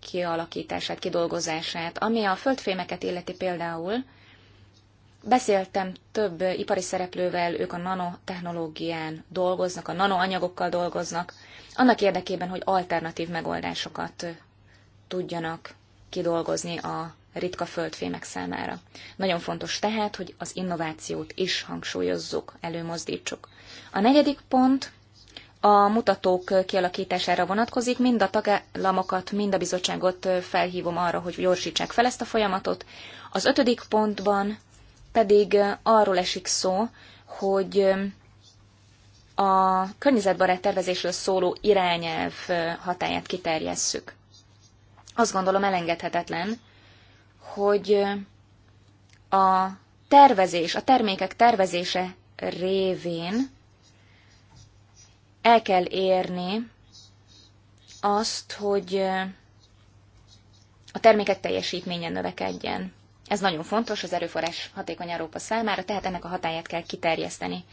kialakítását, kidolgozását. Ami a földfémeket illeti például, beszéltem több ipari szereplővel, ők a nanotechnológián dolgoznak, a nanoanyagokkal dolgoznak, annak érdekében, hogy alternatív megoldásokat tudjanak kidolgozni a ritka földfémek számára. Nagyon fontos tehát, hogy az innovációt is hangsúlyozzuk, előmozdítsuk. A negyedik pont a mutatók kialakítására vonatkozik, mind a tagállamokat, mind a bizottságot felhívom arra, hogy gyorsítsák fel ezt a folyamatot. Az ötödik pontban pedig arról esik szó, hogy a környezetbarát tervezésről szóló irányelv hatáját kiterjesszük. Azt gondolom elengedhetetlen, hogy a tervezés, a termékek tervezése révén el kell érni azt, hogy a termékek teljesítménye növekedjen. Ez nagyon fontos az erőforrás hatékony Európa számára, tehát ennek a hatáját kell kiterjeszteni.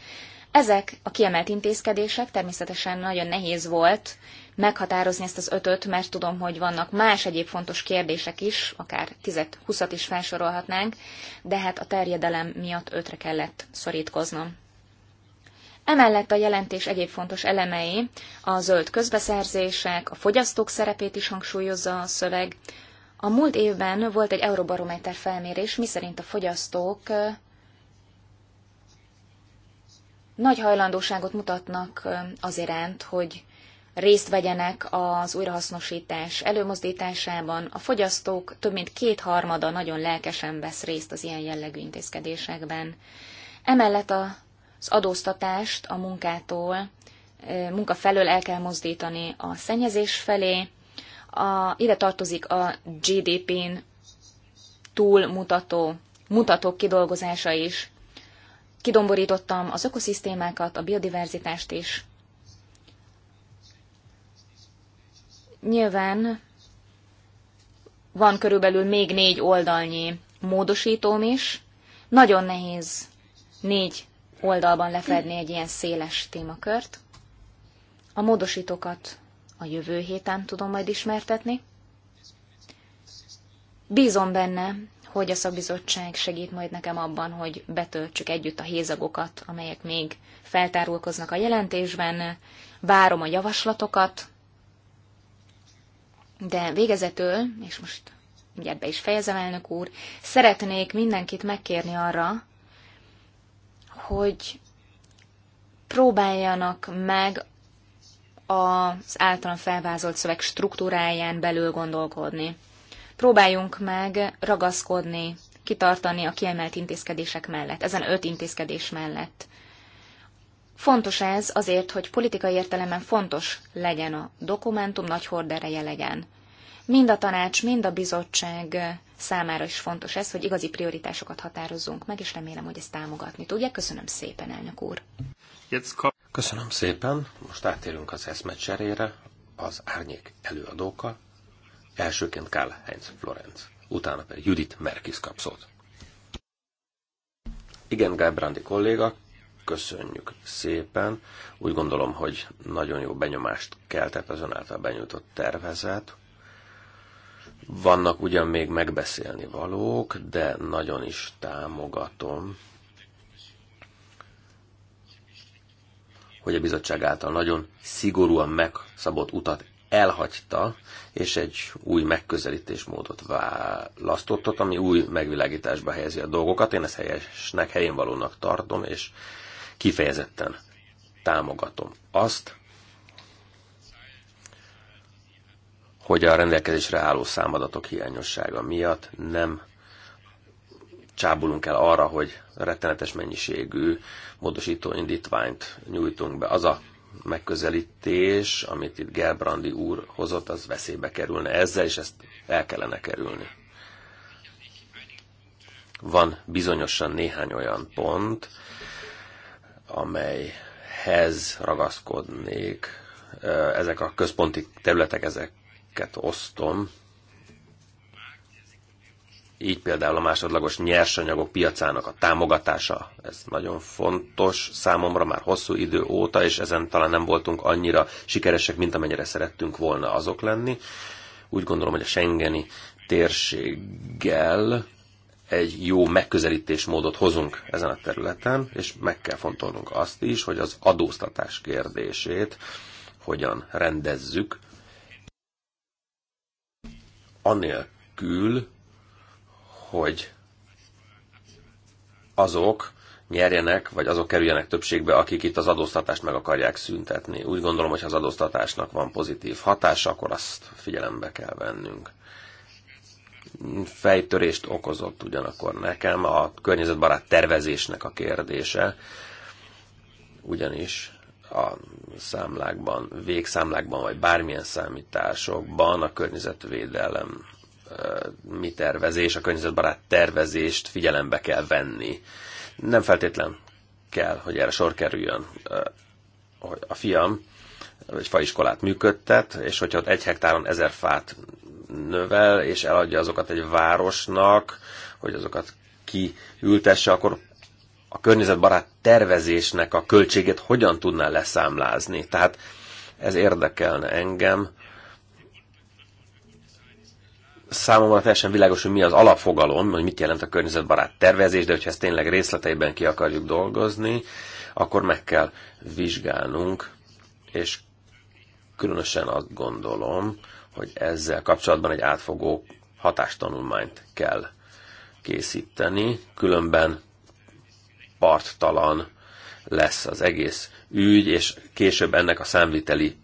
Ezek a kiemelt intézkedések természetesen nagyon nehéz volt meghatározni ezt az ötöt, mert tudom, hogy vannak más egyéb fontos kérdések is, akár 10-20-at is felsorolhatnánk, de hát a terjedelem miatt ötre kellett szorítkoznom. Emellett a jelentés egyéb fontos elemei a zöld közbeszerzések, a fogyasztók szerepét is hangsúlyozza a szöveg. A múlt évben volt egy Euróbarométer felmérés, miszerint a fogyasztók nagy hajlandóságot mutatnak az iránt, hogy részt vegyenek az újrahasznosítás előmozdításában. A fogyasztók több mint kétharmada nagyon lelkesen vesz részt az ilyen jellegű intézkedésekben. Emellett a az adóztatást a munkától, munka felől el kell mozdítani a szennyezés felé. A, ide tartozik a GDP-n túlmutató mutatók kidolgozása is. Kidomborítottam az ökoszisztémákat, a biodiverzitást is. Nyilván van körülbelül még négy oldalnyi módosítóm is. Nagyon nehéz négy oldalban lefedni egy ilyen széles témakört. A módosítókat a jövő héten tudom majd ismertetni. Bízom benne, hogy a szakbizottság segít majd nekem abban, hogy betöltsük együtt a hézagokat, amelyek még feltárulkoznak a jelentésben. Várom a javaslatokat, de végezetül, és most ugye be is fejezem, elnök úr, szeretnék mindenkit megkérni arra, hogy próbáljanak meg az általam felvázolt szöveg struktúráján belül gondolkodni. Próbáljunk meg ragaszkodni, kitartani a kiemelt intézkedések mellett, ezen öt intézkedés mellett. Fontos ez azért, hogy politikai értelemben fontos legyen a dokumentum, nagy hordereje legyen. Mind a tanács, mind a bizottság számára is fontos ez, hogy igazi prioritásokat határozzunk meg, és remélem, hogy ezt támogatni tudják. Köszönöm szépen, elnök úr! Köszönöm szépen! Most áttérünk az eszmecserére az árnyék előadókkal. Elsőként Karl Heinz Florenz, utána pedig Judith Merkis kap szót. Igen, Gábrándi kolléga, köszönjük szépen. Úgy gondolom, hogy nagyon jó benyomást keltett az ön által benyújtott tervezet. Vannak ugyan még megbeszélni valók, de nagyon is támogatom, hogy a bizottság által nagyon szigorúan megszabott utat elhagyta, és egy új megközelítésmódot választottat, ami új megvilágításba helyezi a dolgokat. Én ezt helyesnek, helyén valónak tartom, és kifejezetten támogatom azt, hogy a rendelkezésre álló számadatok hiányossága miatt nem csábulunk el arra, hogy rettenetes mennyiségű módosító indítványt nyújtunk be. Az a megközelítés, amit itt Gerbrandi úr hozott, az veszélybe kerülne ezzel, és ezt el kellene kerülni. Van bizonyosan néhány olyan pont, amelyhez ragaszkodnék. Ezek a központi területek, ezek nézeteket osztom. Így például a másodlagos nyersanyagok piacának a támogatása, ez nagyon fontos számomra már hosszú idő óta, és ezen talán nem voltunk annyira sikeresek, mint amennyire szerettünk volna azok lenni. Úgy gondolom, hogy a Schengeni térséggel egy jó megközelítésmódot hozunk ezen a területen, és meg kell fontolnunk azt is, hogy az adóztatás kérdését hogyan rendezzük, anélkül, hogy azok nyerjenek, vagy azok kerüljenek többségbe, akik itt az adóztatást meg akarják szüntetni. Úgy gondolom, hogy ha az adóztatásnak van pozitív hatása, akkor azt figyelembe kell vennünk. Fejtörést okozott ugyanakkor nekem a környezetbarát tervezésnek a kérdése, ugyanis a számlákban, végszámlákban, vagy bármilyen számításokban a környezetvédelem mi tervezés, a környezetbarát tervezést figyelembe kell venni. Nem feltétlen kell, hogy erre sor kerüljön. A fiam egy faiskolát működtet, és hogyha ott egy hektáron ezer fát növel, és eladja azokat egy városnak, hogy azokat kiültesse, akkor a környezetbarát tervezésnek a költségét hogyan tudná leszámlázni. Tehát ez érdekelne engem. Számomra teljesen világos, hogy mi az alapfogalom, hogy mit jelent a környezetbarát tervezés, de hogyha ezt tényleg részleteiben ki akarjuk dolgozni, akkor meg kell vizsgálnunk, és különösen azt gondolom, hogy ezzel kapcsolatban egy átfogó hatástanulmányt kell készíteni, különben parttalan lesz az egész ügy, és később ennek a számviteli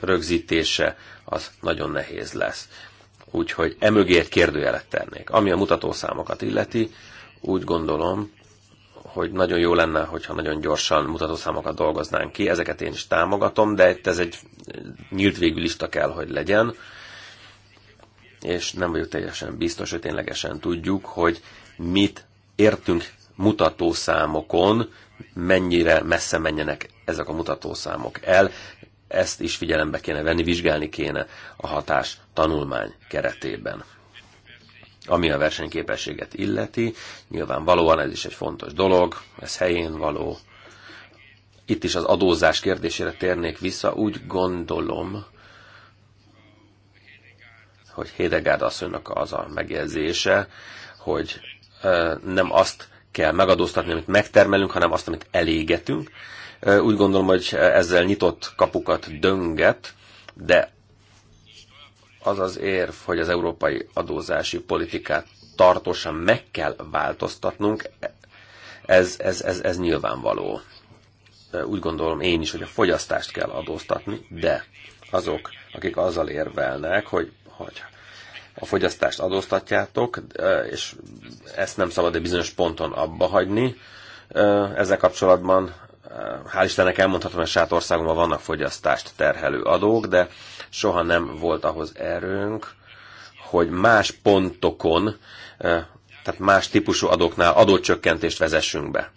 rögzítése az nagyon nehéz lesz. Úgyhogy emögé egy kérdőjelet tennék. Ami a mutatószámokat illeti, úgy gondolom, hogy nagyon jó lenne, hogyha nagyon gyorsan mutatószámokat dolgoznánk ki. Ezeket én is támogatom, de itt ez egy nyílt végű lista kell, hogy legyen. És nem vagyok teljesen biztos, hogy ténylegesen tudjuk, hogy mit értünk mutatószámokon mennyire messze menjenek ezek a mutatószámok el, ezt is figyelembe kéne venni, vizsgálni kéne a hatás tanulmány keretében. Ami a versenyképességet illeti, nyilvánvalóan ez is egy fontos dolog, ez helyén való. Itt is az adózás kérdésére térnék vissza, úgy gondolom, hogy Hédegárd asszonynak az a megjegyzése, hogy nem azt kell megadóztatni, amit megtermelünk, hanem azt, amit elégetünk. Úgy gondolom, hogy ezzel nyitott kapukat dönget, de az az érv, hogy az európai adózási politikát tartósan meg kell változtatnunk, ez, ez, ez, ez nyilvánvaló. Úgy gondolom én is, hogy a fogyasztást kell adóztatni, de azok, akik azzal érvelnek, hogy, hogy a fogyasztást adóztatjátok, és ezt nem szabad egy bizonyos ponton abba hagyni. Ezzel kapcsolatban hál' Istennek elmondhatom, hogy saját országunkban vannak fogyasztást terhelő adók, de soha nem volt ahhoz erőnk, hogy más pontokon, tehát más típusú adóknál adócsökkentést vezessünk be.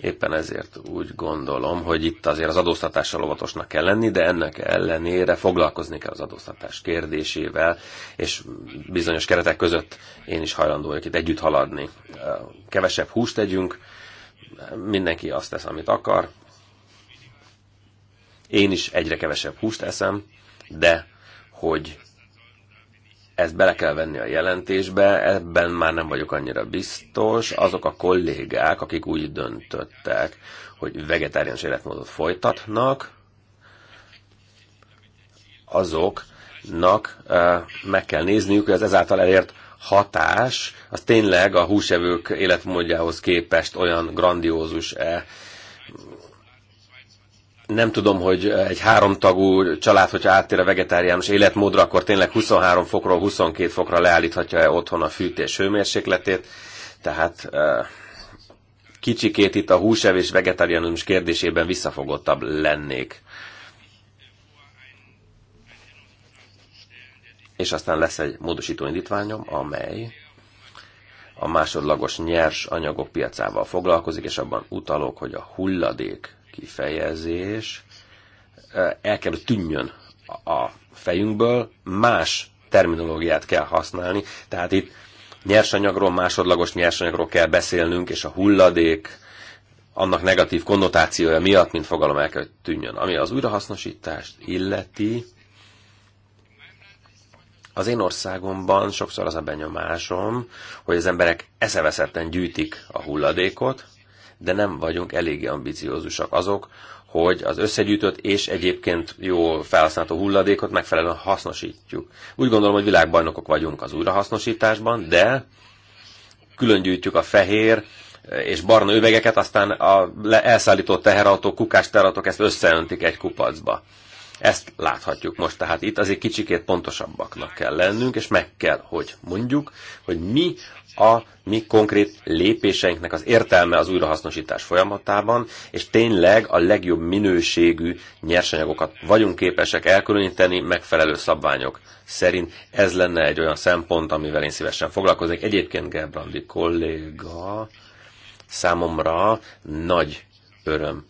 Éppen ezért úgy gondolom, hogy itt azért az adóztatással óvatosnak kell lenni, de ennek ellenére foglalkozni kell az adóztatás kérdésével, és bizonyos keretek között én is hajlandó vagyok itt együtt haladni. Kevesebb húst tegyünk, mindenki azt tesz, amit akar. Én is egyre kevesebb húst eszem, de hogy ezt bele kell venni a jelentésbe, ebben már nem vagyok annyira biztos. Azok a kollégák, akik úgy döntöttek, hogy vegetáriánus életmódot folytatnak, azoknak meg kell nézniük, hogy az ezáltal elért hatás, az tényleg a húsevők életmódjához képest olyan grandiózus-e, nem tudom, hogy egy háromtagú család, hogyha áttér a vegetáriánus életmódra, akkor tényleg 23 fokról 22 fokra leállíthatja-e otthon a fűtés hőmérsékletét. Tehát kicsikét itt a húsevés vegetáriánus kérdésében visszafogottabb lennék. És aztán lesz egy módosító indítványom, amely a másodlagos nyers anyagok piacával foglalkozik, és abban utalok, hogy a hulladék kifejezés el kell, hogy tűnjön a fejünkből, más terminológiát kell használni. Tehát itt nyersanyagról, másodlagos nyersanyagról kell beszélnünk, és a hulladék annak negatív konnotációja miatt, mint fogalom el kell, hogy tűnjön. Ami az újrahasznosítást illeti, az én országomban sokszor az a benyomásom, hogy az emberek eszeveszetten gyűjtik a hulladékot, de nem vagyunk eléggé ambiciózusak azok, hogy az összegyűjtött és egyébként jó felhasználható hulladékot megfelelően hasznosítjuk. Úgy gondolom, hogy világbajnokok vagyunk az újrahasznosításban, de külön gyűjtjük a fehér eh, és barna üvegeket, aztán a elszállított teherautók, kukás teherautók ezt összeöntik egy kupacba. Ezt láthatjuk most, tehát itt azért kicsikét pontosabbaknak kell lennünk, és meg kell, hogy mondjuk, hogy mi a mi konkrét lépéseinknek az értelme az újrahasznosítás folyamatában, és tényleg a legjobb minőségű nyersanyagokat vagyunk képesek elkülöníteni megfelelő szabványok szerint. Ez lenne egy olyan szempont, amivel én szívesen foglalkoznék. Egyébként Gerbrandi kolléga számomra nagy öröm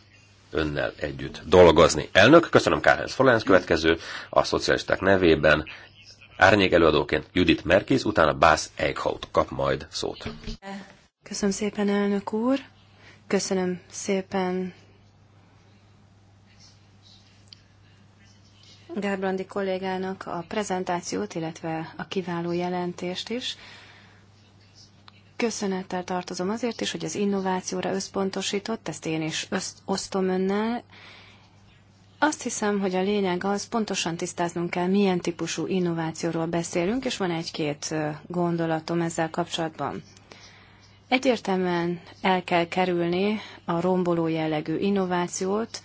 önnel együtt dolgozni. Elnök, köszönöm Kárhelyz Forlánc következő, a szocialisták nevében Árnyék előadóként Judit Merkész, utána Bász Eichhout kap majd szót. Köszönöm szépen, elnök úr. Köszönöm szépen Gárbrandi kollégának a prezentációt, illetve a kiváló jelentést is. Köszönettel tartozom azért is, hogy az innovációra összpontosított, ezt én is osztom önnel, azt hiszem, hogy a lényeg az, pontosan tisztáznunk kell, milyen típusú innovációról beszélünk, és van egy-két gondolatom ezzel kapcsolatban. Egyértelműen el kell kerülni a romboló jellegű innovációt,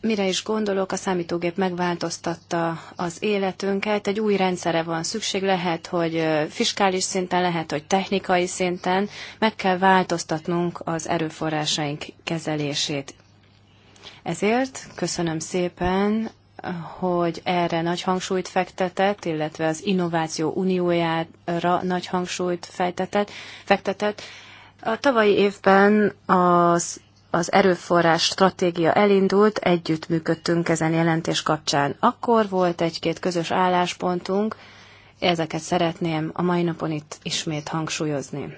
Mire is gondolok, a számítógép megváltoztatta az életünket, egy új rendszere van szükség, lehet, hogy fiskális szinten, lehet, hogy technikai szinten, meg kell változtatnunk az erőforrásaink kezelését. Ezért köszönöm szépen, hogy erre nagy hangsúlyt fektetett, illetve az Innováció Uniójára nagy hangsúlyt fejtetett, fektetett. A tavalyi évben az az erőforrás stratégia elindult, együttműködtünk ezen jelentés kapcsán. Akkor volt egy-két közös álláspontunk, ezeket szeretném a mai napon itt ismét hangsúlyozni.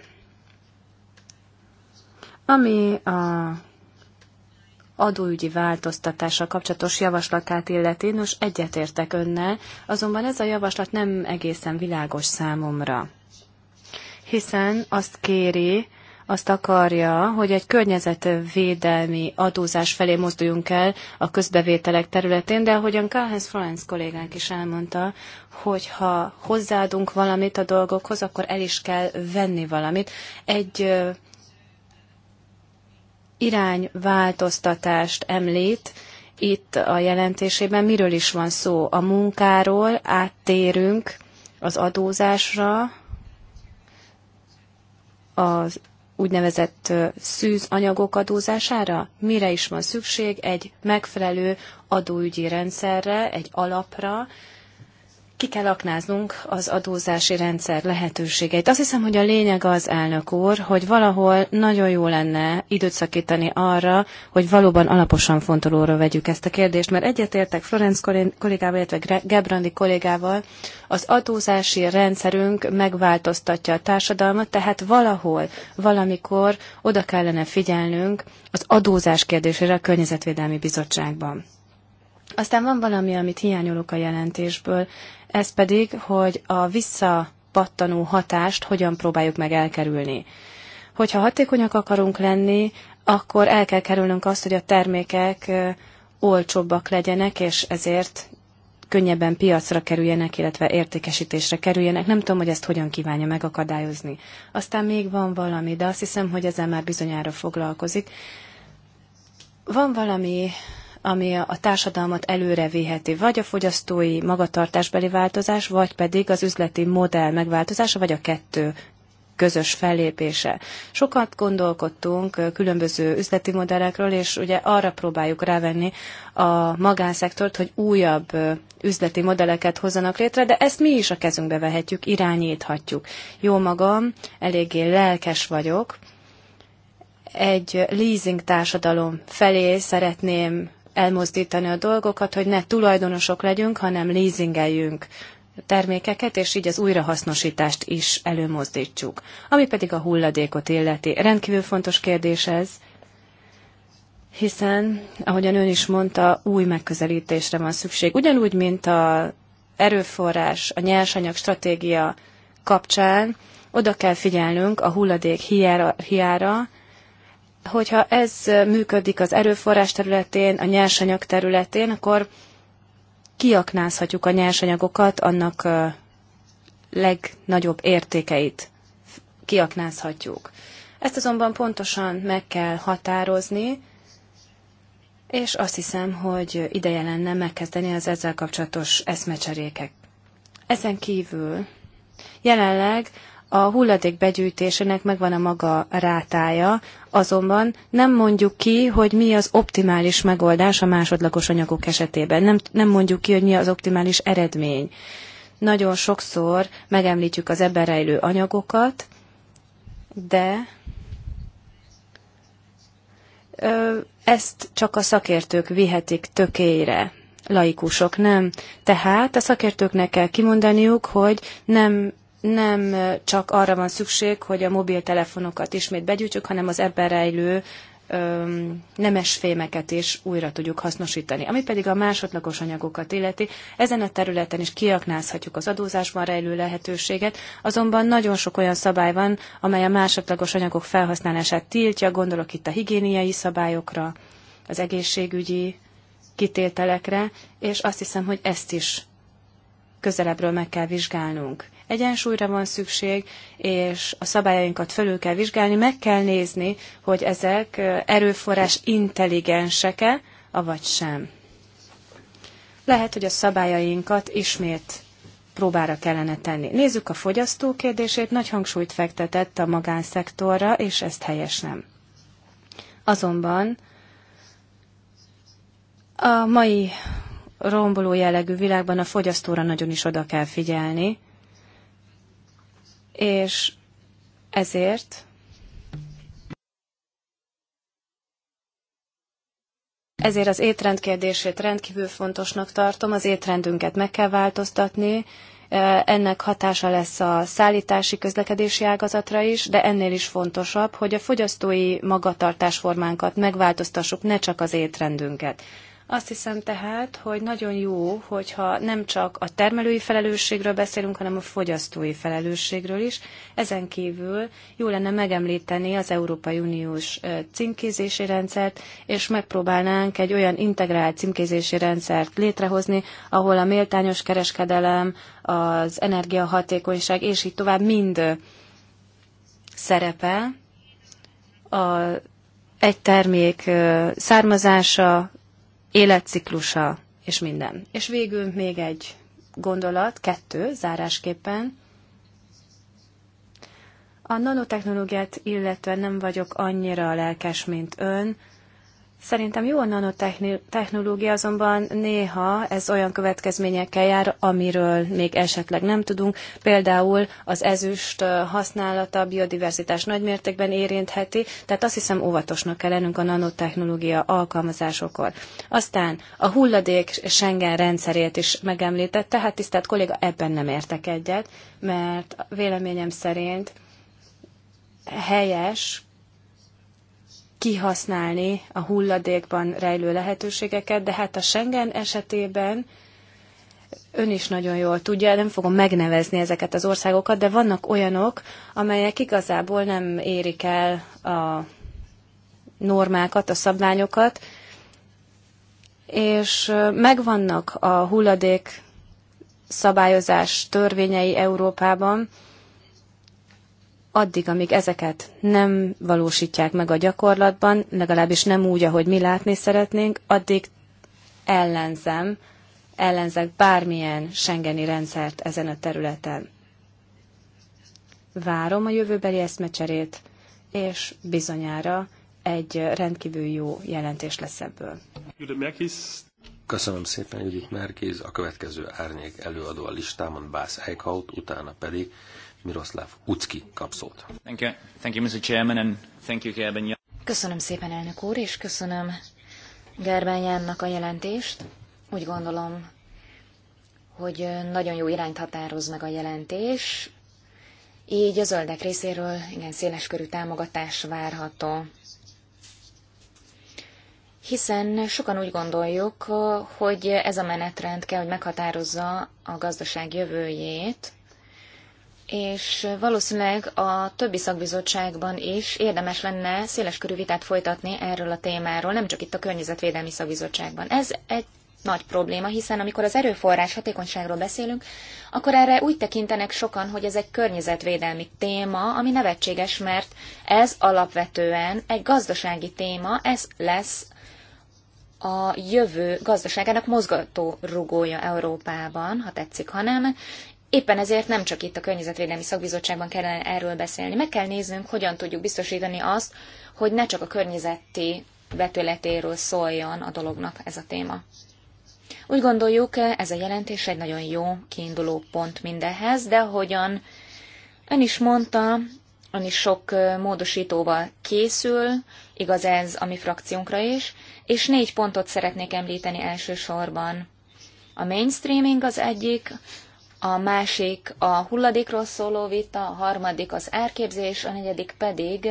Ami a adóügyi változtatása kapcsolatos javaslatát illeti, nos egyetértek önnel, azonban ez a javaslat nem egészen világos számomra. Hiszen azt kéri, azt akarja, hogy egy környezetvédelmi adózás felé mozduljunk el a közbevételek területén, de ahogyan Carles Florence kollégánk is elmondta, hogy ha hozzáadunk valamit a dolgokhoz, akkor el is kell venni valamit. Egy irányváltoztatást említ itt a jelentésében. Miről is van szó? A munkáról áttérünk az adózásra, az úgynevezett szűz anyagok adózására? Mire is van szükség? Egy megfelelő adóügyi rendszerre, egy alapra, ki kell aknáznunk az adózási rendszer lehetőségeit. Azt hiszem, hogy a lényeg az, elnök úr, hogy valahol nagyon jó lenne időt szakítani arra, hogy valóban alaposan fontolóra vegyük ezt a kérdést, mert egyetértek Florenc kollégával, illetve Gebrandi kollégával, az adózási rendszerünk megváltoztatja a társadalmat, tehát valahol, valamikor oda kellene figyelnünk az adózás kérdésére a Környezetvédelmi Bizottságban. Aztán van valami, amit hiányolok a jelentésből, ez pedig, hogy a visszapattanó hatást hogyan próbáljuk meg elkerülni. Hogyha hatékonyak akarunk lenni, akkor el kell kerülnünk azt, hogy a termékek olcsóbbak legyenek, és ezért könnyebben piacra kerüljenek, illetve értékesítésre kerüljenek. Nem tudom, hogy ezt hogyan kívánja megakadályozni. Aztán még van valami, de azt hiszem, hogy ezzel már bizonyára foglalkozik. Van valami ami a társadalmat előre véheti, vagy a fogyasztói magatartásbeli változás, vagy pedig az üzleti modell megváltozása, vagy a kettő közös fellépése. Sokat gondolkodtunk különböző üzleti modellekről, és ugye arra próbáljuk rávenni a magánszektort, hogy újabb üzleti modelleket hozzanak létre, de ezt mi is a kezünkbe vehetjük, irányíthatjuk. Jó magam, eléggé lelkes vagyok, egy leasing társadalom felé szeretném elmozdítani a dolgokat, hogy ne tulajdonosok legyünk, hanem leasingeljünk termékeket, és így az újrahasznosítást is előmozdítsuk. Ami pedig a hulladékot illeti. Rendkívül fontos kérdés ez, hiszen, ahogyan ön is mondta, új megközelítésre van szükség. Ugyanúgy, mint a erőforrás, a nyersanyag stratégia kapcsán, oda kell figyelnünk a hulladék hiára, hiára hogyha ez működik az erőforrás területén, a nyersanyag területén, akkor kiaknázhatjuk a nyersanyagokat, annak legnagyobb értékeit kiaknázhatjuk. Ezt azonban pontosan meg kell határozni, és azt hiszem, hogy ideje lenne megkezdeni az ezzel kapcsolatos eszmecserékek. Ezen kívül jelenleg a hulladék begyűjtésének megvan a maga rátája, azonban nem mondjuk ki, hogy mi az optimális megoldás a másodlagos anyagok esetében. Nem, nem mondjuk ki, hogy mi az optimális eredmény. Nagyon sokszor megemlítjük az ebben rejlő anyagokat, de ezt csak a szakértők vihetik tökélyre, laikusok nem. Tehát a szakértőknek kell kimondaniuk, hogy nem nem csak arra van szükség, hogy a mobiltelefonokat ismét begyűjtsük, hanem az ebben rejlő öm, nemes fémeket is újra tudjuk hasznosítani. Ami pedig a másodlagos anyagokat illeti, ezen a területen is kiaknázhatjuk az adózásban rejlő lehetőséget, azonban nagyon sok olyan szabály van, amely a másodlagos anyagok felhasználását tiltja, gondolok itt a higiéniai szabályokra, az egészségügyi kitételekre, és azt hiszem, hogy ezt is közelebbről meg kell vizsgálnunk. Egyensúlyra van szükség, és a szabályainkat felül kell vizsgálni, meg kell nézni, hogy ezek erőforrás intelligenseke, avagy sem. Lehet, hogy a szabályainkat ismét próbára kellene tenni. Nézzük a fogyasztó kérdését, nagy hangsúlyt fektetett a magánszektorra, és ezt helyes nem. Azonban a mai romboló jellegű világban a fogyasztóra nagyon is oda kell figyelni, és ezért Ezért az étrend kérdését rendkívül fontosnak tartom, az étrendünket meg kell változtatni, e, ennek hatása lesz a szállítási közlekedési ágazatra is, de ennél is fontosabb, hogy a fogyasztói magatartásformánkat megváltoztassuk, ne csak az étrendünket. Azt hiszem tehát, hogy nagyon jó, hogyha nem csak a termelői felelősségről beszélünk, hanem a fogyasztói felelősségről is. Ezen kívül jó lenne megemlíteni az Európai Uniós címkézési rendszert, és megpróbálnánk egy olyan integrált címkézési rendszert létrehozni, ahol a méltányos kereskedelem, az energiahatékonyság és így tovább mind szerepel. A egy termék származása, életciklusa, és minden. És végül még egy gondolat, kettő, zárásképpen. A nanotechnológiát illetve nem vagyok annyira lelkes, mint ön, Szerintem jó a nanotechnológia, azonban néha ez olyan következményekkel jár, amiről még esetleg nem tudunk. Például az ezüst használata biodiverzitás nagymértékben érintheti, tehát azt hiszem óvatosnak kell lennünk a nanotechnológia alkalmazásokor. Aztán a hulladék Schengen rendszerét is megemlített, tehát tisztelt kolléga, ebben nem értek egyet, mert véleményem szerint helyes, kihasználni a hulladékban rejlő lehetőségeket, de hát a Schengen esetében ön is nagyon jól tudja, nem fogom megnevezni ezeket az országokat, de vannak olyanok, amelyek igazából nem érik el a normákat, a szabványokat, és megvannak a hulladék szabályozás törvényei Európában, addig, amíg ezeket nem valósítják meg a gyakorlatban, legalábbis nem úgy, ahogy mi látni szeretnénk, addig ellenzem, ellenzek bármilyen Schengeni rendszert ezen a területen. Várom a jövőbeli eszmecserét, és bizonyára egy rendkívül jó jelentés lesz ebből. Köszönöm szépen, Judit Merkéz. A következő árnyék előadó a listámon Bász Eichhaut, utána pedig Miroslav Ucki kap szót. Thank you. Thank you, Mr. Chairman, and thank you, Gerben. Köszönöm szépen, elnök úr, és köszönöm Gerben Jánnak a jelentést. Úgy gondolom, hogy nagyon jó irányt határoz meg a jelentés, így a zöldek részéről igen széleskörű támogatás várható. Hiszen sokan úgy gondoljuk, hogy ez a menetrend kell, hogy meghatározza a gazdaság jövőjét, és valószínűleg a többi szakbizottságban is érdemes lenne széles körű vitát folytatni erről a témáról, nem csak itt a Környezetvédelmi Szakbizottságban. Ez egy nagy probléma, hiszen amikor az erőforrás hatékonyságról beszélünk, akkor erre úgy tekintenek sokan, hogy ez egy környezetvédelmi téma, ami nevetséges, mert ez alapvetően egy gazdasági téma, ez lesz a jövő gazdaságának mozgató rugója Európában, ha tetszik, hanem Éppen ezért nem csak itt a Környezetvédelmi Szakbizottságban kellene erről beszélni. Meg kell néznünk, hogyan tudjuk biztosítani azt, hogy ne csak a környezeti vetületéről szóljon a dolognak ez a téma. Úgy gondoljuk, ez a jelentés egy nagyon jó kiinduló pont mindenhez, de ahogyan ön is mondta, ön is sok módosítóval készül, igaz ez a mi frakciónkra is, és négy pontot szeretnék említeni elsősorban. A mainstreaming az egyik, a másik a hulladékról szóló vita, a harmadik az elképzés, a negyedik pedig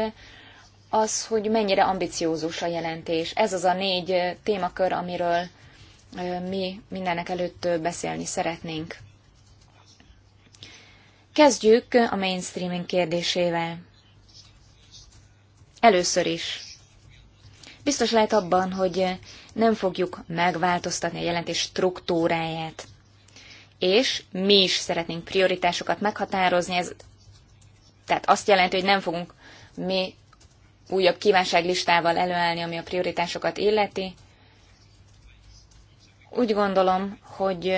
az, hogy mennyire ambiciózus a jelentés. Ez az a négy témakör, amiről mi mindenek előtt beszélni szeretnénk. Kezdjük a mainstreaming kérdésével. Először is. Biztos lehet abban, hogy nem fogjuk megváltoztatni a jelentés struktúráját és mi is szeretnénk prioritásokat meghatározni, ez tehát azt jelenti, hogy nem fogunk mi újabb kívánságlistával előállni, ami a prioritásokat illeti. Úgy gondolom, hogy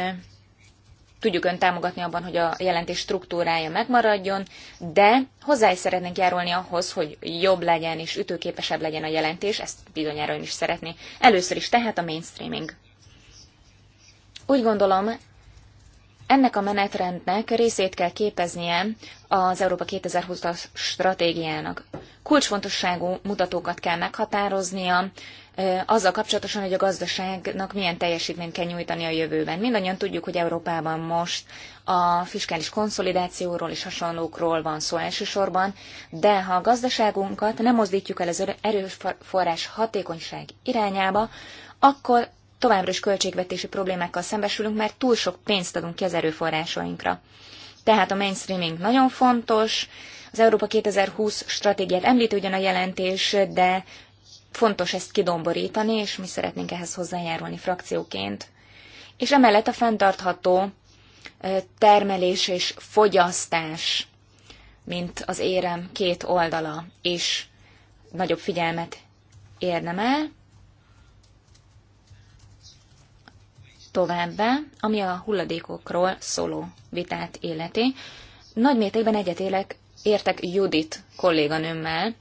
tudjuk ön támogatni abban, hogy a jelentés struktúrája megmaradjon, de hozzá is szeretnénk járulni ahhoz, hogy jobb legyen és ütőképesebb legyen a jelentés, ezt bizonyára ön is szeretné. Először is tehát a mainstreaming. Úgy gondolom, ennek a menetrendnek részét kell képeznie az Európa 2020-as stratégiának. Kulcsfontosságú mutatókat kell meghatároznia, azzal kapcsolatosan, hogy a gazdaságnak milyen teljesítményt kell nyújtani a jövőben. Mindannyian tudjuk, hogy Európában most a fiskális konszolidációról és hasonlókról van szó elsősorban, de ha a gazdaságunkat nem mozdítjuk el az erőforrás hatékonyság irányába, akkor továbbra is költségvetési problémákkal szembesülünk, mert túl sok pénzt adunk ki az erőforrásainkra. Tehát a mainstreaming nagyon fontos, az Európa 2020 stratégiát említ ugyan a jelentés, de fontos ezt kidomborítani, és mi szeretnénk ehhez hozzájárulni frakcióként. És emellett a fenntartható termelés és fogyasztás, mint az érem két oldala, és nagyobb figyelmet érdemel. Továbbá, ami a hulladékokról szóló vitát életé, nagy mértékben egyetélek, értek Judit kolléganőmmel.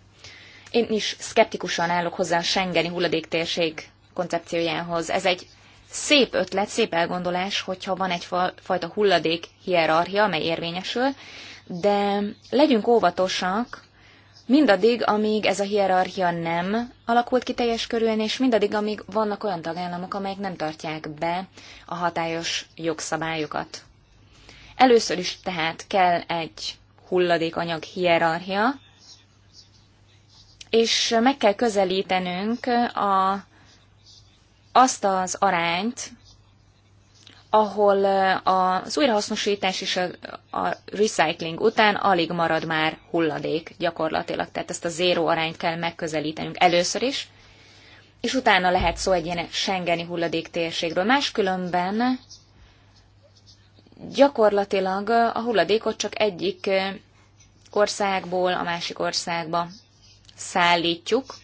Én is szkeptikusan állok hozzá a Schengeni hulladéktérség koncepciójához. Ez egy szép ötlet, szép elgondolás, hogyha van egyfajta hulladék hierarchia, amely érvényesül, de legyünk óvatosak mindaddig, amíg ez a hierarchia nem alakult ki teljes körülön, és mindaddig, amíg vannak olyan tagállamok, amelyek nem tartják be a hatályos jogszabályokat. Először is tehát kell egy hulladékanyag hierarchia, és meg kell közelítenünk a, azt az arányt, ahol az újrahasznosítás és a, a recycling után alig marad már hulladék gyakorlatilag, tehát ezt a zéró arányt kell megközelítenünk először is, és utána lehet szó egy ilyen Schengeni hulladék térségről. Máskülönben gyakorlatilag a hulladékot csak egyik országból a másik országba szállítjuk.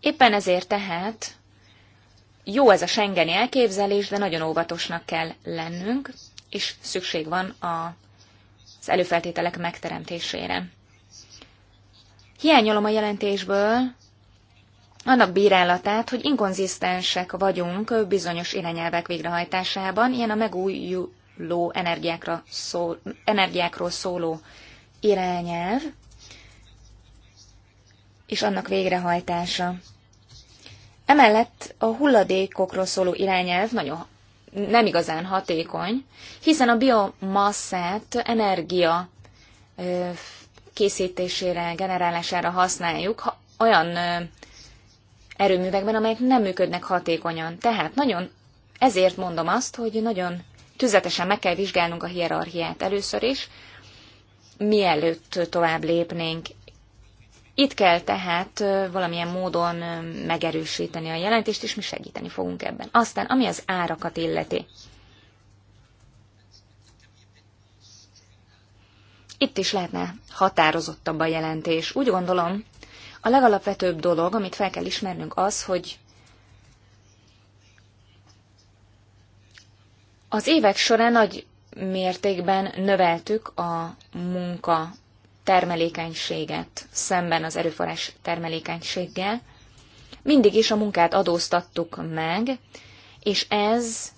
Éppen ezért tehát jó ez a Schengeni elképzelés, de nagyon óvatosnak kell lennünk, és szükség van a, az előfeltételek megteremtésére. Hiányolom a jelentésből annak bírálatát, hogy inkonzisztensek vagyunk bizonyos irányelvek végrehajtásában, ilyen a megújuló energiákra szól, energiákról szóló irányelv, és annak végrehajtása. Emellett a hulladékokról szóló irányelv nagyon nem igazán hatékony, hiszen a biomasszát energia készítésére, generálására használjuk olyan erőművekben, amelyek nem működnek hatékonyan. Tehát nagyon ezért mondom azt, hogy nagyon tüzetesen meg kell vizsgálnunk a hierarchiát először is, mielőtt tovább lépnénk. Itt kell tehát valamilyen módon megerősíteni a jelentést, és mi segíteni fogunk ebben. Aztán, ami az árakat illeti. Itt is lehetne határozottabb a jelentés. Úgy gondolom, a legalapvetőbb dolog, amit fel kell ismernünk az, hogy az évek során nagy mértékben növeltük a munka termelékenységet szemben az erőforrás termelékenységgel. Mindig is a munkát adóztattuk meg, és ez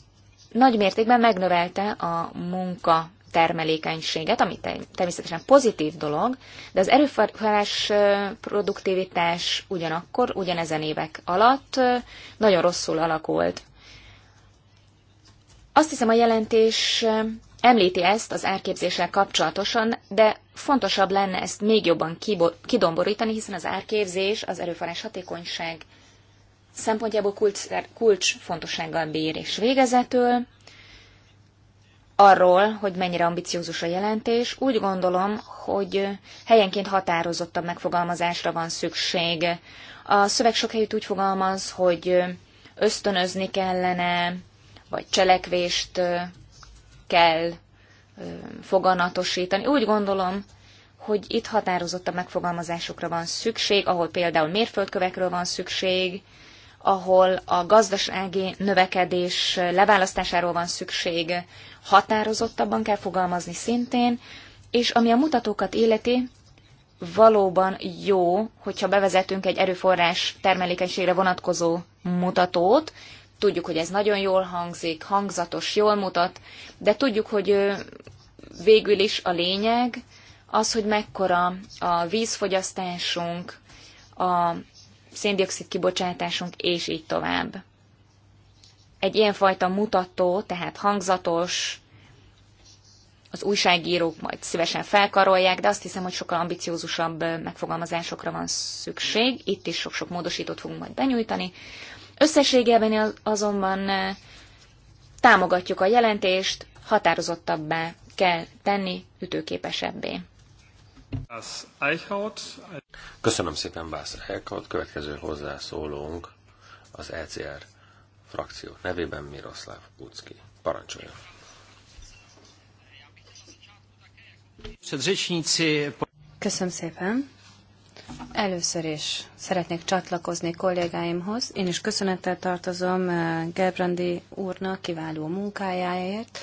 nagy mértékben megnövelte a munka termelékenységet, ami természetesen pozitív dolog, de az erőforrás produktivitás ugyanakkor, ugyanezen évek alatt nagyon rosszul alakult. Azt hiszem a jelentés említi ezt az elképzéssel kapcsolatosan, de fontosabb lenne ezt még jobban kidomborítani, hiszen az árképzés az erőforrás hatékonyság szempontjából kulcs, kulcs fontossággal bír és végezetül. Arról, hogy mennyire ambiciózus a jelentés, úgy gondolom, hogy helyenként határozottabb megfogalmazásra van szükség. A szöveg sok helyütt úgy fogalmaz, hogy ösztönözni kellene, vagy cselekvést kell foganatosítani. Úgy gondolom, hogy itt határozottabb megfogalmazásokra van szükség, ahol például mérföldkövekről van szükség, ahol a gazdasági növekedés leválasztásáról van szükség, határozottabban kell fogalmazni szintén, és ami a mutatókat illeti, valóban jó, hogyha bevezetünk egy erőforrás termelékenységre vonatkozó mutatót, tudjuk, hogy ez nagyon jól hangzik, hangzatos, jól mutat, de tudjuk, hogy végül is a lényeg az, hogy mekkora a vízfogyasztásunk, a széndiokszid kibocsátásunk, és így tovább. Egy ilyenfajta mutató, tehát hangzatos, az újságírók majd szívesen felkarolják, de azt hiszem, hogy sokkal ambiciózusabb megfogalmazásokra van szükség. Itt is sok-sok módosítót fogunk majd benyújtani. Összességében azonban eh, támogatjuk a jelentést, határozottabbá kell tenni ütőképesebbé. Köszönöm szépen, Bász Eichhaut. Következő hozzászólónk az ECR frakció nevében Miroslav Kucki. Parancsoljon! Köszönöm szépen! Először is szeretnék csatlakozni kollégáimhoz. Én is köszönettel tartozom eh, Gerbrandi úrnak kiváló munkájáért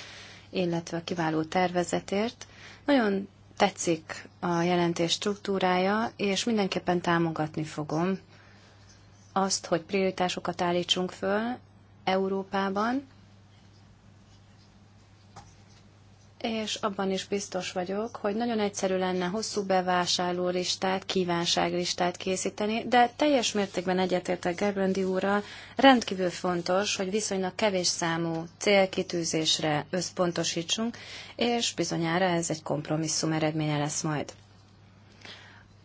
illetve a kiváló tervezetért. Nagyon tetszik a jelentés struktúrája, és mindenképpen támogatni fogom azt, hogy prioritásokat állítsunk föl Európában, és abban is biztos vagyok, hogy nagyon egyszerű lenne hosszú bevásárló listát, kívánságlistát készíteni, de teljes mértékben egyetértek Gerbrandi úrral, rendkívül fontos, hogy viszonylag kevés számú célkitűzésre összpontosítsunk, és bizonyára ez egy kompromisszum eredménye lesz majd.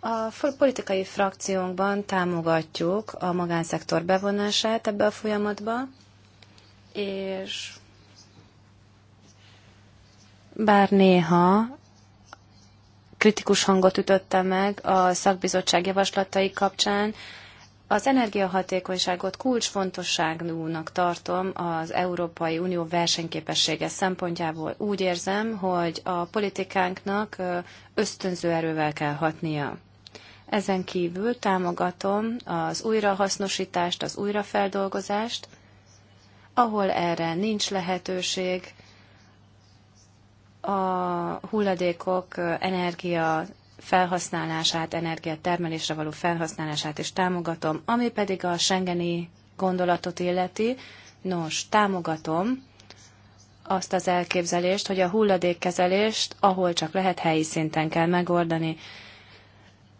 A politikai frakciónkban támogatjuk a magánszektor bevonását ebbe a folyamatba, és bár néha kritikus hangot ütötte meg a szakbizottság javaslatai kapcsán, az energiahatékonyságot kulcsfontosságúnak tartom az Európai Unió versenyképessége szempontjából. Úgy érzem, hogy a politikánknak ösztönző erővel kell hatnia. Ezen kívül támogatom az újrahasznosítást, az újrafeldolgozást, ahol erre nincs lehetőség, a hulladékok energia felhasználását, energiatermelésre való felhasználását is támogatom, ami pedig a Schengeni gondolatot illeti. Nos, támogatom azt az elképzelést, hogy a hulladékkezelést, ahol csak lehet, helyi szinten kell megoldani.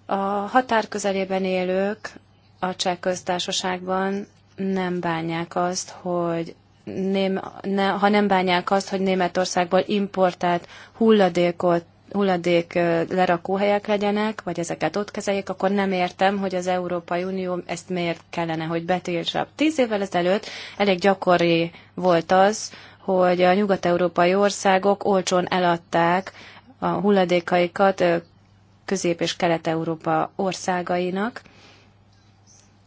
A határ közelében élők a cseh köztársaságban nem bánják azt, hogy ném, ne, ha nem bánják azt, hogy Németországból importált hulladékot hulladék lerakóhelyek legyenek, vagy ezeket ott kezeljék, akkor nem értem, hogy az Európai Unió ezt miért kellene, hogy betiltsa. Tíz évvel ezelőtt elég gyakori volt az, hogy a nyugat-európai országok olcsón eladták a hulladékaikat Közép- és Kelet-Európa országainak,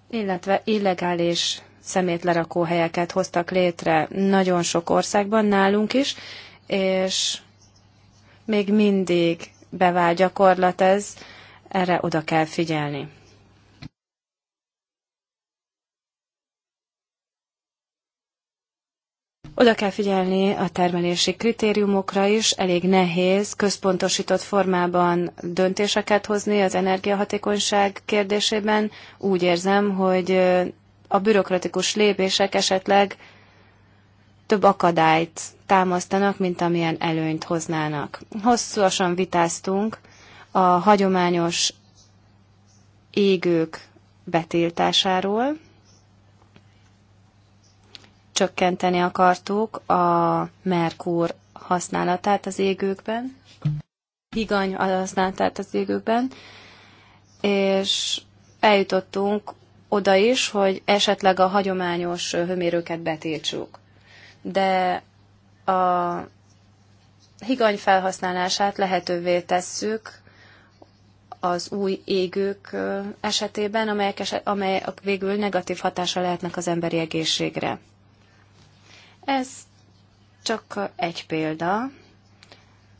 illetve illegális szemétlerakó helyeket hoztak létre nagyon sok országban, nálunk is, és még mindig bevált gyakorlat ez, erre oda kell figyelni. Oda kell figyelni a termelési kritériumokra is, elég nehéz központosított formában döntéseket hozni az energiahatékonyság kérdésében. Úgy érzem, hogy a bürokratikus lépések esetleg több akadályt támasztanak, mint amilyen előnyt hoznának. Hosszúasan vitáztunk a hagyományos égők betiltásáról, csökkenteni akartuk a merkúr használatát az égőkben, higany használatát az égőkben, és eljutottunk oda is, hogy esetleg a hagyományos hőmérőket betiltsuk. De a higany felhasználását lehetővé tesszük az új égők esetében, amelyek, eset, amelyek végül negatív hatása lehetnek az emberi egészségre. Ez csak egy példa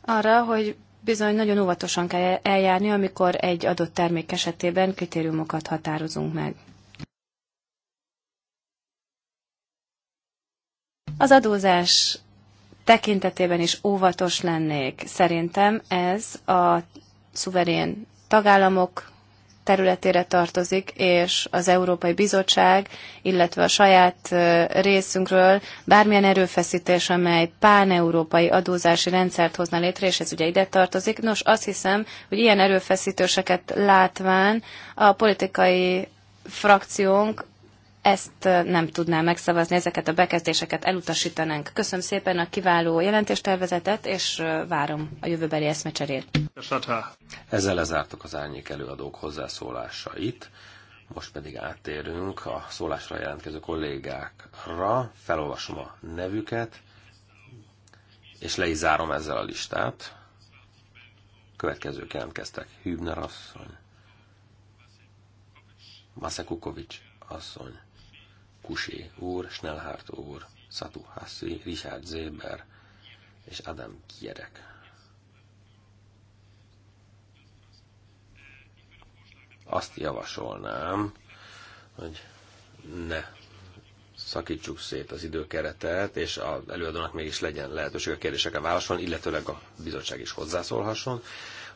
arra, hogy bizony nagyon óvatosan kell eljárni, amikor egy adott termék esetében kritériumokat határozunk meg. Az adózás tekintetében is óvatos lennék. Szerintem ez a szuverén tagállamok területére tartozik, és az Európai Bizottság, illetve a saját részünkről bármilyen erőfeszítés, amely pán európai adózási rendszert hozna létre, és ez ugye ide tartozik. Nos, azt hiszem, hogy ilyen erőfeszítéseket látván a politikai frakciónk ezt nem tudnám megszavazni, ezeket a bekezdéseket elutasítanánk. Köszönöm szépen a kiváló jelentéstervezetet, és várom a jövőbeli eszmecserét. Ezzel lezártuk az árnyék előadók hozzászólásait. Most pedig áttérünk a szólásra jelentkező kollégákra, felolvasom a nevüket, és le is zárom ezzel a listát. Következők jelentkeztek. Hübner asszony, Masekukovics asszony, Kusé úr, Schnellhardt úr, Satu Hassi, Richard Zéber és Adam Kierek. Azt javasolnám, hogy ne szakítsuk szét az időkeretet, és az előadónak mégis legyen lehetőség a kérdésekre válaszolni, illetőleg a bizottság is hozzászólhasson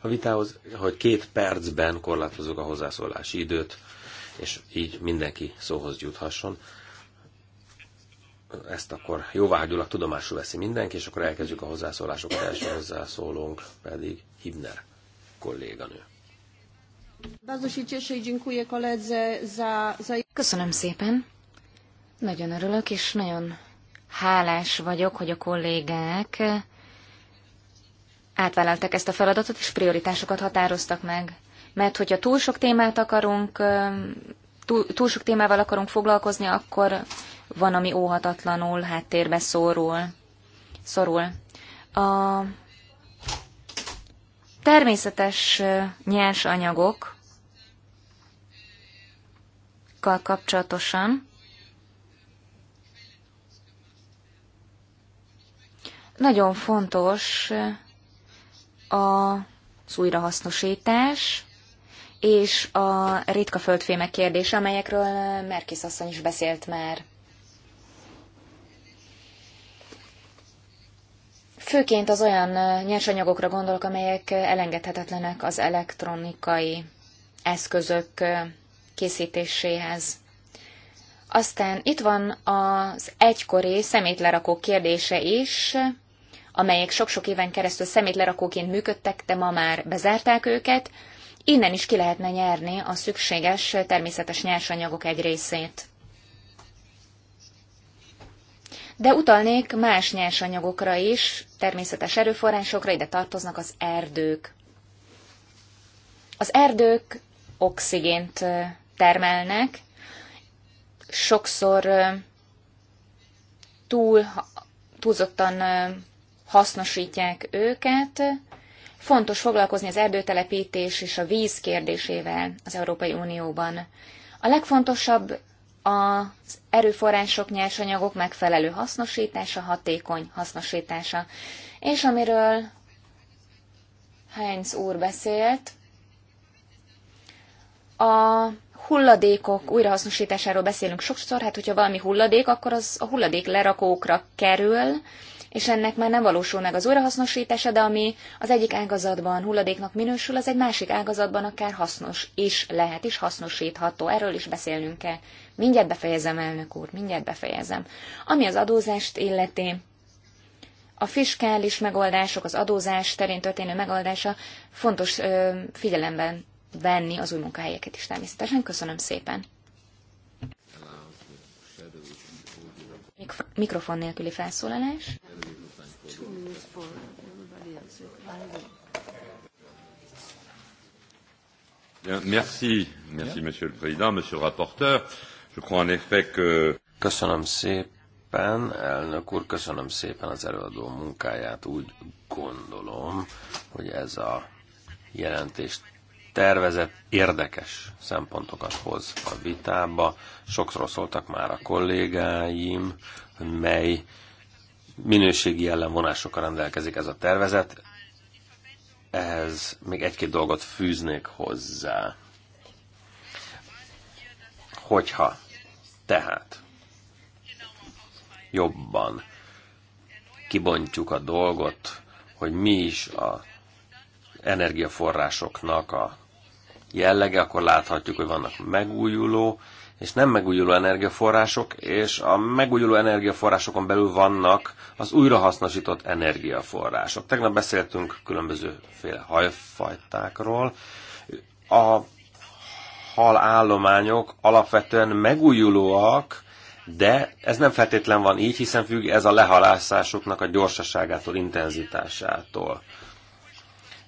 a vitához, hogy két percben korlátozzuk a hozzászólási időt, és így mindenki szóhoz juthasson ezt akkor jóváhagyulag tudomásul veszi mindenki, és akkor elkezdjük a hozzászólásokat. Első hozzászólónk pedig Hibner kolléganő. Köszönöm szépen. Nagyon örülök, és nagyon hálás vagyok, hogy a kollégák átvállaltak ezt a feladatot, és prioritásokat határoztak meg. Mert hogyha túl sok témát akarunk, túl, túl sok témával akarunk foglalkozni, akkor van, ami óhatatlanul háttérbe szorul. szorul. A természetes nyers anyagokkal kapcsolatosan nagyon fontos az újrahasznosítás és a ritka földfémek kérdése, amelyekről Merkis asszony is beszélt már. Főként az olyan nyersanyagokra gondolok, amelyek elengedhetetlenek az elektronikai eszközök készítéséhez. Aztán itt van az egykori szemétlerakók kérdése is, amelyek sok-sok éven keresztül szemétlerakóként működtek, de ma már bezárták őket. Innen is ki lehetne nyerni a szükséges természetes nyersanyagok egy részét. De utalnék más nyersanyagokra is, természetes erőforrásokra, ide tartoznak az erdők. Az erdők oxigént termelnek, sokszor túl, túlzottan hasznosítják őket. Fontos foglalkozni az erdőtelepítés és a víz kérdésével az Európai Unióban. A legfontosabb az erőforrások, nyersanyagok megfelelő hasznosítása, hatékony hasznosítása. És amiről Heinz úr beszélt, a hulladékok újrahasznosításáról beszélünk sokszor, hát hogyha valami hulladék, akkor az a hulladék lerakókra kerül, és ennek már nem valósul meg az újrahasznosítása, de ami az egyik ágazatban hulladéknak minősül, az egy másik ágazatban akár hasznos is lehet, és hasznosítható. Erről is beszélnünk kell. Mindjárt befejezem, elnök úr, mindjárt befejezem. Ami az adózást illeti, a fiskális megoldások, az adózás terén történő megoldása fontos ö, figyelemben venni az új munkahelyeket is természetesen. Köszönöm szépen. Mikrofon nélküli felszólalás. Merci, merci, monsieur le président, monsieur le rapporteur. Köszönöm szépen, elnök úr, köszönöm szépen az előadó munkáját. Úgy gondolom, hogy ez a jelentés tervezett érdekes szempontokat hoz a vitába. Sokszor szóltak már a kollégáim, mely minőségi ellenvonásokkal rendelkezik ez a tervezet. Ehhez még egy-két dolgot fűznék hozzá. Hogyha tehát jobban kibontjuk a dolgot, hogy mi is a energiaforrásoknak a jellege, akkor láthatjuk, hogy vannak megújuló és nem megújuló energiaforrások, és a megújuló energiaforrásokon belül vannak az újrahasznosított energiaforrások. Tegnap beszéltünk különbözőféle hajfajtákról. A Hal állományok alapvetően megújulóak, de ez nem feltétlen van így, hiszen függ ez a lehalászásoknak a gyorsaságától, intenzitásától.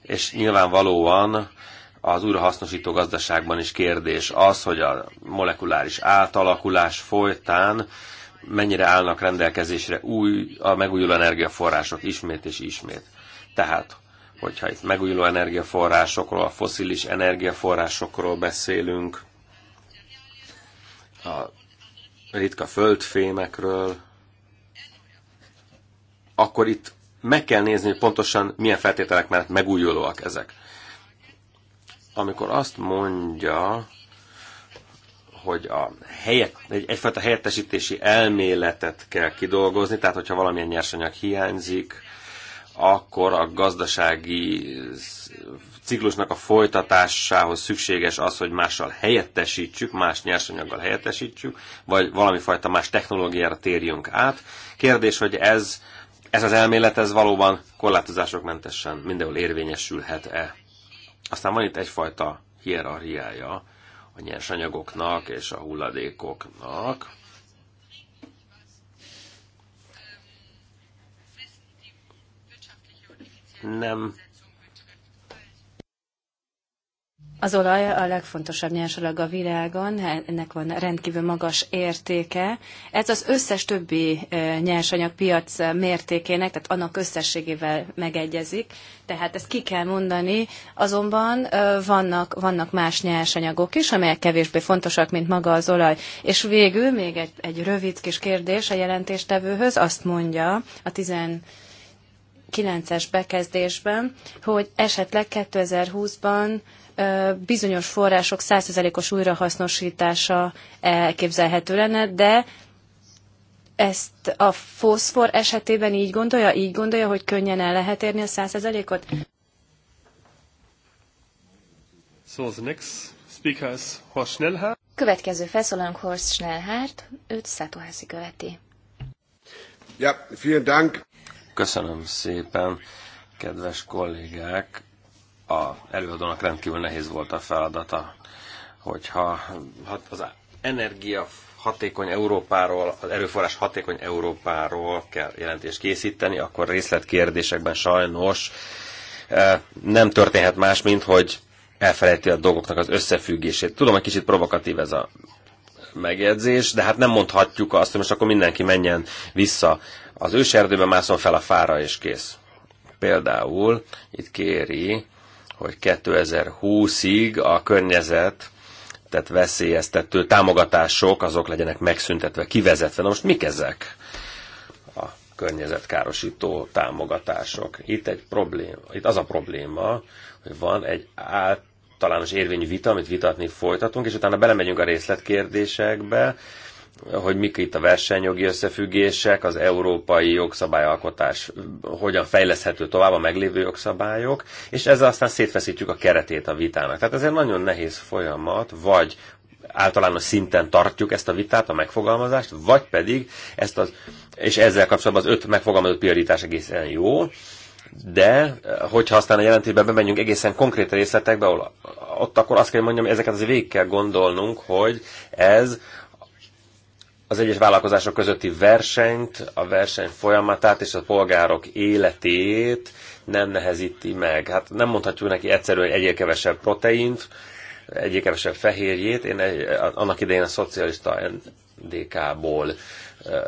És nyilvánvalóan az újrahasznosító gazdaságban is kérdés az, hogy a molekuláris átalakulás folytán mennyire állnak rendelkezésre új, a megújuló energiaforrások ismét és ismét. Tehát hogyha itt megújuló energiaforrásokról, a foszilis energiaforrásokról beszélünk, a ritka földfémekről, akkor itt meg kell nézni, hogy pontosan milyen feltételek mellett megújulóak ezek. Amikor azt mondja, hogy a helyet, egy, egyfajta helyettesítési elméletet kell kidolgozni, tehát hogyha valamilyen nyersanyag hiányzik, akkor a gazdasági ciklusnak a folytatásához szükséges az, hogy mással helyettesítsük, más nyersanyaggal helyettesítsük, vagy valami fajta más technológiára térjünk át. Kérdés, hogy ez, ez az elmélet, ez valóban korlátozások mentesen mindenhol érvényesülhet-e? Aztán van itt egyfajta hierarchiája a nyersanyagoknak és a hulladékoknak. nem az olaj a legfontosabb nyersanyag a világon, ennek van rendkívül magas értéke. Ez az összes többi e, nyersanyag piac mértékének, tehát annak összességével megegyezik, tehát ezt ki kell mondani, azonban e, vannak, vannak más nyersanyagok is, amelyek kevésbé fontosak, mint maga az olaj. És végül még egy, egy rövid kis kérdés a jelentéstevőhöz, azt mondja a 10 9-es bekezdésben, hogy esetleg 2020-ban bizonyos források 100%-os újrahasznosítása elképzelhető lenne, de ezt a foszfor esetében így gondolja, így gondolja, hogy könnyen el lehet érni a 100%-ot? So the next speaker is Horst Schnellhardt. Következő felszólalunk Horst Schnellhardt, őt Szátóházi követi. Ja, vielen Dank. Köszönöm szépen, kedves kollégák! A előadónak rendkívül nehéz volt a feladata, hogyha az energia hatékony Európáról, az erőforrás hatékony Európáról kell jelentést készíteni, akkor részletkérdésekben sajnos e, nem történhet más, mint hogy elfelejti a dolgoknak az összefüggését. Tudom, egy kicsit provokatív ez a megjegyzés, de hát nem mondhatjuk azt, hogy most akkor mindenki menjen vissza az őserdőben mászom fel a fára és kész. Például itt kéri, hogy 2020-ig a környezet tehát veszélyeztető támogatások, azok legyenek megszüntetve, kivezetve. Na most mik ezek? A környezetkárosító támogatások. Itt, egy probléma, itt az a probléma, hogy van egy általános érvényű vita, amit vitatni folytatunk, és utána belemegyünk a részletkérdésekbe, hogy mik itt a versenyjogi összefüggések, az európai jogszabályalkotás hogyan fejleszhető tovább a meglévő jogszabályok, és ezzel aztán szétfeszítjük a keretét a vitának. Tehát ez egy nagyon nehéz folyamat, vagy általános szinten tartjuk ezt a vitát, a megfogalmazást, vagy pedig ezt az, és ezzel kapcsolatban az öt megfogalmazott prioritás egészen jó, de hogyha aztán a jelentésbe bemegyünk egészen konkrét részletekbe, ahol, ott akkor azt kell mondjam, ezeket azért végig kell gondolnunk, hogy ez az egyes vállalkozások közötti versenyt, a verseny folyamatát és a polgárok életét nem nehezíti meg. Hát nem mondhatjuk neki egyszerűen, hogy egyél kevesebb proteint, egyél kevesebb fehérjét. Én egy, annak idején a szocialista NDK-ból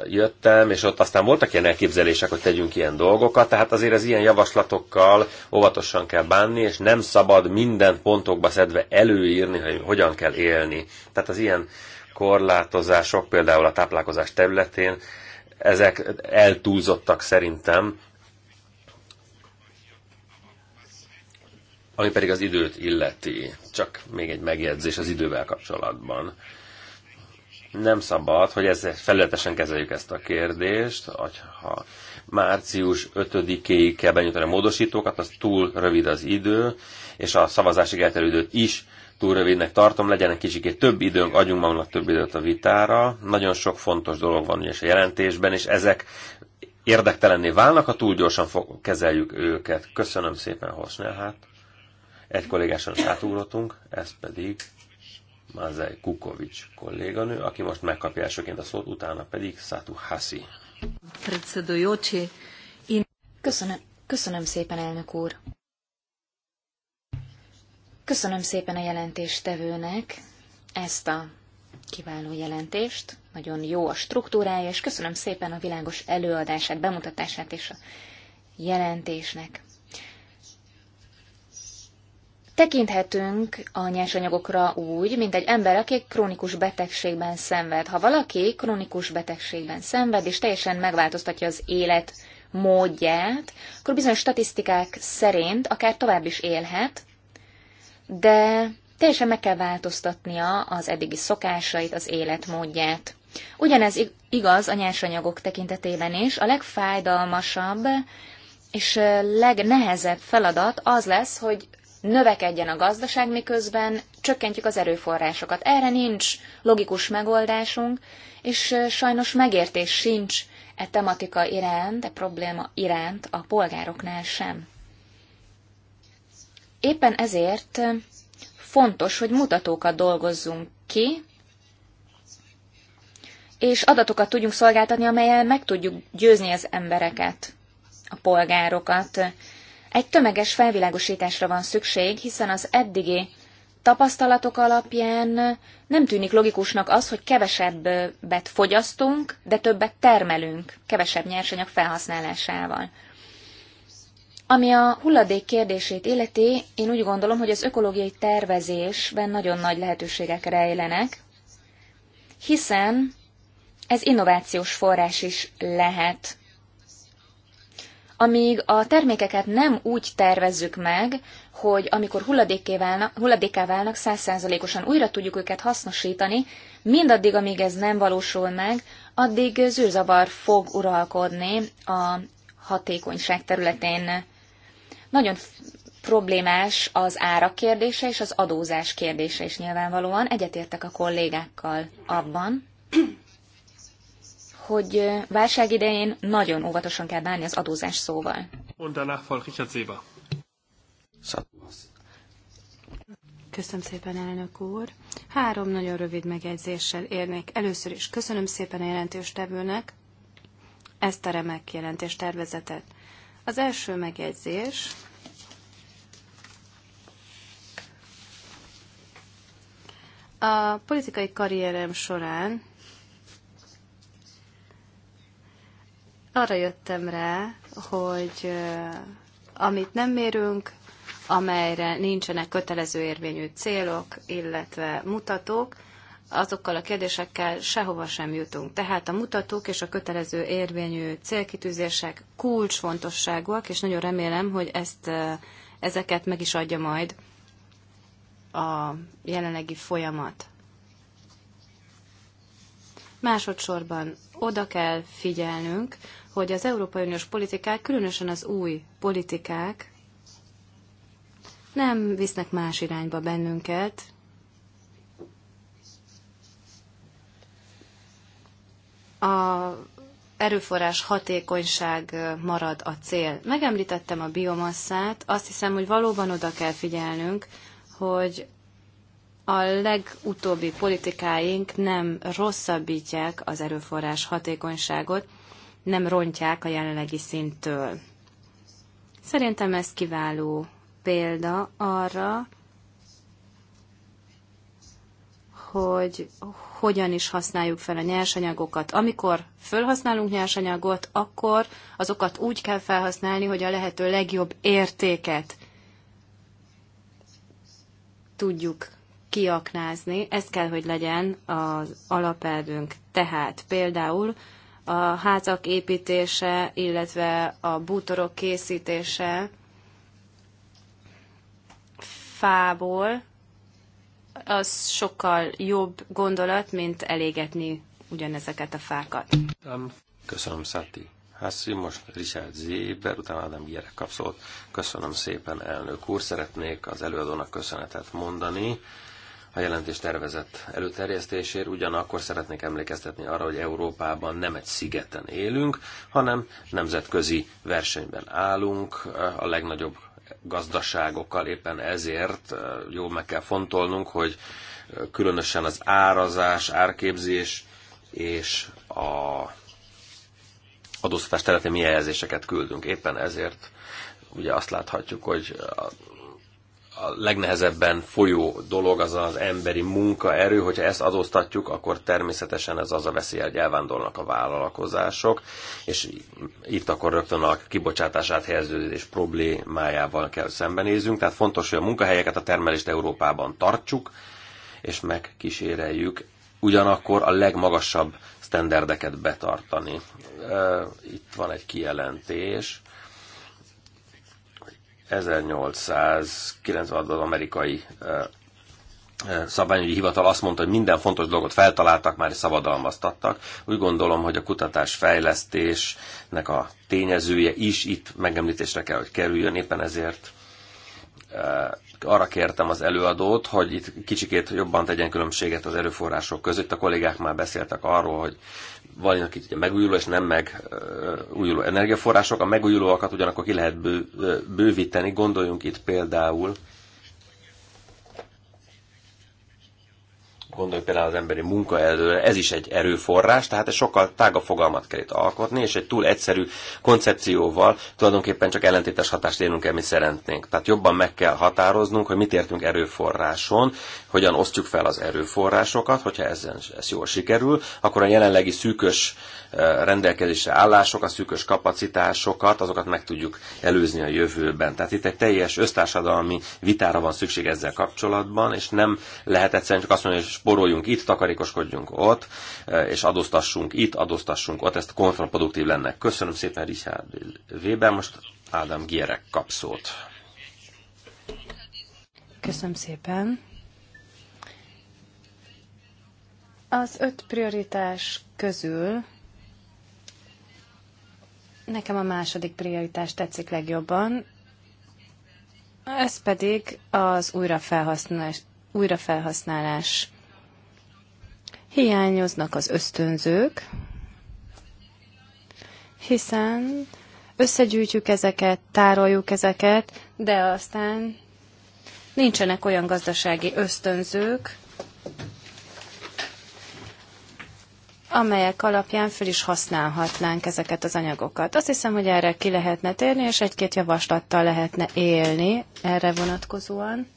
jöttem, és ott aztán voltak ilyen elképzelések, hogy tegyünk ilyen dolgokat, tehát azért az ilyen javaslatokkal óvatosan kell bánni, és nem szabad minden pontokba szedve előírni, hogy hogyan kell élni. Tehát az ilyen korlátozások, például a táplálkozás területén, ezek eltúlzottak szerintem, ami pedig az időt illeti. Csak még egy megjegyzés az idővel kapcsolatban. Nem szabad, hogy ez felületesen kezeljük ezt a kérdést, ha március 5 ig kell benyújtani a módosítókat, az túl rövid az idő, és a szavazásig elterülőt is túl rövidnek tartom, legyen egy kicsikét több időnk, adjunk magunknak több időt a vitára. Nagyon sok fontos dolog van ugye a jelentésben, és ezek érdektelenné válnak, ha túl gyorsan fog, kezeljük őket. Köszönöm szépen, Hosnél, hát. Egy kollégáson átugrottunk, ez pedig Mazej Kukovics kolléganő, aki most megkapja elsőként a szót, utána pedig Szátu Hasi. Köszönöm, köszönöm szépen, elnök úr. Köszönöm szépen a jelentéstevőnek ezt a kiváló jelentést, nagyon jó a struktúrája, és köszönöm szépen a világos előadását, bemutatását és a jelentésnek. Tekinthetünk a nyersanyagokra úgy, mint egy ember, aki krónikus betegségben szenved. Ha valaki krónikus betegségben szenved, és teljesen megváltoztatja az élet módját, akkor bizonyos statisztikák szerint akár tovább is élhet, de teljesen meg kell változtatnia az eddigi szokásait, az életmódját. Ugyanez igaz a nyersanyagok tekintetében is. A legfájdalmasabb és legnehezebb feladat az lesz, hogy növekedjen a gazdaság, miközben csökkentjük az erőforrásokat. Erre nincs logikus megoldásunk, és sajnos megértés sincs e tematika iránt, e probléma iránt a polgároknál sem. Éppen ezért fontos, hogy mutatókat dolgozzunk ki, és adatokat tudjunk szolgáltatni, amelyel meg tudjuk győzni az embereket, a polgárokat. Egy tömeges felvilágosításra van szükség, hiszen az eddigi tapasztalatok alapján nem tűnik logikusnak az, hogy kevesebbet fogyasztunk, de többet termelünk, kevesebb nyersanyag felhasználásával. Ami a hulladék kérdését illeti, én úgy gondolom, hogy az ökológiai tervezésben nagyon nagy lehetőségek rejlenek, hiszen ez innovációs forrás is lehet. Amíg a termékeket nem úgy tervezzük meg, hogy amikor hulladékké válnak, hulladékká válnak, újra tudjuk őket hasznosítani, mindaddig, amíg ez nem valósul meg, addig zűrzavar fog uralkodni a hatékonyság területén nagyon problémás az árak kérdése és az adózás kérdése is nyilvánvalóan. Egyetértek a kollégákkal abban, hogy válság idején nagyon óvatosan kell bánni az adózás szóval. Und Köszönöm szépen, elnök úr. Három nagyon rövid megjegyzéssel érnék. Először is köszönöm szépen a jelentéstevőnek ezt a remek jelentéstervezetet. Az első megjegyzés, A politikai karrierem során arra jöttem rá, hogy amit nem mérünk, amelyre nincsenek kötelező érvényű célok, illetve mutatók, azokkal a kérdésekkel sehova sem jutunk. Tehát a mutatók és a kötelező érvényű célkitűzések kulcsfontosságúak, és nagyon remélem, hogy ezt, ezeket meg is adja majd a jelenlegi folyamat. Másodszorban oda kell figyelnünk, hogy az Európai Uniós politikák, különösen az új politikák nem visznek más irányba bennünket, a erőforrás hatékonyság marad a cél. Megemlítettem a biomasszát, azt hiszem, hogy valóban oda kell figyelnünk, hogy a legutóbbi politikáink nem rosszabbítják az erőforrás hatékonyságot, nem rontják a jelenlegi szinttől. Szerintem ez kiváló példa arra, hogy hogyan is használjuk fel a nyersanyagokat. Amikor felhasználunk nyersanyagot, akkor azokat úgy kell felhasználni, hogy a lehető legjobb értéket tudjuk kiaknázni. Ez kell, hogy legyen az alapelvünk. Tehát például a házak építése, illetve a bútorok készítése fából, az sokkal jobb gondolat, mint elégetni ugyanezeket a fákat. Köszönöm, Szati. Hászi, most Richard Zéber, utána Ádám Gyerek kap szót. Köszönöm szépen, elnök úr. Szeretnék az előadónak köszönetet mondani a jelentés tervezett előterjesztésért, ugyanakkor szeretnék emlékeztetni arra, hogy Európában nem egy szigeten élünk, hanem nemzetközi versenyben állunk, a legnagyobb gazdaságokkal, éppen ezért jól meg kell fontolnunk, hogy különösen az árazás, árképzés és a adóztatás területén milyen jelzéseket küldünk. Éppen ezért ugye azt láthatjuk, hogy a legnehezebben folyó dolog az az emberi munkaerő, hogyha ezt adóztatjuk, akkor természetesen ez az a veszély, hogy elvándorlnak a vállalkozások, és itt akkor rögtön a kibocsátását helyeződés problémájával kell szembenézünk. Tehát fontos, hogy a munkahelyeket, a termelést Európában tartsuk, és megkíséreljük ugyanakkor a legmagasabb sztenderdeket betartani. Itt van egy kijelentés 1890-ban amerikai szabványügyi hivatal azt mondta, hogy minden fontos dolgot feltaláltak, már szabadalmaztattak. Úgy gondolom, hogy a kutatás fejlesztésnek a tényezője is itt megemlítésre kell, hogy kerüljön, éppen ezért arra kértem az előadót, hogy itt kicsikét jobban tegyen különbséget az erőforrások között. A kollégák már beszéltek arról, hogy vannak itt ugye megújuló és nem megújuló energiaforrások. A megújulóakat ugyanakkor ki lehet bő, bővíteni. Gondoljunk itt például Gondolj például az emberi munka elől, ez is egy erőforrás, tehát egy sokkal tágabb fogalmat kell itt alkotni, és egy túl egyszerű koncepcióval tulajdonképpen csak ellentétes hatást érünk el, mi szeretnénk. Tehát jobban meg kell határoznunk, hogy mit értünk erőforráson, hogyan osztjuk fel az erőforrásokat, hogyha ez, ez jól sikerül, akkor a jelenlegi szűkös rendelkezésre állások, a szűkös kapacitásokat, azokat meg tudjuk előzni a jövőben. Tehát itt egy teljes össztársadalmi vitára van szükség ezzel kapcsolatban, és nem lehet egyszerűen csak azt mondani, hogy sporoljunk itt, takarékoskodjunk ott, és adóztassunk itt, adóztassunk ott, ezt kontraproduktív lenne. Köszönöm szépen Richard Weber, most Ádám Gierek kap szót. Köszönöm szépen. Az öt prioritás közül Nekem a második prioritás tetszik legjobban, ez pedig az újrafelhasználás. újrafelhasználás. Hiányoznak az ösztönzők, hiszen összegyűjtjük ezeket, tároljuk ezeket, de aztán nincsenek olyan gazdasági ösztönzők, amelyek alapján föl is használhatnánk ezeket az anyagokat. Azt hiszem, hogy erre ki lehetne térni, és egy-két javaslattal lehetne élni erre vonatkozóan.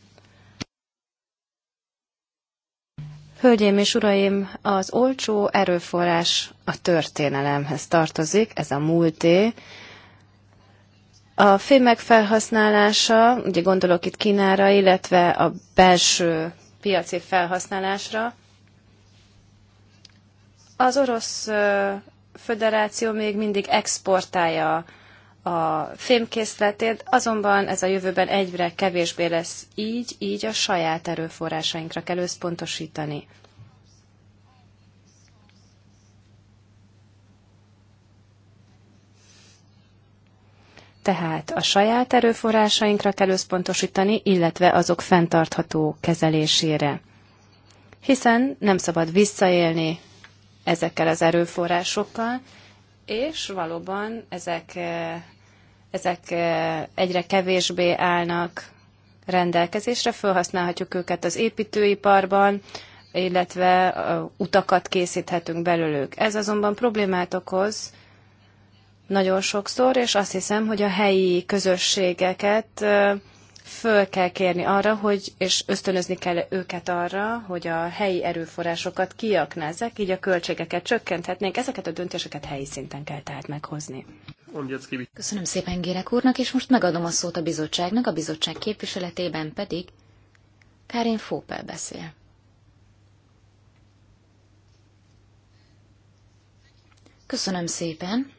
Hölgyeim és uraim, az olcsó erőforrás a történelemhez tartozik, ez a múlté. A fémek felhasználása, ugye gondolok itt Kínára, illetve a belső piaci felhasználásra, az Orosz Föderáció még mindig exportálja a fémkészletét, azonban ez a jövőben egyre kevésbé lesz így, így a saját erőforrásainkra kell összpontosítani. Tehát a saját erőforrásainkra kell összpontosítani, illetve azok fenntartható kezelésére. Hiszen nem szabad visszaélni ezekkel az erőforrásokkal, és valóban ezek, eh, ezek eh, egyre kevésbé állnak rendelkezésre, felhasználhatjuk őket az építőiparban, illetve eh, utakat készíthetünk belőlük. Ez azonban problémát okoz nagyon sokszor, és azt hiszem, hogy a helyi közösségeket föl kell kérni arra, hogy, és ösztönözni kell őket arra, hogy a helyi erőforrásokat kiaknázzák, így a költségeket csökkenthetnénk. Ezeket a döntéseket helyi szinten kell tehát meghozni. Köszönöm szépen Gérek úrnak, és most megadom a szót a bizottságnak, a bizottság képviseletében pedig Kárin Fópel beszél. Köszönöm szépen.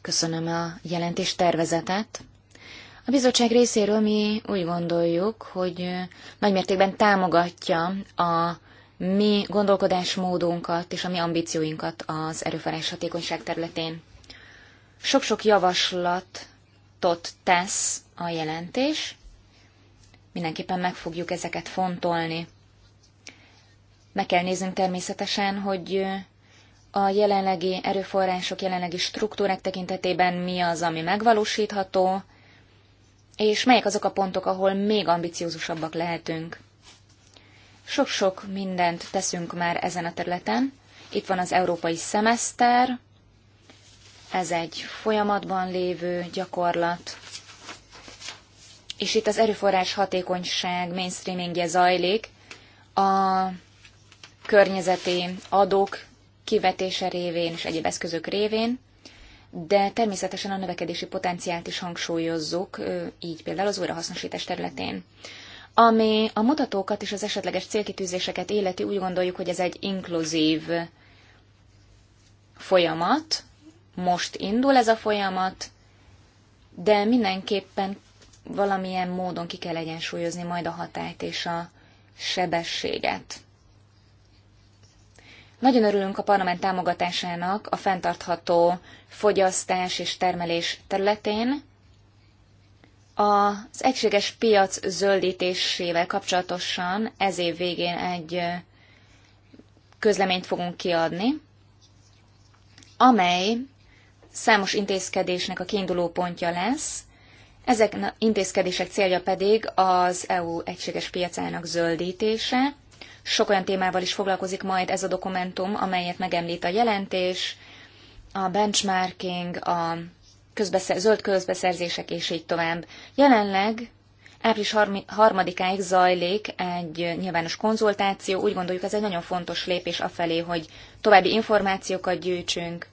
Köszönöm a jelentés tervezetet. A bizottság részéről mi úgy gondoljuk, hogy nagymértékben támogatja a mi gondolkodásmódunkat és a mi ambícióinkat az erőforrás hatékonyság területén. Sok-sok javaslatot tesz a jelentés, mindenképpen meg fogjuk ezeket fontolni. Meg kell néznünk természetesen, hogy a jelenlegi erőforrások, jelenlegi struktúrák tekintetében mi az, ami megvalósítható, és melyek azok a pontok, ahol még ambiciózusabbak lehetünk. Sok-sok mindent teszünk már ezen a területen. Itt van az európai szemeszter, ez egy folyamatban lévő gyakorlat, és itt az erőforrás hatékonyság mainstreamingje zajlik, a környezeti adók kivetése révén és egyéb eszközök révén de természetesen a növekedési potenciált is hangsúlyozzuk, így például az újrahasznosítás területén. Ami a mutatókat és az esetleges célkitűzéseket életi, úgy gondoljuk, hogy ez egy inkluzív folyamat, most indul ez a folyamat, de mindenképpen valamilyen módon ki kell egyensúlyozni majd a hatályt és a sebességet. Nagyon örülünk a parlament támogatásának a fenntartható fogyasztás és termelés területén. Az egységes piac zöldítésével kapcsolatosan ez év végén egy közleményt fogunk kiadni, amely számos intézkedésnek a kiinduló pontja lesz, ezek intézkedések célja pedig az EU egységes piacának zöldítése. Sok olyan témával is foglalkozik majd ez a dokumentum, amelyet megemlít a jelentés, a benchmarking, a közbeszer, zöld közbeszerzések és így tovább. Jelenleg április harmadikáig zajlik egy nyilvános konzultáció. Úgy gondoljuk, ez egy nagyon fontos lépés afelé, hogy további információkat gyűjtsünk,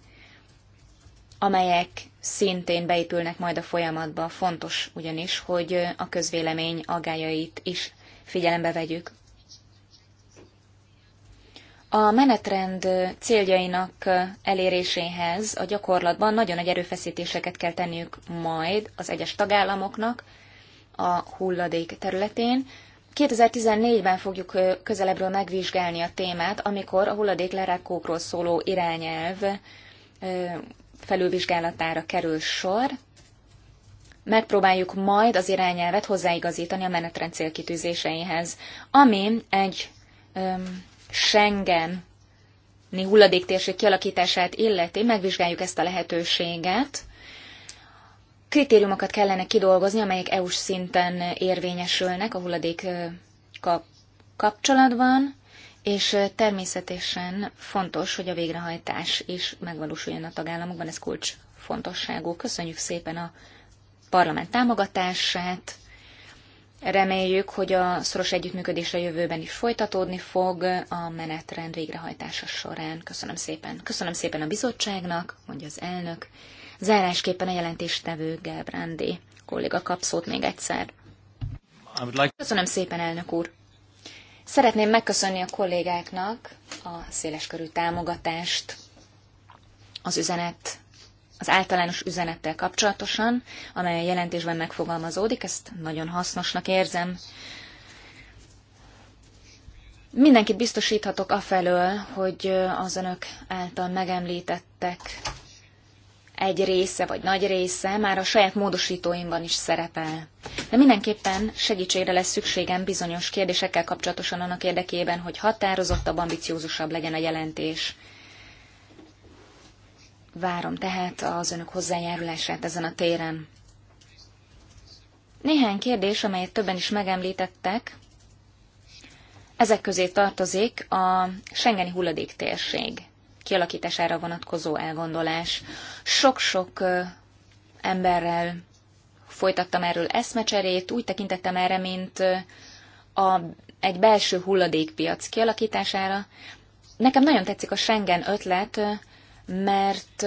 amelyek szintén beépülnek majd a folyamatba. Fontos ugyanis, hogy a közvélemény agályait is figyelembe vegyük. A menetrend céljainak eléréséhez a gyakorlatban nagyon nagy erőfeszítéseket kell tenniük majd az egyes tagállamoknak a hulladék területén. 2014-ben fogjuk közelebbről megvizsgálni a témát, amikor a hulladék lerákókról szóló irányelv felülvizsgálatára kerül sor. Megpróbáljuk majd az irányelvet hozzáigazítani a menetrend célkitűzéseihez, ami egy Schengen hulladéktérség kialakítását illeti, megvizsgáljuk ezt a lehetőséget. Kritériumokat kellene kidolgozni, amelyek EU-s szinten érvényesülnek a hulladék kapcsolatban, és természetesen fontos, hogy a végrehajtás is megvalósuljon a tagállamokban, ez kulcsfontosságú. fontosságú. Köszönjük szépen a parlament támogatását, Reméljük, hogy a szoros együttműködés a jövőben is folytatódni fog a menetrend végrehajtása során. Köszönöm szépen. Köszönöm szépen a bizottságnak, mondja az elnök. Zárásképpen a jelentéstevő Gelbrandi kolléga kap szót még egyszer. Köszönöm szépen, elnök úr. Szeretném megköszönni a kollégáknak a széleskörű támogatást, az üzenet az általános üzenettel kapcsolatosan, amely a jelentésben megfogalmazódik, ezt nagyon hasznosnak érzem. Mindenkit biztosíthatok afelől, hogy az önök által megemlítettek egy része, vagy nagy része már a saját módosítóimban is szerepel. De mindenképpen segítségre lesz szükségem bizonyos kérdésekkel kapcsolatosan annak érdekében, hogy határozottabb, ambiciózusabb legyen a jelentés. Várom tehát az önök hozzájárulását ezen a téren. Néhány kérdés, amelyet többen is megemlítettek, ezek közé tartozik a Schengeni térség kialakítására vonatkozó elgondolás. Sok-sok emberrel folytattam erről eszmecserét, úgy tekintettem erre, mint a, egy belső hulladékpiac kialakítására. Nekem nagyon tetszik a Schengen ötlet, mert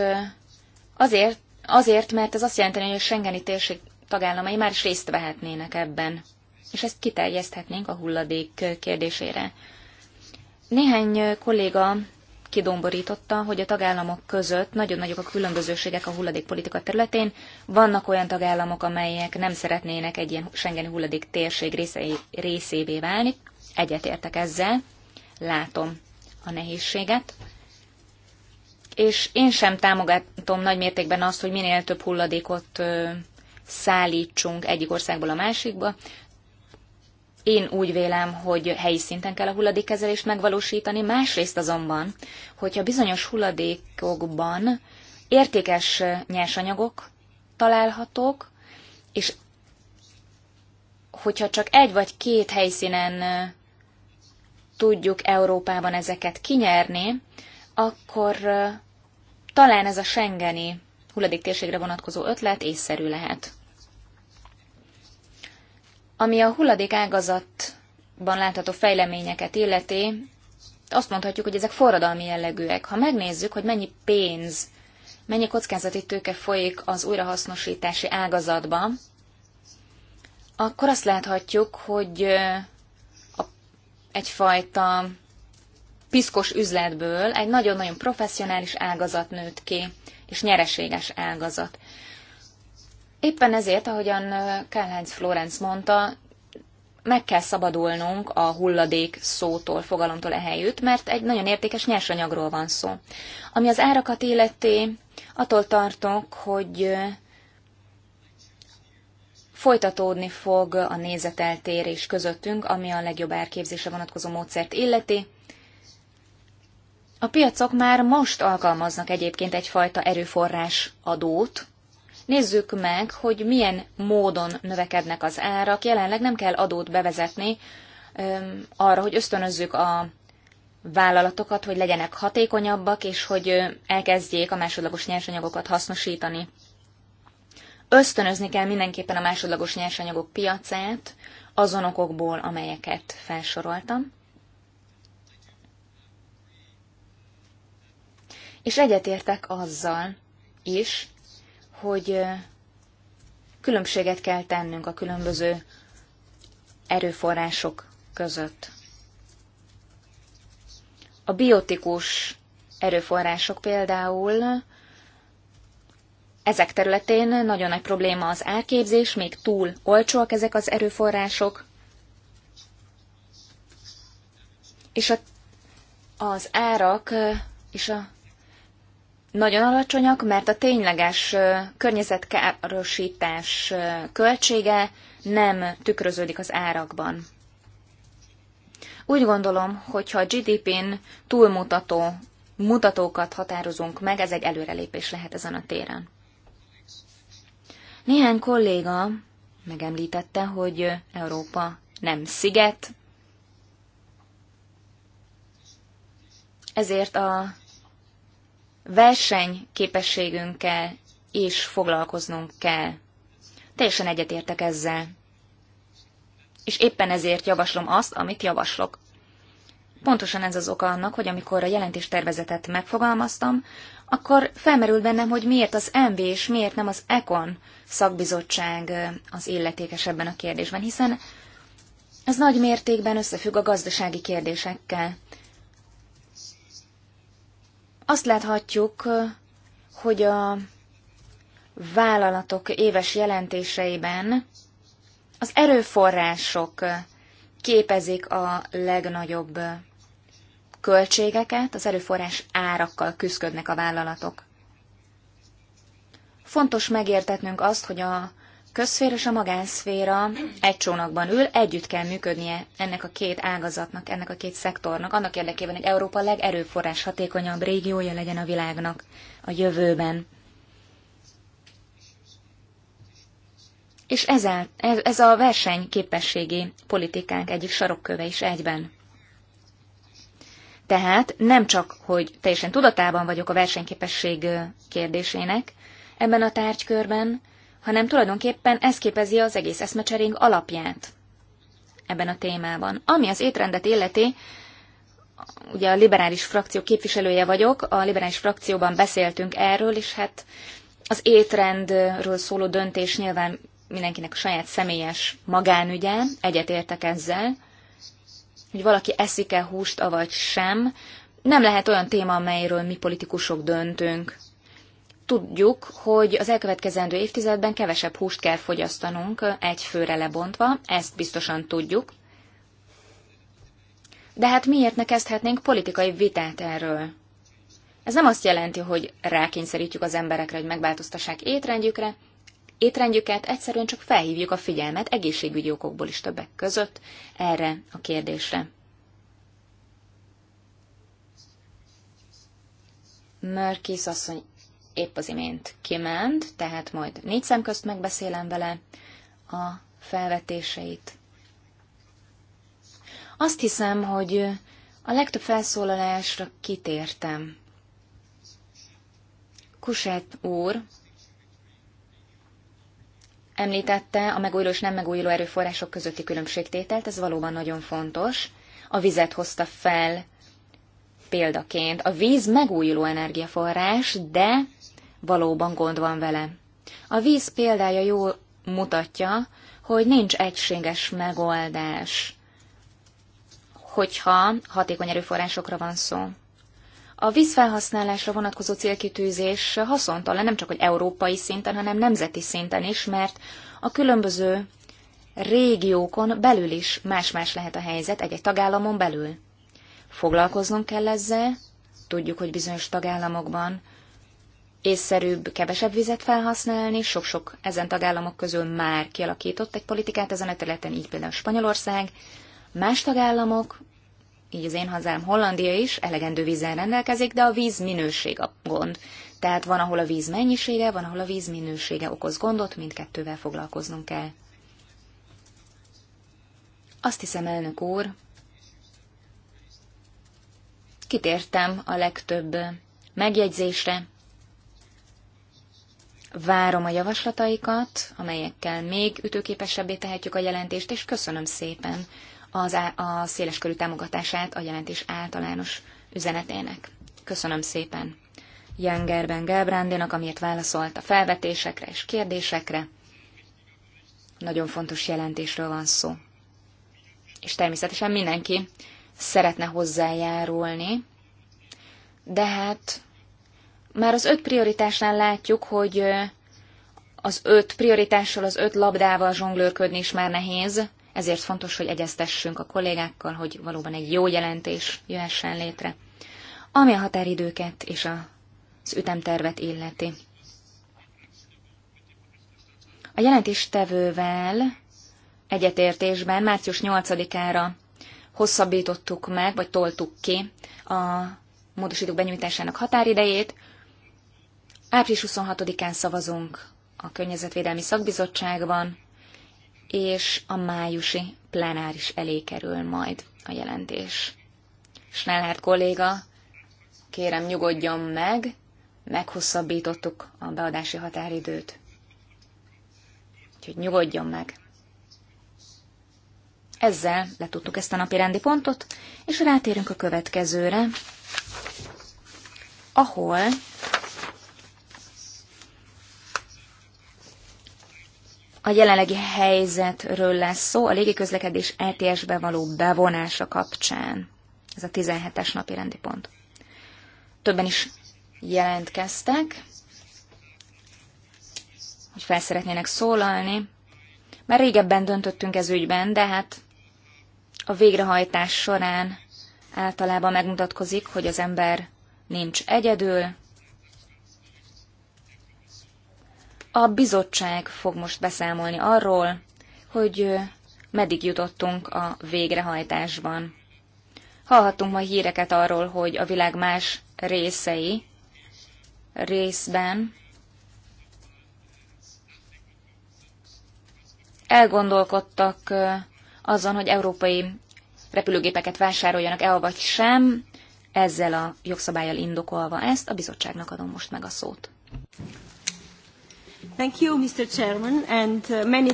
azért, azért, mert ez azt jelenti, hogy a Schengeni térség tagállamai már is részt vehetnének ebben, és ezt kiterjeszthetnénk a hulladék kérdésére. Néhány kolléga kidomborította, hogy a tagállamok között nagyon nagyok a különbözőségek a hulladékpolitika területén. Vannak olyan tagállamok, amelyek nem szeretnének egy ilyen Schengeni hulladék térség része, részévé válni. Egyetértek ezzel, látom a nehézséget és én sem támogatom nagy mértékben azt, hogy minél több hulladékot szállítsunk egyik országból a másikba. Én úgy vélem, hogy helyi szinten kell a hulladékkezelést megvalósítani, másrészt azonban, hogyha bizonyos hulladékokban értékes nyersanyagok találhatók, és hogyha csak egy vagy két helyszínen tudjuk Európában ezeket kinyerni, akkor talán ez a Schengeni hulladéktérségre vonatkozó ötlet észszerű lehet. Ami a hulladék ágazatban látható fejleményeket illeti, azt mondhatjuk, hogy ezek forradalmi jellegűek. Ha megnézzük, hogy mennyi pénz, mennyi kockázati tőke folyik az újrahasznosítási ágazatba, akkor azt láthatjuk, hogy egyfajta piszkos üzletből egy nagyon-nagyon professzionális ágazat nőtt ki, és nyereséges ágazat. Éppen ezért, ahogyan Karl-Heinz mondta, meg kell szabadulnunk a hulladék szótól, fogalomtól ehelyütt, mert egy nagyon értékes nyersanyagról van szó. Ami az árakat illeti, attól tartok, hogy folytatódni fog a nézeteltérés közöttünk, ami a legjobb árképzésre vonatkozó módszert illeti. A piacok már most alkalmaznak egyébként egyfajta erőforrás adót. Nézzük meg, hogy milyen módon növekednek az árak. Jelenleg nem kell adót bevezetni öm, arra, hogy ösztönözzük a vállalatokat, hogy legyenek hatékonyabbak, és hogy elkezdjék a másodlagos nyersanyagokat hasznosítani. Ösztönözni kell mindenképpen a másodlagos nyersanyagok piacát, azon okokból, amelyeket felsoroltam. és egyetértek azzal is, hogy különbséget kell tennünk a különböző erőforrások között. A biotikus erőforrások például ezek területén nagyon nagy probléma az árképzés, még túl olcsóak ezek az erőforrások, és a, az árak és a nagyon alacsonyak, mert a tényleges környezetkárosítás költsége nem tükröződik az árakban. Úgy gondolom, hogyha a GDP-n túlmutató mutatókat határozunk meg, ez egy előrelépés lehet ezen a téren. Néhány kolléga megemlítette, hogy Európa nem sziget, ezért a versenyképességünkkel is foglalkoznunk kell. Teljesen egyetértek ezzel. És éppen ezért javaslom azt, amit javaslok. Pontosan ez az oka annak, hogy amikor a jelentéstervezetet megfogalmaztam, akkor felmerült bennem, hogy miért az MV és miért nem az ECON szakbizottság az illetékes ebben a kérdésben, hiszen ez nagy mértékben összefügg a gazdasági kérdésekkel. Azt láthatjuk, hogy a vállalatok éves jelentéseiben az erőforrások képezik a legnagyobb költségeket, az erőforrás árakkal küzdködnek a vállalatok. Fontos megértetnünk azt, hogy a közszféra és a magánszféra egy csónakban ül, együtt kell működnie ennek a két ágazatnak, ennek a két szektornak, annak érdekében, hogy Európa legerőforrás hatékonyabb régiója legyen a világnak a jövőben. És ez a, ez a versenyképességi politikánk egyik sarokköve is egyben. Tehát nem csak, hogy teljesen tudatában vagyok a versenyképesség kérdésének ebben a tárgykörben, hanem tulajdonképpen ez képezi az egész eszmecserénk alapját ebben a témában. Ami az étrendet illeti, ugye a liberális frakció képviselője vagyok, a liberális frakcióban beszéltünk erről, és hát az étrendről szóló döntés nyilván mindenkinek a saját személyes magánügye, egyetértek ezzel, hogy valaki eszik-e húst, avagy sem, nem lehet olyan téma, amelyről mi politikusok döntünk tudjuk, hogy az elkövetkezendő évtizedben kevesebb húst kell fogyasztanunk egy főre lebontva, ezt biztosan tudjuk. De hát miért ne kezdhetnénk politikai vitát erről? Ez nem azt jelenti, hogy rákényszerítjük az emberekre, hogy megváltoztassák étrendjükre, étrendjüket, egyszerűen csak felhívjuk a figyelmet egészségügyi okokból is többek között erre a kérdésre. Mörkész asszony épp az imént kiment, tehát majd négy szem közt megbeszélem vele a felvetéseit. Azt hiszem, hogy a legtöbb felszólalásra kitértem. Kusett úr említette a megújuló és nem megújuló erőforrások közötti különbségtételt, ez valóban nagyon fontos. A vizet hozta fel példaként. A víz megújuló energiaforrás, de valóban gond van vele. A víz példája jól mutatja, hogy nincs egységes megoldás, hogyha hatékony erőforrásokra van szó. A vízfelhasználásra vonatkozó célkitűzés haszontalan nem csak hogy európai szinten, hanem nemzeti szinten is, mert a különböző régiókon belül is más-más lehet a helyzet egy-egy tagállamon belül. Foglalkoznunk kell ezzel, tudjuk, hogy bizonyos tagállamokban észszerűbb kevesebb vizet felhasználni. Sok-sok ezen tagállamok közül már kialakított egy politikát ezen a területen, így például Spanyolország. Más tagállamok, így az én hazám Hollandia is elegendő vízzel rendelkezik, de a víz minőség a gond. Tehát van, ahol a víz mennyisége, van, ahol a víz minősége okoz gondot, mindkettővel foglalkoznunk kell. Azt hiszem, elnök úr, kitértem a legtöbb megjegyzésre, Várom a javaslataikat, amelyekkel még ütőképesebbé tehetjük a jelentést, és köszönöm szépen az á- a széleskörű támogatását a jelentés általános üzenetének. Köszönöm szépen Jengerben Gelbrándinak, amiért válaszolt a felvetésekre és kérdésekre. Nagyon fontos jelentésről van szó. És természetesen mindenki szeretne hozzájárulni, de hát már az öt prioritásnál látjuk, hogy az öt prioritással, az öt labdával zsonglőrködni is már nehéz, ezért fontos, hogy egyeztessünk a kollégákkal, hogy valóban egy jó jelentés jöhessen létre, ami a határidőket és az ütemtervet illeti. A jelentéstevővel egyetértésben március 8-ára hosszabbítottuk meg, vagy toltuk ki a módosítók benyújtásának határidejét, Április 26-án szavazunk a Környezetvédelmi Szakbizottságban, és a májusi plenáris elé kerül majd a jelentés. Snellert kolléga, kérem nyugodjon meg, meghosszabbítottuk a beadási határidőt. Úgyhogy nyugodjon meg. Ezzel letudtuk ezt a napi rendi pontot, és rátérünk a következőre, ahol a jelenlegi helyzetről lesz szó a légiközlekedés ETS-be való bevonása kapcsán. Ez a 17-es napi rendi pont. Többen is jelentkeztek, hogy fel szeretnének szólalni. Már régebben döntöttünk ez ügyben, de hát a végrehajtás során általában megmutatkozik, hogy az ember nincs egyedül, A bizottság fog most beszámolni arról, hogy meddig jutottunk a végrehajtásban. Hallhattunk ma híreket arról, hogy a világ más részei részben elgondolkodtak azon, hogy európai repülőgépeket vásároljanak el vagy sem, ezzel a jogszabályjal indokolva ezt, a bizottságnak adom most meg a szót. Thank you, Mr. Chairman, and uh, many...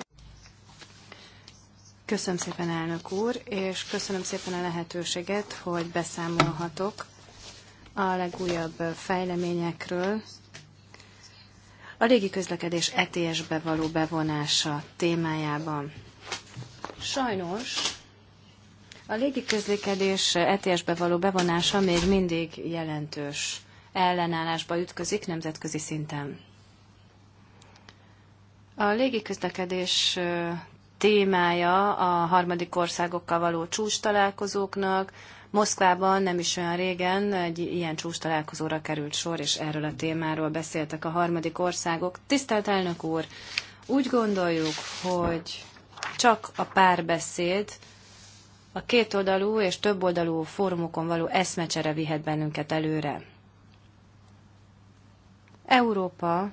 Köszönöm szépen, elnök úr, és köszönöm szépen a lehetőséget, hogy beszámolhatok a legújabb fejleményekről. A régi közlekedés ETS-be való bevonása témájában. Sajnos a légi közlekedés ETS-be való bevonása még mindig jelentős ellenállásba ütközik nemzetközi szinten. A légiközlekedés témája a harmadik országokkal való csúcs találkozóknak. Moszkvában nem is olyan régen egy ilyen csúcs találkozóra került sor, és erről a témáról beszéltek a harmadik országok. Tisztelt elnök úr, úgy gondoljuk, hogy csak a párbeszéd, a kétoldalú és többoldalú fórumokon való eszmecsere vihet bennünket előre. Európa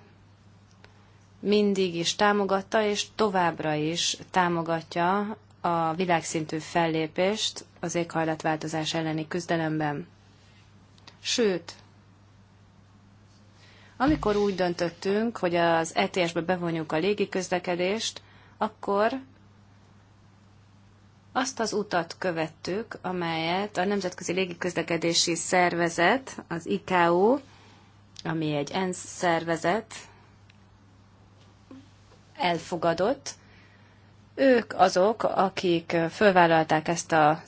mindig is támogatta, és továbbra is támogatja a világszintű fellépést az éghajlatváltozás elleni küzdelemben. Sőt, amikor úgy döntöttünk, hogy az ETS-be bevonjuk a légi közlekedést, akkor azt az utat követtük, amelyet a Nemzetközi Légiközlekedési Szervezet, az ICAO, ami egy ENSZ szervezet, elfogadott. Ők azok, akik fölvállalták ezt a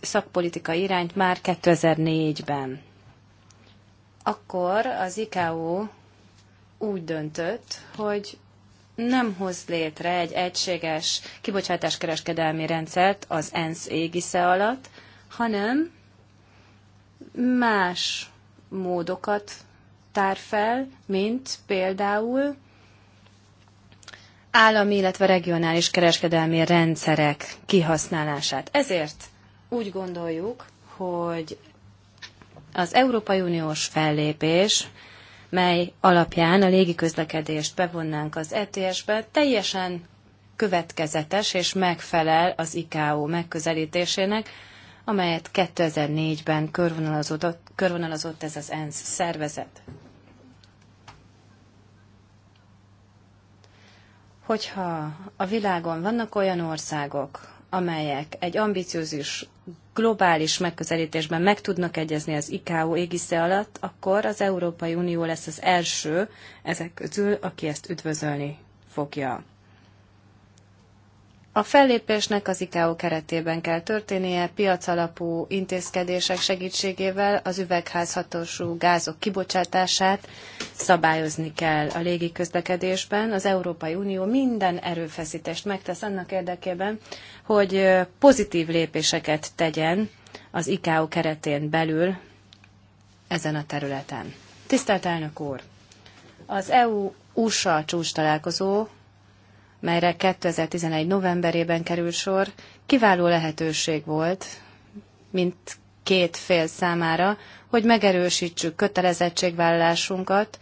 szakpolitika irányt már 2004-ben. Akkor az ICAO úgy döntött, hogy nem hoz létre egy egységes kibocsátáskereskedelmi rendszert az ENSZ égisze alatt, hanem más módokat tár fel, mint például állami, illetve regionális kereskedelmi rendszerek kihasználását. Ezért úgy gondoljuk, hogy az Európai Uniós fellépés, mely alapján a légiközlekedést bevonnánk az ETS-be, teljesen következetes és megfelel az ICAO megközelítésének, amelyet 2004-ben körvonalazott, körvonalazott ez az ENSZ szervezet. hogyha a világon vannak olyan országok, amelyek egy ambiciózus globális megközelítésben meg tudnak egyezni az ICAO égisze alatt, akkor az Európai Unió lesz az első ezek közül, aki ezt üdvözölni fogja. A fellépésnek az ICAO keretében kell történnie, piacalapú intézkedések segítségével az üvegházhatású gázok kibocsátását szabályozni kell a légiközlekedésben. Az Európai Unió minden erőfeszítést megtesz annak érdekében, hogy pozitív lépéseket tegyen az ICAO keretén belül ezen a területen. Tisztelt elnök úr! Az EU-USA csúcs találkozó melyre 2011. novemberében kerül sor, kiváló lehetőség volt, mint két fél számára, hogy megerősítsük kötelezettségvállalásunkat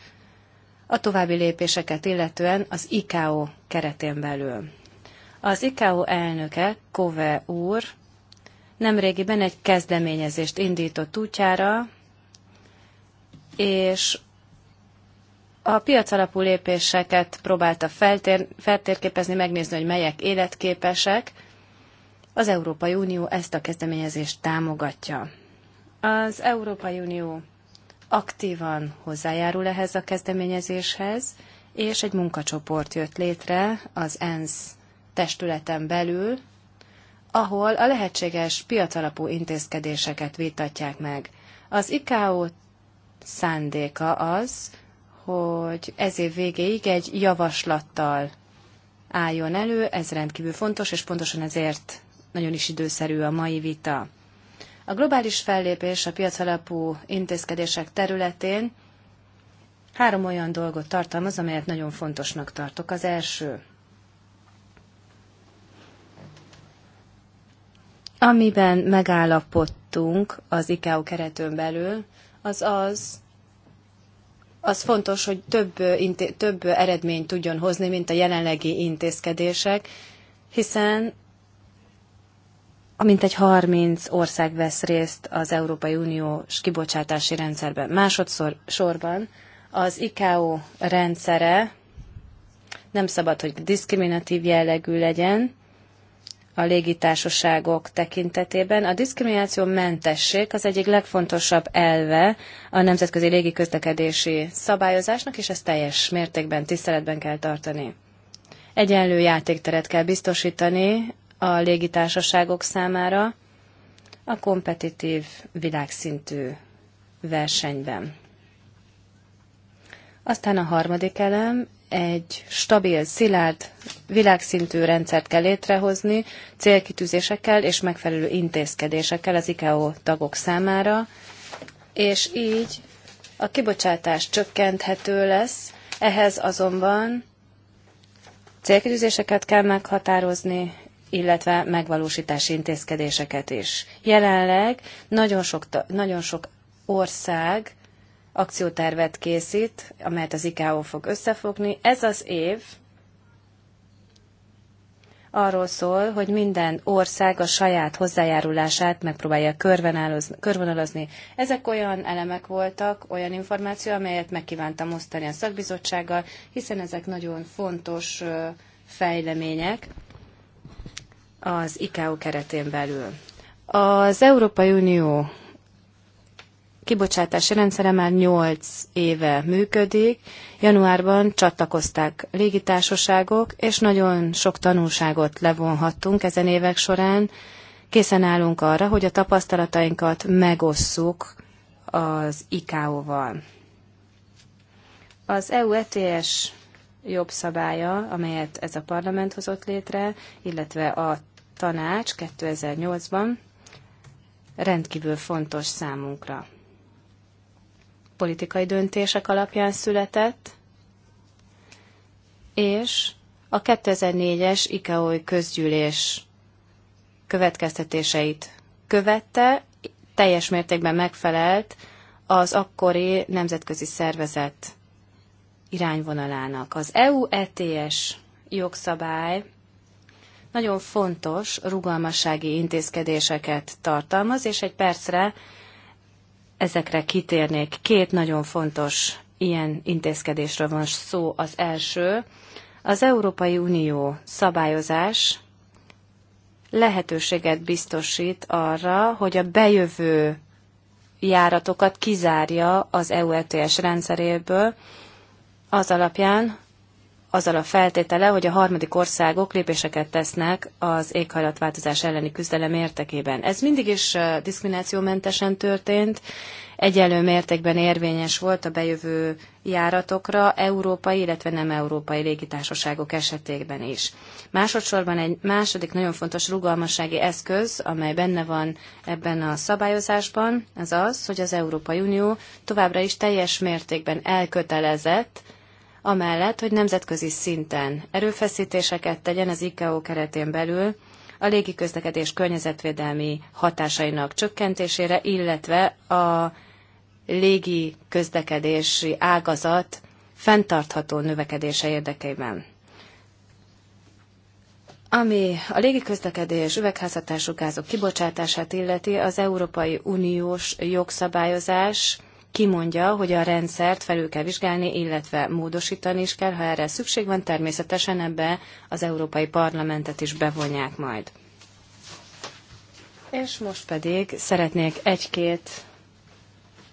a további lépéseket illetően az ICAO keretén belül. Az ICAO elnöke, Kove úr, nemrégiben egy kezdeményezést indított útjára, és a piac alapú lépéseket próbálta feltér, feltérképezni, megnézni, hogy melyek életképesek. Az Európai Unió ezt a kezdeményezést támogatja. Az Európai Unió aktívan hozzájárul ehhez a kezdeményezéshez, és egy munkacsoport jött létre az ENSZ testületen belül, ahol a lehetséges piacalapú intézkedéseket vitatják meg. Az ICAO szándéka az, hogy ez év végéig egy javaslattal álljon elő, ez rendkívül fontos, és pontosan ezért nagyon is időszerű a mai vita. A globális fellépés a piacalapú intézkedések területén három olyan dolgot tartalmaz, amelyet nagyon fontosnak tartok. Az első, amiben megállapodtunk az ICAO keretőn belül, az az, az fontos, hogy több, több eredményt tudjon hozni, mint a jelenlegi intézkedések, hiszen amint egy 30 ország vesz részt az Európai Uniós kibocsátási rendszerben. Másodszor sorban az ICAO rendszere nem szabad, hogy diszkriminatív jellegű legyen, a légitársaságok tekintetében. A diszkrimináció mentesség az egyik legfontosabb elve a nemzetközi légiközlekedési szabályozásnak, és ezt teljes mértékben tiszteletben kell tartani. Egyenlő játékteret kell biztosítani a légitársaságok számára a kompetitív világszintű versenyben. Aztán a harmadik elem, egy stabil, szilárd, világszintű rendszert kell létrehozni célkitűzésekkel és megfelelő intézkedésekkel az ICAO tagok számára, és így a kibocsátás csökkenthető lesz, ehhez azonban célkitűzéseket kell meghatározni, illetve megvalósítási intézkedéseket is. Jelenleg nagyon sok, nagyon sok ország akciótervet készít, amelyet az ICAO fog összefogni. Ez az év arról szól, hogy minden ország a saját hozzájárulását megpróbálja körvonalazni. Ezek olyan elemek voltak, olyan információ, amelyet megkívántam osztani a szakbizottsággal, hiszen ezek nagyon fontos fejlemények az ICAO keretén belül. Az Európai Unió kibocsátási rendszere már 8 éve működik. Januárban csatlakozták légitársaságok, és nagyon sok tanulságot levonhattunk ezen évek során. Készen állunk arra, hogy a tapasztalatainkat megosszuk az ICAO-val. Az EU ETS jobb szabálya, amelyet ez a parlament hozott létre, illetve a tanács 2008-ban rendkívül fontos számunkra politikai döntések alapján született, és a 2004-es ICAO közgyűlés következtetéseit követte, teljes mértékben megfelelt az akkori nemzetközi szervezet irányvonalának. Az EU ETS jogszabály nagyon fontos rugalmassági intézkedéseket tartalmaz, és egy percre ezekre kitérnék. Két nagyon fontos ilyen intézkedésről van szó. Az első, az Európai Unió szabályozás lehetőséget biztosít arra, hogy a bejövő járatokat kizárja az EU ETS rendszeréből, az alapján, azzal a feltétele, hogy a harmadik országok lépéseket tesznek az éghajlatváltozás elleni küzdelem értekében. Ez mindig is diszkriminációmentesen történt, egyenlő mértékben érvényes volt a bejövő járatokra európai, illetve nem európai légitársaságok esetében is. Másodszorban egy második nagyon fontos rugalmassági eszköz, amely benne van ebben a szabályozásban, az az, hogy az Európai Unió továbbra is teljes mértékben elkötelezett amellett, hogy nemzetközi szinten erőfeszítéseket tegyen az ICAO e keretén belül a légiközlekedés környezetvédelmi hatásainak csökkentésére, illetve a légi közlekedési ágazat fenntartható növekedése érdekében. Ami a légiközlekedés üvegházhatású gázok kibocsátását illeti, az Európai Uniós jogszabályozás kimondja, hogy a rendszert felül kell vizsgálni, illetve módosítani is kell, ha erre szükség van, természetesen ebbe az Európai Parlamentet is bevonják majd. És most pedig szeretnék egy-két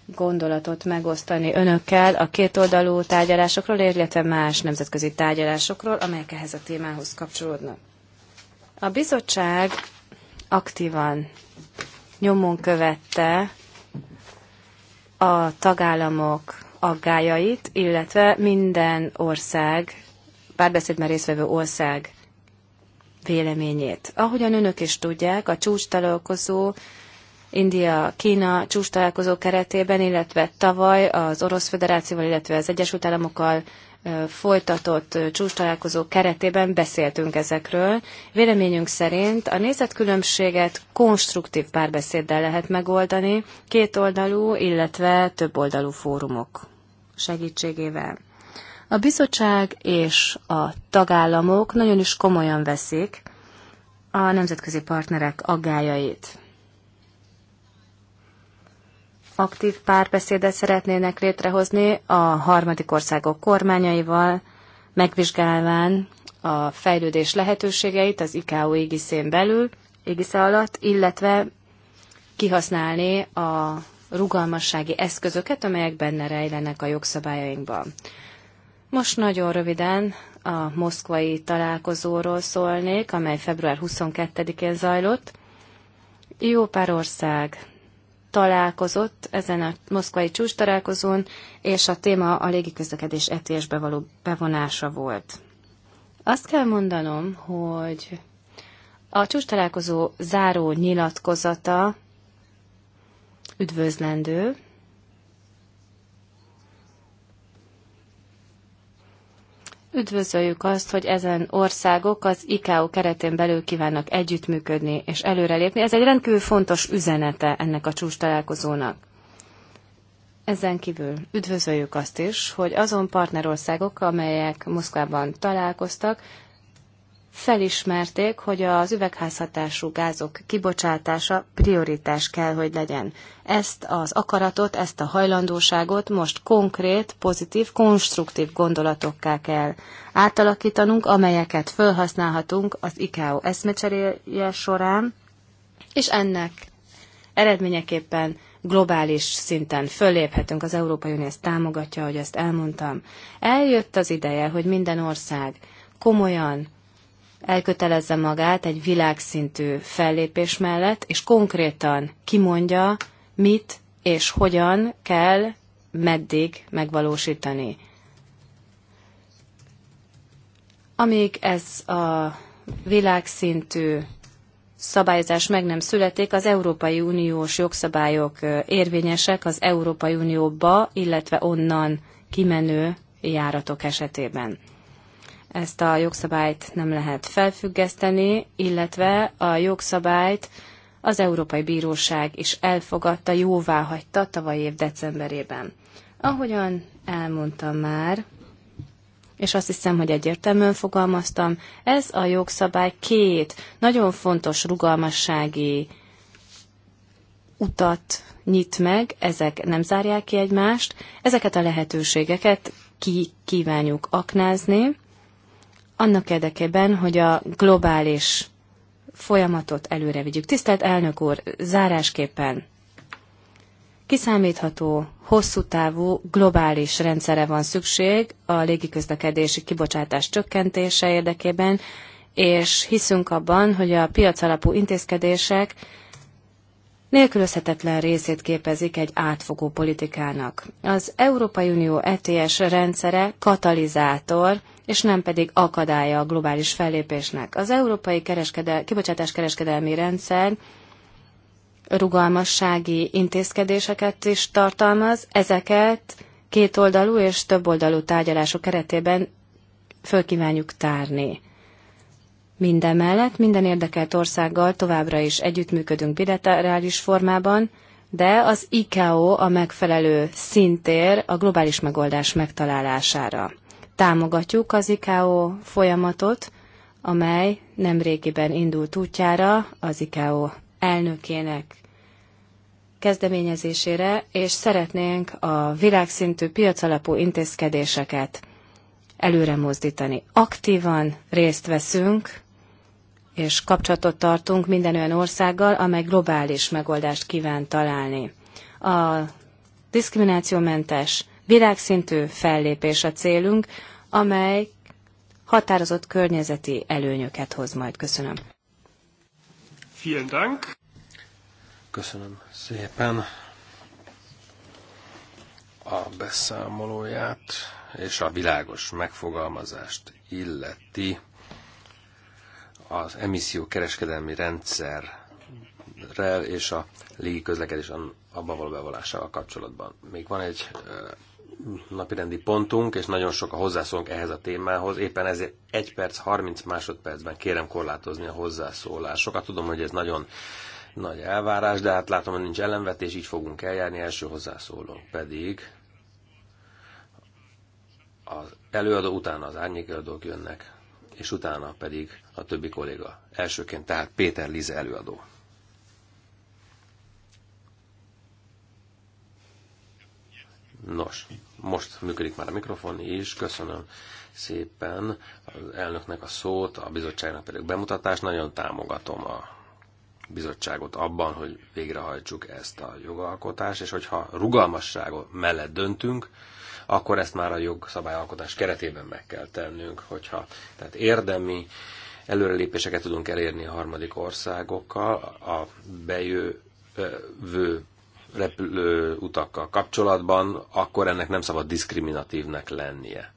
gondolatot megosztani önökkel a kétoldalú tárgyalásokról, illetve más nemzetközi tárgyalásokról, amelyek ehhez a témához kapcsolódnak. A bizottság aktívan nyomon követte a tagállamok aggájait, illetve minden ország, párbeszédben részvevő ország véleményét. Ahogyan önök is tudják, a csúcs találkozó India-Kína csúcs találkozó keretében, illetve tavaly az Orosz Föderációval, illetve az Egyesült Államokkal folytatott csúcstalálkozó keretében beszéltünk ezekről. Véleményünk szerint a nézetkülönbséget konstruktív párbeszéddel lehet megoldani, kétoldalú, illetve többoldalú fórumok segítségével. A bizottság és a tagállamok nagyon is komolyan veszik a nemzetközi partnerek aggájait aktív párbeszédet szeretnének létrehozni a harmadik országok kormányaival, megvizsgálván a fejlődés lehetőségeit az ICAO égiszén belül, égisze alatt, illetve kihasználni a rugalmassági eszközöket, amelyek benne rejlenek a jogszabályainkban. Most nagyon röviden a moszkvai találkozóról szólnék, amely február 22-én zajlott. Jó pár ország találkozott ezen a moszkvai csúcs találkozón, és a téma a légiközlekedés etésbe való bevonása volt. Azt kell mondanom, hogy a csúcs találkozó záró nyilatkozata üdvözlendő, Üdvözöljük azt, hogy ezen országok az ICAO keretén belül kívánnak együttműködni és előrelépni. Ez egy rendkívül fontos üzenete ennek a csúcs találkozónak. Ezen kívül üdvözöljük azt is, hogy azon partnerországok, amelyek Moszkvában találkoztak, felismerték, hogy az üvegházhatású gázok kibocsátása prioritás kell, hogy legyen. Ezt az akaratot, ezt a hajlandóságot most konkrét, pozitív, konstruktív gondolatokká kell átalakítanunk, amelyeket felhasználhatunk az ICAO eszmecseréje során, és ennek eredményeképpen globális szinten fölléphetünk, az Európai Unió ezt támogatja, hogy ezt elmondtam. Eljött az ideje, hogy minden ország komolyan elkötelezze magát egy világszintű fellépés mellett, és konkrétan kimondja, mit és hogyan kell meddig megvalósítani. Amíg ez a világszintű szabályozás meg nem születik, az Európai Uniós jogszabályok érvényesek az Európai Unióba, illetve onnan kimenő járatok esetében. Ezt a jogszabályt nem lehet felfüggeszteni, illetve a jogszabályt az Európai Bíróság is elfogadta, jóvá hagyta tavaly év decemberében. Ahogyan elmondtam már, és azt hiszem, hogy egyértelműen fogalmaztam, ez a jogszabály két nagyon fontos rugalmassági utat nyit meg, ezek nem zárják ki egymást, ezeket a lehetőségeket ki kívánjuk aknázni, annak érdekében, hogy a globális folyamatot előre vigyük. Tisztelt elnök úr, zárásképpen kiszámítható, hosszú távú, globális rendszerre van szükség a légiközlekedési kibocsátás csökkentése érdekében, és hiszünk abban, hogy a piacalapú intézkedések nélkülözhetetlen részét képezik egy átfogó politikának. Az Európai Unió ETS rendszere katalizátor, és nem pedig akadálya a globális fellépésnek. Az európai kereskedel, kibocsátás kereskedelmi rendszer rugalmassági intézkedéseket is tartalmaz, ezeket kétoldalú és többoldalú tárgyalások keretében fölkívánjuk tárni. Mindemellett minden érdekelt országgal továbbra is együttműködünk bilaterális formában, de az ICAO a megfelelő szintér a globális megoldás megtalálására támogatjuk az ICAO folyamatot, amely nemrégiben indult útjára az ICAO elnökének kezdeményezésére, és szeretnénk a világszintű piacalapú intézkedéseket előre mozdítani. Aktívan részt veszünk, és kapcsolatot tartunk minden olyan országgal, amely globális megoldást kíván találni. A diszkriminációmentes Világszintű fellépés a célunk, amely határozott környezeti előnyöket hoz majd. Köszönöm. Vielen Dank. Köszönöm szépen a beszámolóját és a világos megfogalmazást illeti az emisszió kereskedelmi rendszerrel és a légiközlekedés abban való bevallásával kapcsolatban. Még van egy napirendi pontunk, és nagyon sok a hozzászólunk ehhez a témához, éppen ezért 1 perc 30 másodpercben kérem korlátozni a hozzászólásokat. Tudom, hogy ez nagyon nagy elvárás, de hát látom, hogy nincs ellenvetés, így fogunk eljárni. Első hozzászóló. pedig az előadó, utána az árnyékelőadók jönnek, és utána pedig a többi kolléga. Elsőként tehát Péter Lize előadó. Nos, most működik már a mikrofon is, köszönöm szépen az elnöknek a szót, a bizottságnak pedig bemutatást. Nagyon támogatom a bizottságot abban, hogy végrehajtsuk ezt a jogalkotást, és hogyha rugalmasságot mellett döntünk, akkor ezt már a jogszabályalkotás keretében meg kell tennünk, hogyha tehát érdemi előrelépéseket tudunk elérni a harmadik országokkal, a bejövő utakkal kapcsolatban, akkor ennek nem szabad diszkriminatívnek lennie.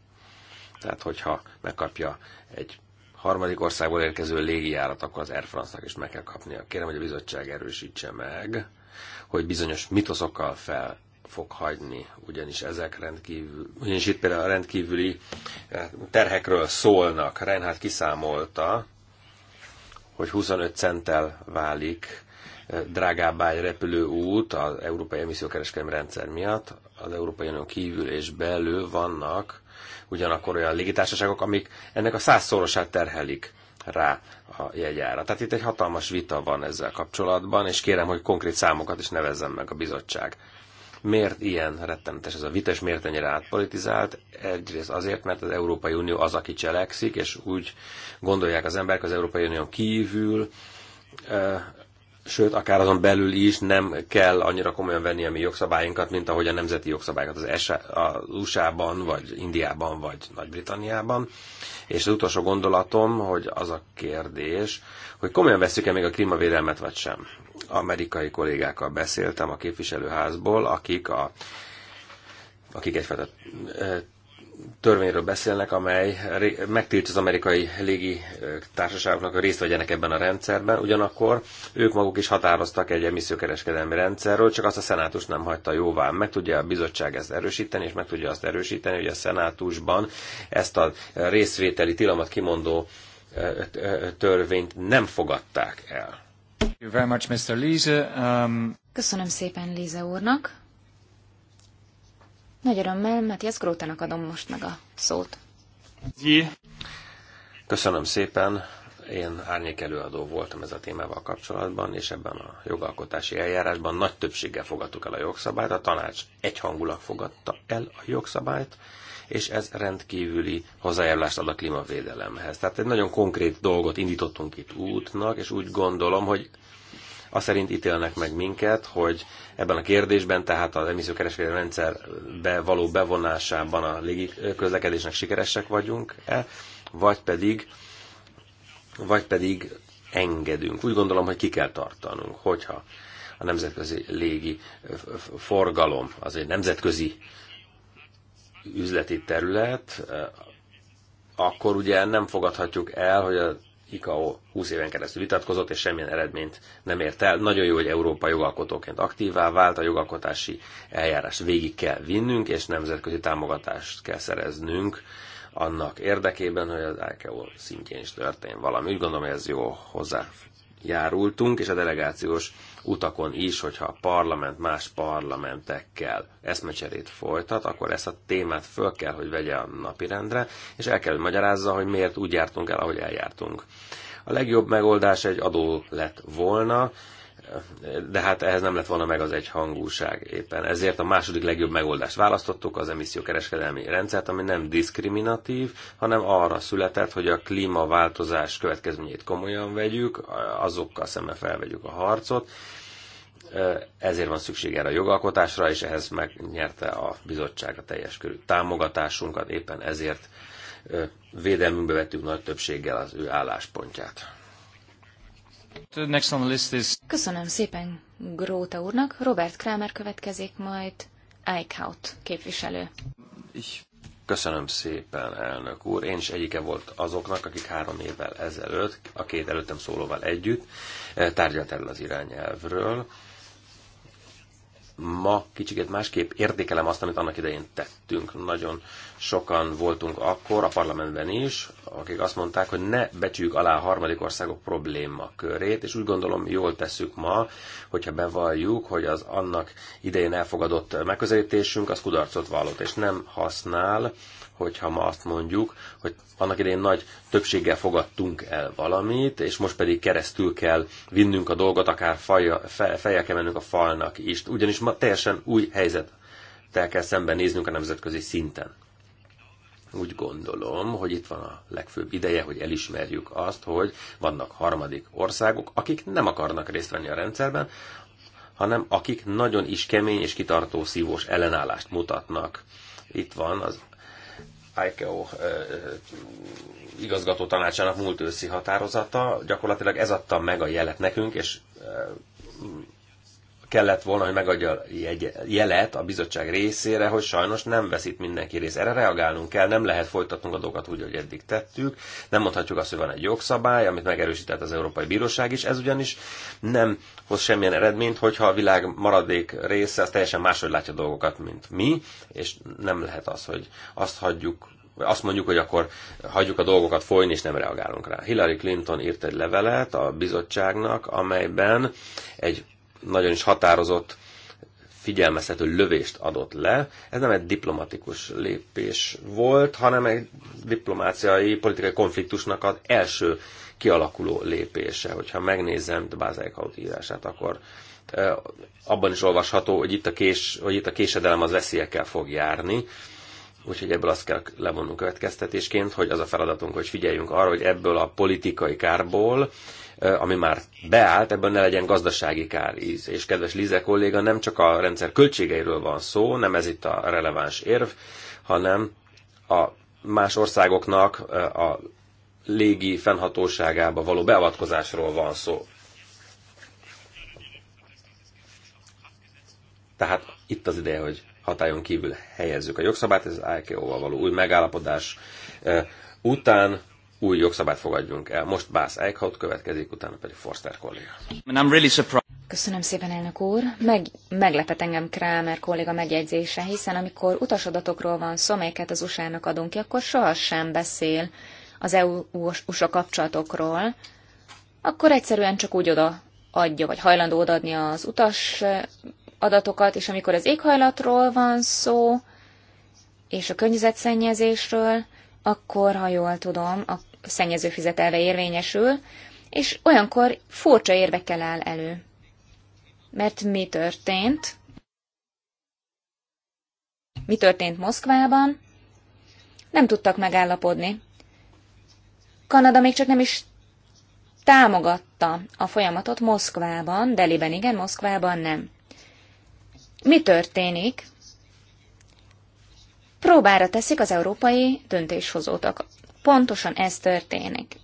Tehát, hogyha megkapja egy harmadik országból érkező légijárat, akkor az Air France-nak is meg kell kapnia. Kérem, hogy a bizottság erősítse meg, hogy bizonyos mitoszokkal fel fog hagyni, ugyanis ezek rendkívül, ugyanis itt például a rendkívüli eh, terhekről szólnak. Reinhardt kiszámolta, hogy 25 centtel válik drágábbá egy repülőút az európai emissziókereskedelmi rendszer miatt. Az Európai Unión kívül és belül vannak ugyanakkor olyan légitársaságok, amik ennek a százszorosát terhelik rá a jegyára. Tehát itt egy hatalmas vita van ezzel kapcsolatban, és kérem, hogy konkrét számokat is nevezzem meg a bizottság. Miért ilyen rettenetes ez a vita, és miért ennyire átpolitizált? Egyrészt azért, mert az Európai Unió az, aki cselekszik, és úgy gondolják az emberek az Európai Unión kívül, sőt, akár azon belül is nem kell annyira komolyan venni a mi jogszabályunkat, mint ahogy a nemzeti jogszabályokat az, az USA-ban, vagy Indiában, vagy Nagy-Britanniában. És az utolsó gondolatom, hogy az a kérdés, hogy komolyan veszük-e még a klímavédelmet, vagy sem. Amerikai kollégákkal beszéltem a képviselőházból, akik a akik egyfajta törvényről beszélnek, amely megtiltja az amerikai légi társaságoknak, hogy részt vegyenek ebben a rendszerben, ugyanakkor ők maguk is határoztak egy emissziókereskedelmi rendszerről, csak azt a szenátus nem hagyta jóvá. Meg tudja a bizottság ezt erősíteni, és meg tudja azt erősíteni, hogy a szenátusban ezt a részvételi tilamat kimondó törvényt nem fogadták el. Um, Köszönöm szépen Líze úrnak. Nagy örömmel Matthias Grótának adom most meg a szót. Köszönöm szépen. Én árnyék előadó voltam ez a témával kapcsolatban, és ebben a jogalkotási eljárásban nagy többséggel fogadtuk el a jogszabályt. A tanács egyhangulag fogadta el a jogszabályt, és ez rendkívüli hozzájárulást ad a klímavédelemhez. Tehát egy nagyon konkrét dolgot indítottunk itt útnak, és úgy gondolom, hogy azt szerint ítélnek meg minket, hogy ebben a kérdésben, tehát az emissziókereskedelmi rendszerbe való bevonásában a légi közlekedésnek sikeresek vagyunk-e, vagy pedig, vagy pedig engedünk. Úgy gondolom, hogy ki kell tartanunk, hogyha a nemzetközi légi forgalom az egy nemzetközi üzleti terület, akkor ugye nem fogadhatjuk el, hogy a ICAO 20 éven keresztül vitatkozott, és semmilyen eredményt nem ért el. Nagyon jó, hogy Európa jogalkotóként aktívvá vált, a jogalkotási eljárás végig kell vinnünk, és nemzetközi támogatást kell szereznünk annak érdekében, hogy az ICAO szintjén is történt valami. Úgy gondolom, hogy ez jó járultunk és a delegációs utakon is, hogyha a parlament más parlamentekkel eszmecserét folytat, akkor ezt a témát föl kell, hogy vegye a napirendre, és el kell, hogy magyarázza, hogy miért úgy jártunk el, ahogy eljártunk. A legjobb megoldás egy adó lett volna, de hát ehhez nem lett volna meg az egy hangúság éppen. Ezért a második legjobb megoldást választottuk, az emissziókereskedelmi rendszert, ami nem diszkriminatív, hanem arra született, hogy a klímaváltozás következményét komolyan vegyük, azokkal szemben felvegyük a harcot, ezért van szükség erre a jogalkotásra, és ehhez megnyerte a bizottság a teljes körű támogatásunkat, éppen ezért védelmünkbe vettük nagy többséggel az ő álláspontját. Köszönöm szépen Gróta úrnak. Robert Kramer következik majd Eichhout képviselő. Köszönöm szépen, elnök úr. Én is egyike volt azoknak, akik három évvel ezelőtt, a két előttem szólóval együtt tárgyalt erről az irányelvről ma kicsit másképp értékelem azt, amit annak idején tettünk. Nagyon sokan voltunk akkor a parlamentben is, akik azt mondták, hogy ne becsüljük alá a harmadik országok probléma körét, és úgy gondolom jól tesszük ma, hogyha bevalljuk, hogy az annak idején elfogadott megközelítésünk az kudarcot vallott, és nem használ hogyha ma azt mondjuk, hogy annak idején nagy többséggel fogadtunk el valamit, és most pedig keresztül kell vinnünk a dolgot, akár fejjel kell mennünk a falnak is. Ugyanis ma teljesen új helyzettel kell szembenéznünk a nemzetközi szinten. Úgy gondolom, hogy itt van a legfőbb ideje, hogy elismerjük azt, hogy vannak harmadik országok, akik nem akarnak részt venni a rendszerben, hanem akik nagyon is kemény és kitartó szívós ellenállást mutatnak. Itt van az ICAO eh, eh, igazgató tanácsának múlt őszi határozata. Gyakorlatilag ez adta meg a jelet nekünk, és eh, kellett volna, hogy megadja jelet a bizottság részére, hogy sajnos nem veszít mindenki részt. Erre reagálnunk kell, nem lehet folytatnunk a dolgokat úgy, hogy eddig tettük, nem mondhatjuk azt, hogy van egy jogszabály, amit megerősített az Európai Bíróság is, ez ugyanis nem hoz semmilyen eredményt, hogyha a világ maradék része az teljesen máshogy látja dolgokat, mint mi, és nem lehet az, hogy azt hagyjuk azt mondjuk, hogy akkor hagyjuk a dolgokat folyni, és nem reagálunk rá. Hillary Clinton írt egy levelet a bizottságnak, amelyben egy nagyon is határozott figyelmeztető lövést adott le. Ez nem egy diplomatikus lépés volt, hanem egy diplomáciai, politikai konfliktusnak az első kialakuló lépése. Hogyha megnézem a Bázájkaut írását, akkor abban is olvasható, hogy itt, a kés, hogy itt a késedelem az veszélyekkel fog járni. Úgyhogy ebből azt kell levonnunk következtetésként, hogy az a feladatunk, hogy figyeljünk arra, hogy ebből a politikai kárból Eh, ami már beállt, ebben ne legyen gazdasági káríz. És kedves Lize kolléga, nem csak a rendszer költségeiről van szó, nem ez itt a releváns érv, hanem a más országoknak eh, a légi fennhatóságába való beavatkozásról van szó. Tehát itt az ideje, hogy hatályon kívül helyezzük a jogszabályt, ez az ICAO-val való új megállapodás eh, után új jogszabályt fogadjunk el. Most Bász Eichhout következik, utána pedig Forster kolléga. I'm really Köszönöm szépen, elnök úr. Meg, meglepet engem Kramer kolléga megjegyzése, hiszen amikor utasadatokról van szó, melyeket az USA-nak adunk ki, akkor sohasem beszél az EU-USA kapcsolatokról, akkor egyszerűen csak úgy oda adja, vagy hajlandó odaadni az utas adatokat, és amikor az éghajlatról van szó, és a környezetszennyezésről, akkor, ha jól tudom, a szennyező fizetelve érvényesül, és olyankor furcsa érvekkel áll elő. Mert mi történt? Mi történt Moszkvában? Nem tudtak megállapodni. Kanada még csak nem is támogatta a folyamatot Moszkvában, Deliben igen, Moszkvában nem. Mi történik? Próbára teszik az európai döntéshozótak Pontosan ez történik.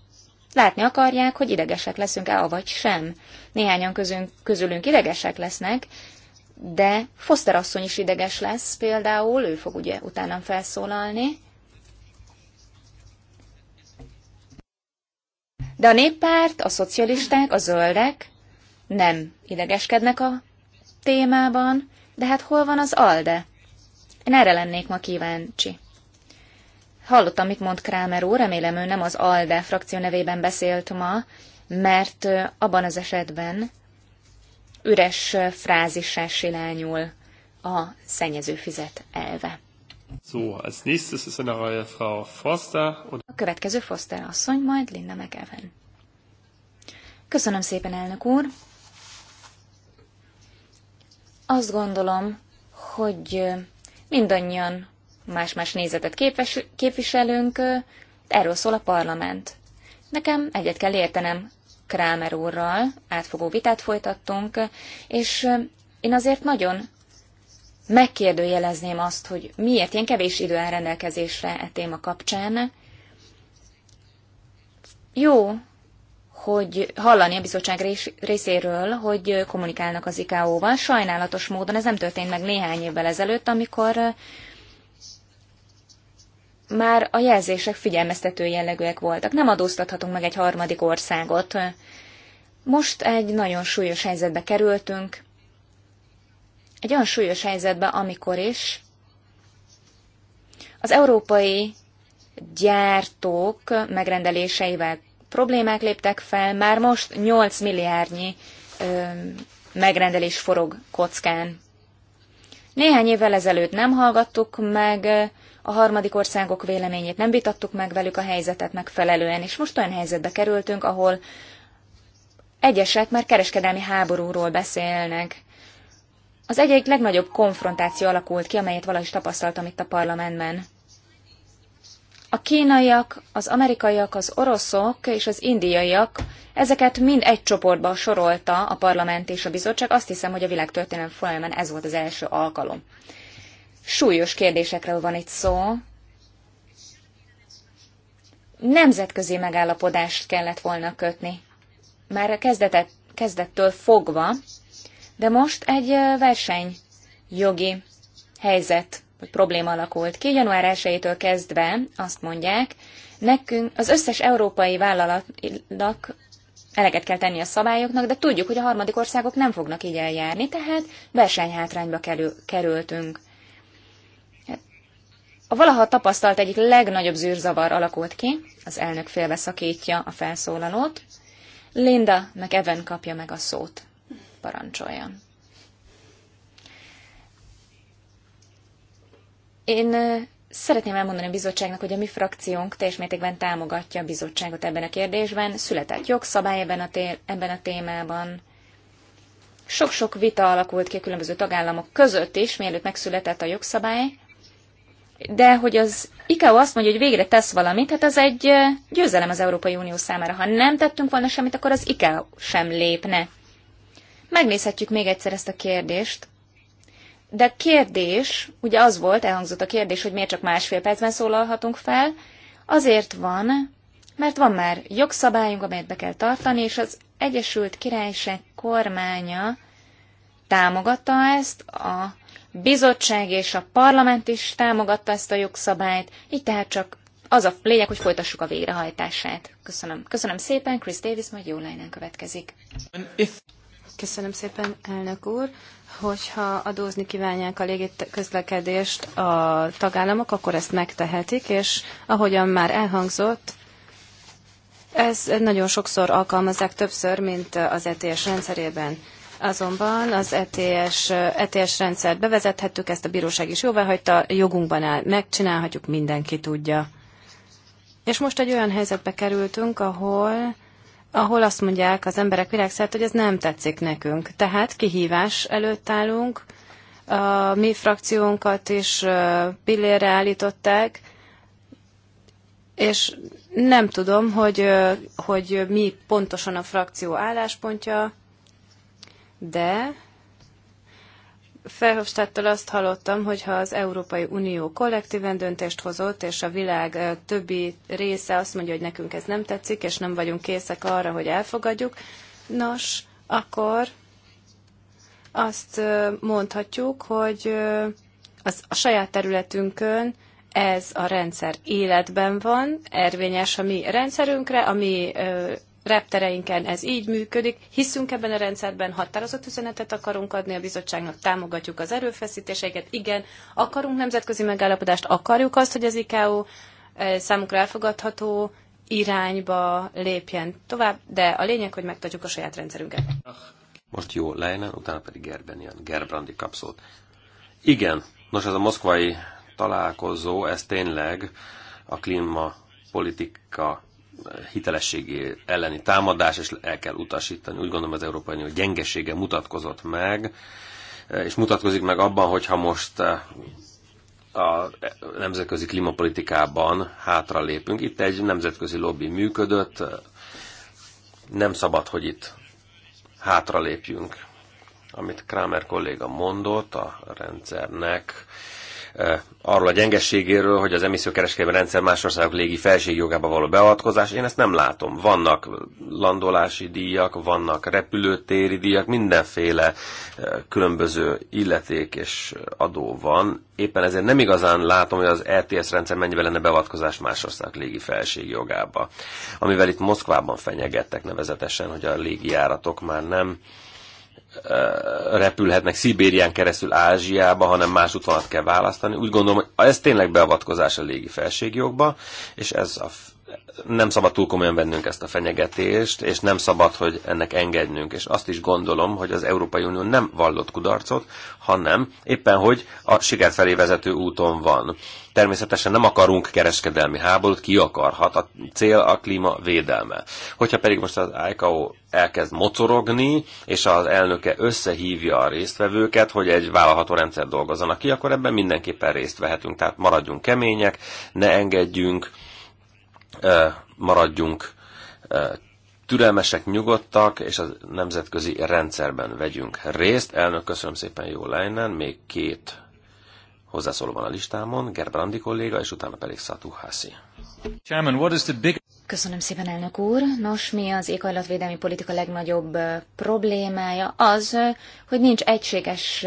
Látni akarják, hogy idegesek leszünk-e, avagy sem. Néhányan közünk, közülünk idegesek lesznek, de Foster asszony is ideges lesz például, ő fog ugye utána felszólalni. De a néppárt, a szocialisták, a zöldek nem idegeskednek a témában, de hát hol van az ALDE? Én erre lennék ma kíváncsi. Hallottam, mit mond Krámer úr, remélem ő nem az ALDE frakció nevében beszélt ma, mert abban az esetben üres frázissá silányul a szennyező fizet elve. So, als nächstes ist in der Reihe Frau Foster. Und a következő Foster asszony, majd Linda McEwen. Köszönöm szépen, elnök úr. Azt gondolom, hogy mindannyian más-más nézetet képes, képviselünk, erről szól a parlament. Nekem egyet kell értenem Krámer úrral, átfogó vitát folytattunk, és én azért nagyon megkérdőjelezném azt, hogy miért ilyen kevés idő áll rendelkezésre e téma kapcsán. Jó, hogy hallani a bizottság részéről, hogy kommunikálnak az ICAO-val. Sajnálatos módon ez nem történt meg néhány évvel ezelőtt, amikor már a jelzések figyelmeztető jellegűek voltak. Nem adóztathatunk meg egy harmadik országot. Most egy nagyon súlyos helyzetbe kerültünk, egy olyan súlyos helyzetbe, amikor is az európai gyártók megrendeléseivel problémák léptek fel, már most 8 milliárdnyi ö, megrendelés forog kockán. Néhány évvel ezelőtt nem hallgattuk meg a harmadik országok véleményét nem vitattuk meg velük a helyzetet megfelelően, és most olyan helyzetbe kerültünk, ahol egyesek már kereskedelmi háborúról beszélnek. Az egyik legnagyobb konfrontáció alakult ki, amelyet valahogy tapasztaltam itt a parlamentben. A kínaiak, az amerikaiak, az oroszok és az indiaiak, ezeket mind egy csoportba sorolta a parlament és a bizottság. Azt hiszem, hogy a világtörténelem folyamán ez volt az első alkalom. Súlyos kérdésekről van itt szó. Nemzetközi megállapodást kellett volna kötni. Már a kezdetet, kezdettől fogva, de most egy verseny jogi helyzet vagy probléma alakult ki. Január 1-től kezdve azt mondják, nekünk az összes európai vállalatnak eleget kell tenni a szabályoknak, de tudjuk, hogy a harmadik országok nem fognak így eljárni, tehát versenyhátrányba kerültünk. A valaha tapasztalt egyik legnagyobb zűrzavar alakult ki, az elnök félbeszakítja a felszólalót. Linda meg Evan kapja meg a szót. Parancsoljon. Én szeretném elmondani a bizottságnak, hogy a mi frakciónk teljes mértékben támogatja a bizottságot ebben a kérdésben. Született jogszabály ebben a, té- ebben a témában. Sok-sok vita alakult ki a különböző tagállamok között is, mielőtt megszületett a jogszabály de hogy az ICAO azt mondja, hogy végre tesz valamit, hát az egy győzelem az Európai Unió számára. Ha nem tettünk volna semmit, akkor az ICAO sem lépne. Megnézhetjük még egyszer ezt a kérdést. De kérdés, ugye az volt, elhangzott a kérdés, hogy miért csak másfél percben szólalhatunk fel, azért van, mert van már jogszabályunk, amelyet be kell tartani, és az Egyesült Királyság kormánya támogatta ezt, a bizottság és a parlament is támogatta ezt a jogszabályt, így tehát csak az a lényeg, hogy folytassuk a végrehajtását. Köszönöm. Köszönöm szépen, Chris Davis, majd jó lányán következik. Köszönöm szépen, elnök úr. Hogyha adózni kívánják a légiközlekedést a tagállamok, akkor ezt megtehetik, és ahogyan már elhangzott, ez nagyon sokszor alkalmazzák, többször, mint az ETS rendszerében. Azonban az ETS, ETS rendszert bevezethettük, ezt a bíróság is jóváhagyta, jogunkban áll, megcsinálhatjuk, mindenki tudja. És most egy olyan helyzetbe kerültünk, ahol, ahol azt mondják az emberek világszerte, hogy ez nem tetszik nekünk. Tehát kihívás előtt állunk, a mi frakciónkat is pillére állították, és nem tudom, hogy, hogy mi pontosan a frakció álláspontja, de Verhofstadttól azt hallottam, hogy ha az Európai Unió kollektíven döntést hozott, és a világ többi része azt mondja, hogy nekünk ez nem tetszik, és nem vagyunk készek arra, hogy elfogadjuk, nos, akkor azt mondhatjuk, hogy az a saját területünkön ez a rendszer életben van, érvényes a mi rendszerünkre, a mi reptereinken ez így működik. Hiszünk ebben a rendszerben, határozott üzenetet akarunk adni a bizottságnak, támogatjuk az erőfeszítéseket. Igen, akarunk nemzetközi megállapodást, akarjuk azt, hogy az ICAO eh, számukra elfogadható irányba lépjen tovább, de a lényeg, hogy megtartjuk a saját rendszerünket. Most jó Leinen, utána pedig Gerben ilyen Gerbrandi kapszót. Igen, nos ez a moszkvai találkozó, ez tényleg a klímapolitika hitelességi elleni támadás, és el kell utasítani. Úgy gondolom az Európai Unió gyengesége mutatkozott meg, és mutatkozik meg abban, hogyha most eh, a nemzetközi klímapolitikában hátra lépünk. Itt egy nemzetközi lobby működött, nem szabad, hogy itt hátra lépjünk. Amit Kramer kolléga mondott, a rendszernek Eh, arról a gyengeségéről, hogy az emissziókereskedelmi rendszer más országok légi felségjogába való beavatkozás, én ezt nem látom. Vannak landolási díjak, vannak repülőtéri díjak, mindenféle eh, különböző illeték és adó van. Éppen ezért nem igazán látom, hogy az ETS rendszer mennyibe lenne beavatkozás más országok légi felségjogába. Amivel itt Moszkvában fenyegettek nevezetesen, hogy a légijáratok már nem repülhetnek Szibérián keresztül Ázsiába, hanem más útvonalat kell választani. Úgy gondolom, hogy ez tényleg beavatkozás a légi felségjogba, és ez a nem szabad túl komolyan vennünk ezt a fenyegetést, és nem szabad, hogy ennek engednünk. És azt is gondolom, hogy az Európai Unió nem vallott kudarcot, hanem éppen, hogy a siker felé vezető úton van. Természetesen nem akarunk kereskedelmi háborút, ki akarhat. A cél a klíma védelme. Hogyha pedig most az ICAO elkezd mocorogni, és az elnöke összehívja a résztvevőket, hogy egy vállalható rendszer dolgozzanak ki, akkor ebben mindenképpen részt vehetünk. Tehát maradjunk kemények, ne engedjünk maradjunk türelmesek, nyugodtak, és a nemzetközi rendszerben vegyünk részt. Elnök, köszönöm szépen jó lejnen, még két hozzászóló van a listámon, Gerbrandi kolléga, és utána pedig Szatú Hászi. Chairman, what is the Köszönöm szépen, elnök úr. Nos, mi az éghajlatvédelmi politika legnagyobb problémája? Az, hogy nincs egységes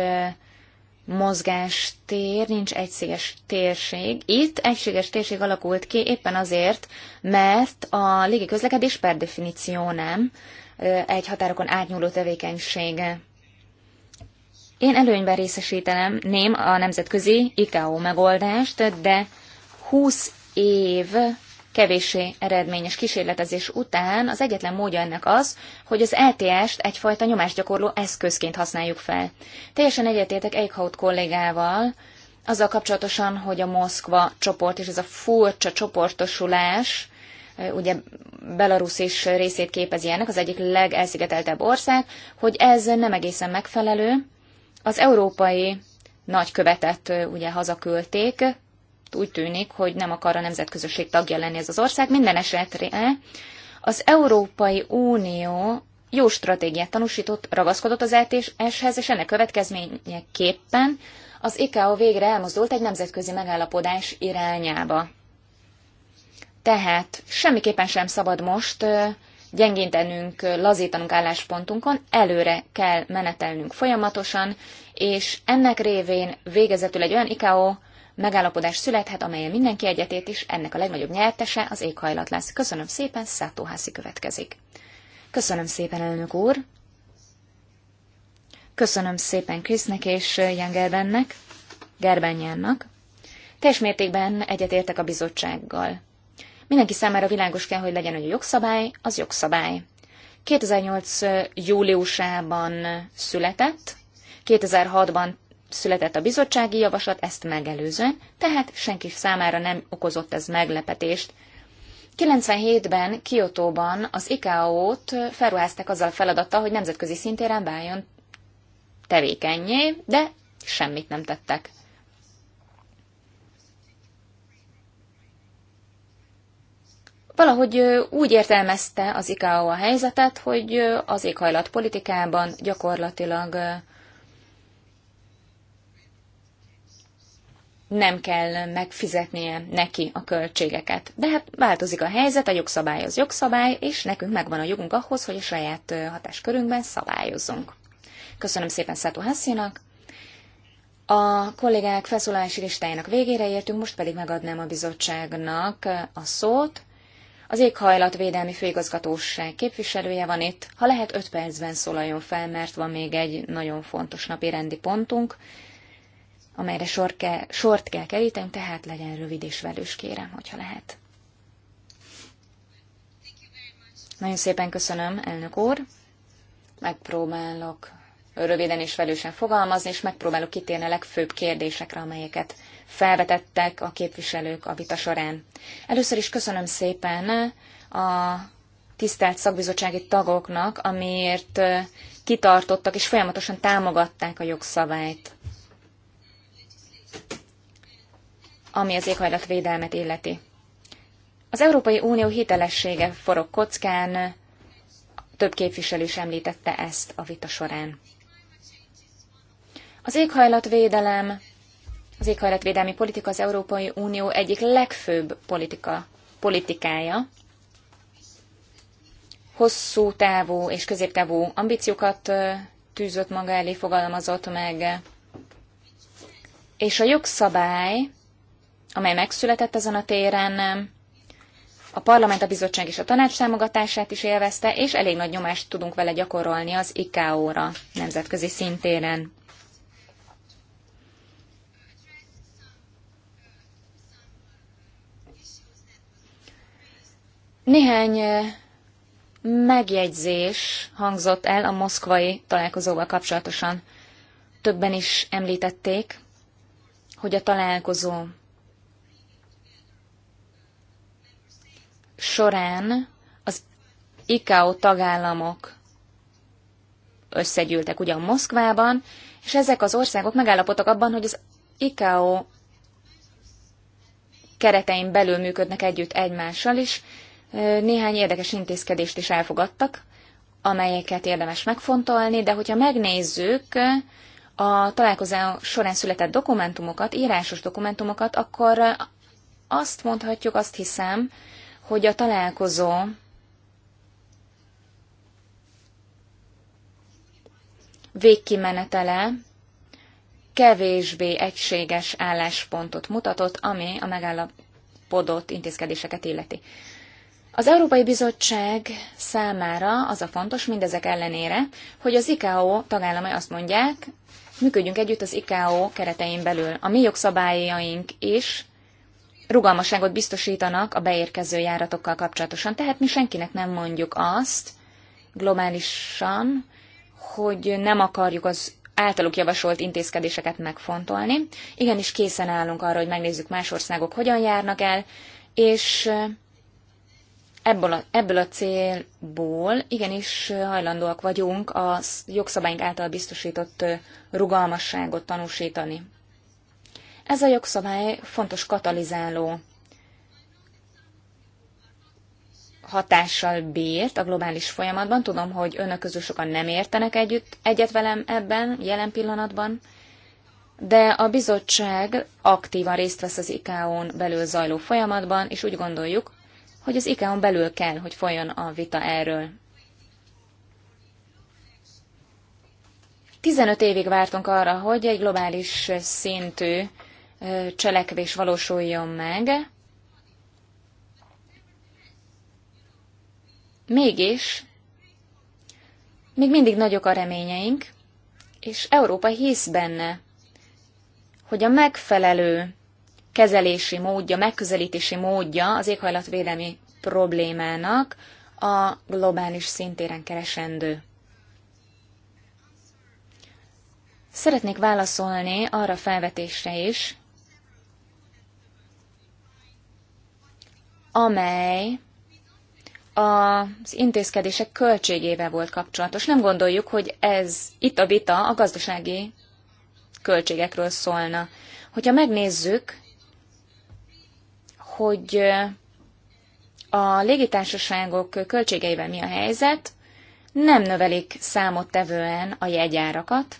mozgástér, nincs egységes térség. Itt egységes térség alakult ki éppen azért, mert a légiközlekedés per definíció nem egy határokon átnyúló tevékenysége. Én előnyben részesítenem ném a nemzetközi ICAO megoldást, de 20 év kevéssé eredményes kísérletezés után az egyetlen módja ennek az, hogy az LTS-t egyfajta nyomásgyakorló eszközként használjuk fel. Teljesen egyetértek Eichhout kollégával, azzal kapcsolatosan, hogy a Moszkva csoport és ez a furcsa csoportosulás, ugye Belarus is részét képezi ennek, az egyik legelszigeteltebb ország, hogy ez nem egészen megfelelő. Az európai nagykövetet ugye hazaküldték, úgy tűnik, hogy nem akar a nemzetközösség tagja lenni ez az ország. Minden esetre az Európai Unió jó stratégiát tanúsított, ragaszkodott az ETS-hez, és ennek következményeképpen az ICAO végre elmozdult egy nemzetközi megállapodás irányába. Tehát semmiképpen sem szabad most gyengítenünk, lazítanunk álláspontunkon, előre kell menetelnünk folyamatosan, és ennek révén végezetül egy olyan ICAO megállapodás születhet, amelyen mindenki egyetét is, ennek a legnagyobb nyertese az éghajlat lesz. Köszönöm szépen, Szátóhászi következik. Köszönöm szépen, elnök úr. Köszönöm szépen Krisznek és Jan Gerbennek, Gerbenyánnak. Teljes mértékben egyetértek a bizottsággal. Mindenki számára világos kell, hogy legyen, hogy a jogszabály, az jogszabály. 2008. júliusában született, 2006-ban született a bizottsági javaslat ezt megelőzően, tehát senki számára nem okozott ez meglepetést. 97-ben Kiotóban az ICAO-t felruházták azzal a feladattal, hogy nemzetközi szintéren váljon tevékenyé, de semmit nem tettek. Valahogy úgy értelmezte az ICAO a helyzetet, hogy az éghajlatpolitikában gyakorlatilag nem kell megfizetnie neki a költségeket. De hát változik a helyzet, a jogszabály az jogszabály, és nekünk megvan a jogunk ahhoz, hogy a saját hatáskörünkben szabályozzunk. Köszönöm szépen Szátó Hasszinak. A kollégák felszólalási listájának végére értünk, most pedig megadnám a bizottságnak a szót. Az éghajlatvédelmi főigazgatóság képviselője van itt. Ha lehet, 5 percben szólaljon fel, mert van még egy nagyon fontos napi rendi pontunk amelyre sor ke, sort kell keríteni, tehát legyen rövid és velős, kérem, hogyha lehet. Nagyon szépen köszönöm, elnök úr. Megpróbálok röviden és velősen fogalmazni, és megpróbálok kitérni a legfőbb kérdésekre, amelyeket felvetettek a képviselők a vita során. Először is köszönöm szépen a tisztelt szakbizottsági tagoknak, amiért kitartottak és folyamatosan támogatták a jogszabályt. ami az éghajlatvédelmet illeti. Az Európai Unió hitelessége forog kockán, több képviselő is említette ezt a vita során. Az éghajlatvédelem, az éghajlatvédelmi politika az Európai Unió egyik legfőbb politika, politikája. Hosszú távú és középtávú ambíciókat tűzött maga elé, fogalmazott meg, és a jogszabály amely megszületett ezen a téren, a parlament, a bizottság és a tanács támogatását is élvezte, és elég nagy nyomást tudunk vele gyakorolni az ICAO-ra nemzetközi szintéren. Néhány eh, megjegyzés hangzott el a moszkvai találkozóval kapcsolatosan. Többen is említették, hogy a találkozó során az ICAO tagállamok összegyűltek ugyan Moszkvában, és ezek az országok megállapodtak abban, hogy az ICAO keretein belül működnek együtt egymással is, néhány érdekes intézkedést is elfogadtak, amelyeket érdemes megfontolni, de hogyha megnézzük a találkozó során született dokumentumokat, írásos dokumentumokat, akkor azt mondhatjuk, azt hiszem, hogy a találkozó végkimenetele kevésbé egységes álláspontot mutatott, ami a megállapodott intézkedéseket illeti. Az Európai Bizottság számára az a fontos mindezek ellenére, hogy az ICAO tagállamai azt mondják, működjünk együtt az ICAO keretein belül. A mi jogszabályaink is rugalmasságot biztosítanak a beérkező járatokkal kapcsolatosan. Tehát mi senkinek nem mondjuk azt globálisan, hogy nem akarjuk az általuk javasolt intézkedéseket megfontolni. Igenis készen állunk arra, hogy megnézzük más országok hogyan járnak el, és eh, ebből a, ebből a célból igenis hajlandóak vagyunk a jogszabályunk által biztosított eh, rugalmasságot tanúsítani. Ez a jogszabály fontos katalizáló hatással bírt a globális folyamatban. Tudom, hogy önök közül sokan nem értenek együtt, egyet velem ebben, jelen pillanatban, de a bizottság aktívan részt vesz az ICAO-n belül zajló folyamatban, és úgy gondoljuk, hogy az ICAO-n belül kell, hogy folyjon a vita erről. 15 évig vártunk arra, hogy egy globális szintű cselekvés valósuljon meg. Mégis, még mindig nagyok a reményeink, és Európa hisz benne, hogy a megfelelő kezelési módja, megközelítési módja az éghajlatvédelmi problémának a globális szintéren keresendő. Szeretnék válaszolni arra felvetésre is, amely az intézkedések költségével volt kapcsolatos. Nem gondoljuk, hogy ez itt a vita a gazdasági költségekről szólna. Hogyha megnézzük, hogy a légitársaságok költségeivel mi a helyzet, nem növelik számottevően a jegyárakat,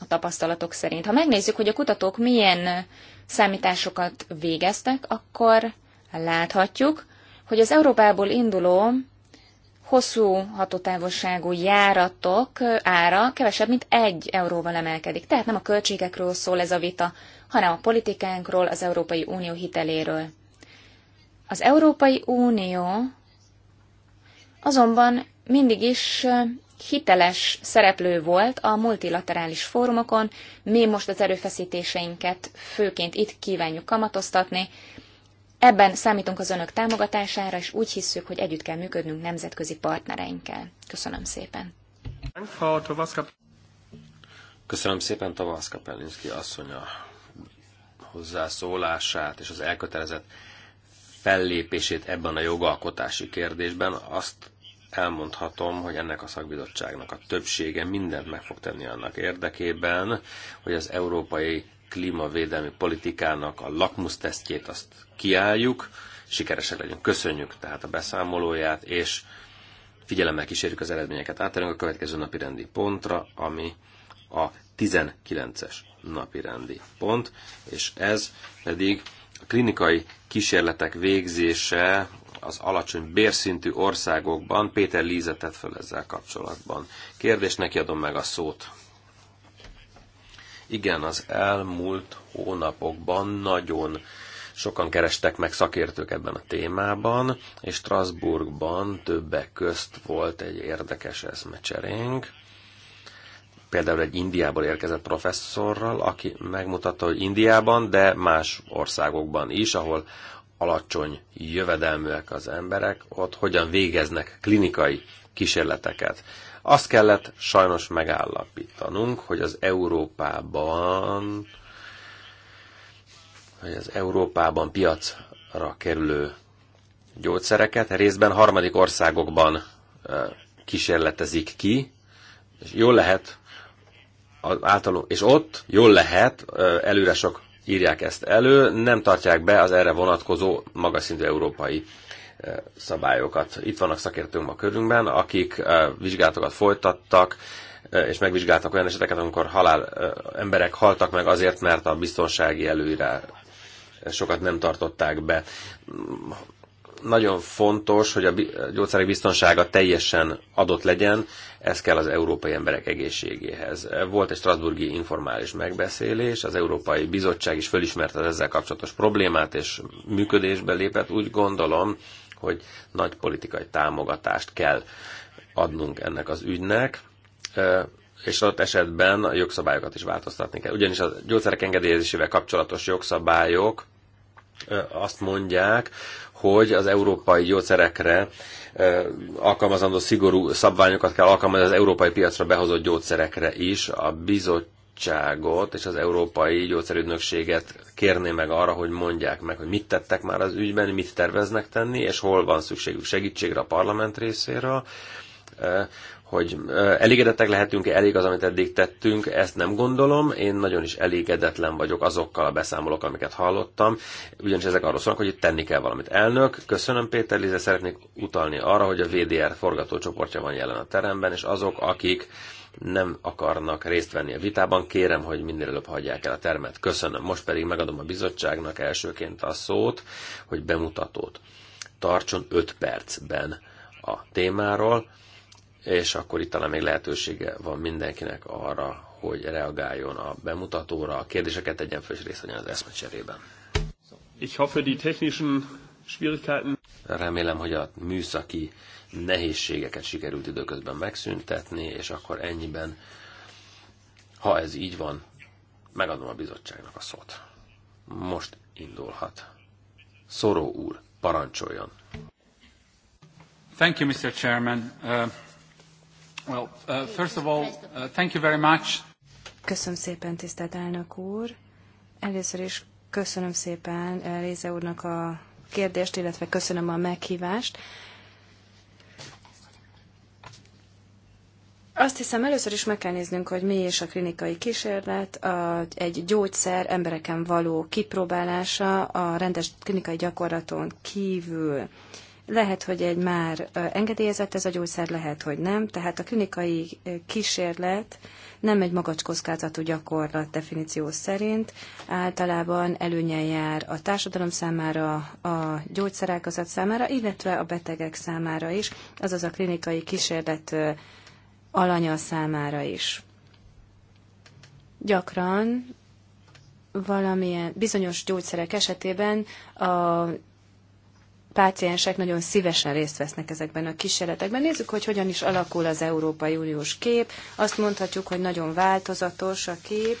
a tapasztalatok szerint. Ha megnézzük, hogy a kutatók milyen számításokat végeztek, akkor láthatjuk, hogy az Európából induló hosszú hatótávolságú járatok ára kevesebb, mint egy euróval emelkedik. Tehát nem a költségekről szól ez a vita, hanem a politikánkról, az Európai Unió hiteléről. Az Európai Unió azonban mindig is hiteles szereplő volt a multilaterális fórumokon, mi most az erőfeszítéseinket főként itt kívánjuk kamatoztatni, Ebben számítunk az önök támogatására, és úgy hisszük, hogy együtt kell működnünk nemzetközi partnereinkkel. Köszönöm szépen. Köszönöm szépen Tavaszka Pelinszki a hozzászólását és az elkötelezett fellépését ebben a jogalkotási kérdésben. Azt elmondhatom, hogy ennek a szakbizottságnak a többsége mindent meg fog tenni annak érdekében, hogy az európai klímavédelmi politikának a lakmusztesztjét azt kiálljuk, sikeresek legyünk, köszönjük tehát a beszámolóját, és figyelemmel kísérjük az eredményeket. Átérünk a következő napi rendi pontra, ami a 19-es napi rendi pont, és ez pedig a klinikai kísérletek végzése az alacsony bérszintű országokban. Péter Líze föl ezzel kapcsolatban. Kérdés, neki adom meg a szót. Igen, az elmúlt hónapokban nagyon sokan kerestek meg szakértők ebben a témában, és Strasbourgban többek közt volt egy érdekes eszmecserénk. Például egy Indiából érkezett professzorral, aki megmutatta, hogy Indiában, de más országokban is, ahol alacsony jövedelműek az emberek, ott hogyan végeznek klinikai kísérleteket. Azt kellett sajnos megállapítanunk, hogy az Európában hogy az Európában piacra kerülő gyógyszereket részben harmadik országokban kísérletezik ki, és jól lehet, az és ott jól lehet, előre sok írják ezt elő, nem tartják be az erre vonatkozó magas szintű európai szabályokat. Itt vannak szakértőnk a körünkben, akik vizsgálatokat folytattak, és megvizsgáltak olyan eseteket, amikor halál, emberek haltak meg azért, mert a biztonsági előre sokat nem tartották be. Nagyon fontos, hogy a gyógyszerek biztonsága teljesen adott legyen, ez kell az európai emberek egészségéhez. Volt egy Strasburgi informális megbeszélés, az Európai Bizottság is fölismerte az ezzel kapcsolatos problémát, és működésbe lépett. Úgy gondolom, hogy nagy politikai támogatást kell adnunk ennek az ügynek, és ott esetben a jogszabályokat is változtatni kell. Ugyanis a gyógyszerek engedélyezésével kapcsolatos jogszabályok azt mondják, hogy az európai gyógyszerekre alkalmazandó szigorú szabványokat kell alkalmazni az európai piacra behozott gyógyszerekre is. A bizott bizottságot és az Európai Gyógyszerügynökséget kérné meg arra, hogy mondják meg, hogy mit tettek már az ügyben, mit terveznek tenni, és hol van szükségük segítségre a parlament részéről, hogy elégedettek lehetünk-e, elég az, amit eddig tettünk, ezt nem gondolom. Én nagyon is elégedetlen vagyok azokkal a beszámolók, amiket hallottam, ugyanis ezek arról szólnak, hogy itt tenni kell valamit. Elnök, köszönöm Péter Lize, szeretnék utalni arra, hogy a VDR forgatócsoportja van jelen a teremben, és azok, akik nem akarnak részt venni a vitában, kérem, hogy minél előbb hagyják el a termet. Köszönöm. Most pedig megadom a bizottságnak elsőként a szót, hogy bemutatót tartson 5 percben a témáról, és akkor itt talán még lehetősége van mindenkinek arra, hogy reagáljon a bemutatóra, a kérdéseket tegyen fel, és részt vegyen az eszmecserében. Ich hoffe, die technischen Schwierigkeiten... Remélem, hogy a műszaki nehézségeket sikerült időközben megszüntetni, és akkor ennyiben, ha ez így van, megadom a bizottságnak a szót. Most indulhat. Szoró úr, parancsoljon. Thank you, Mr. Chairman. Uh, well, uh, first of all, uh, thank you very much. Köszönöm szépen, tisztelt elnök úr. Először is köszönöm szépen uh, Réze úrnak a kérdést, illetve köszönöm a meghívást. Uh, Azt hiszem, először is meg kell néznünk, hogy mi is a klinikai kísérlet, a, egy gyógyszer embereken való kipróbálása a rendes klinikai gyakorlaton kívül. Lehet, hogy egy már engedélyezett ez a gyógyszer, lehet, hogy nem. Tehát a klinikai kísérlet nem egy magacskoszkázatú gyakorlat definíció szerint. Általában előnyen jár a társadalom számára, a gyógyszerágazat számára, illetve a betegek számára is, azaz a klinikai kísérlet alanya számára is. Gyakran valamilyen bizonyos gyógyszerek esetében a páciensek nagyon szívesen részt vesznek ezekben a kísérletekben. Nézzük, hogy hogyan is alakul az Európai Uniós kép. Azt mondhatjuk, hogy nagyon változatos a kép.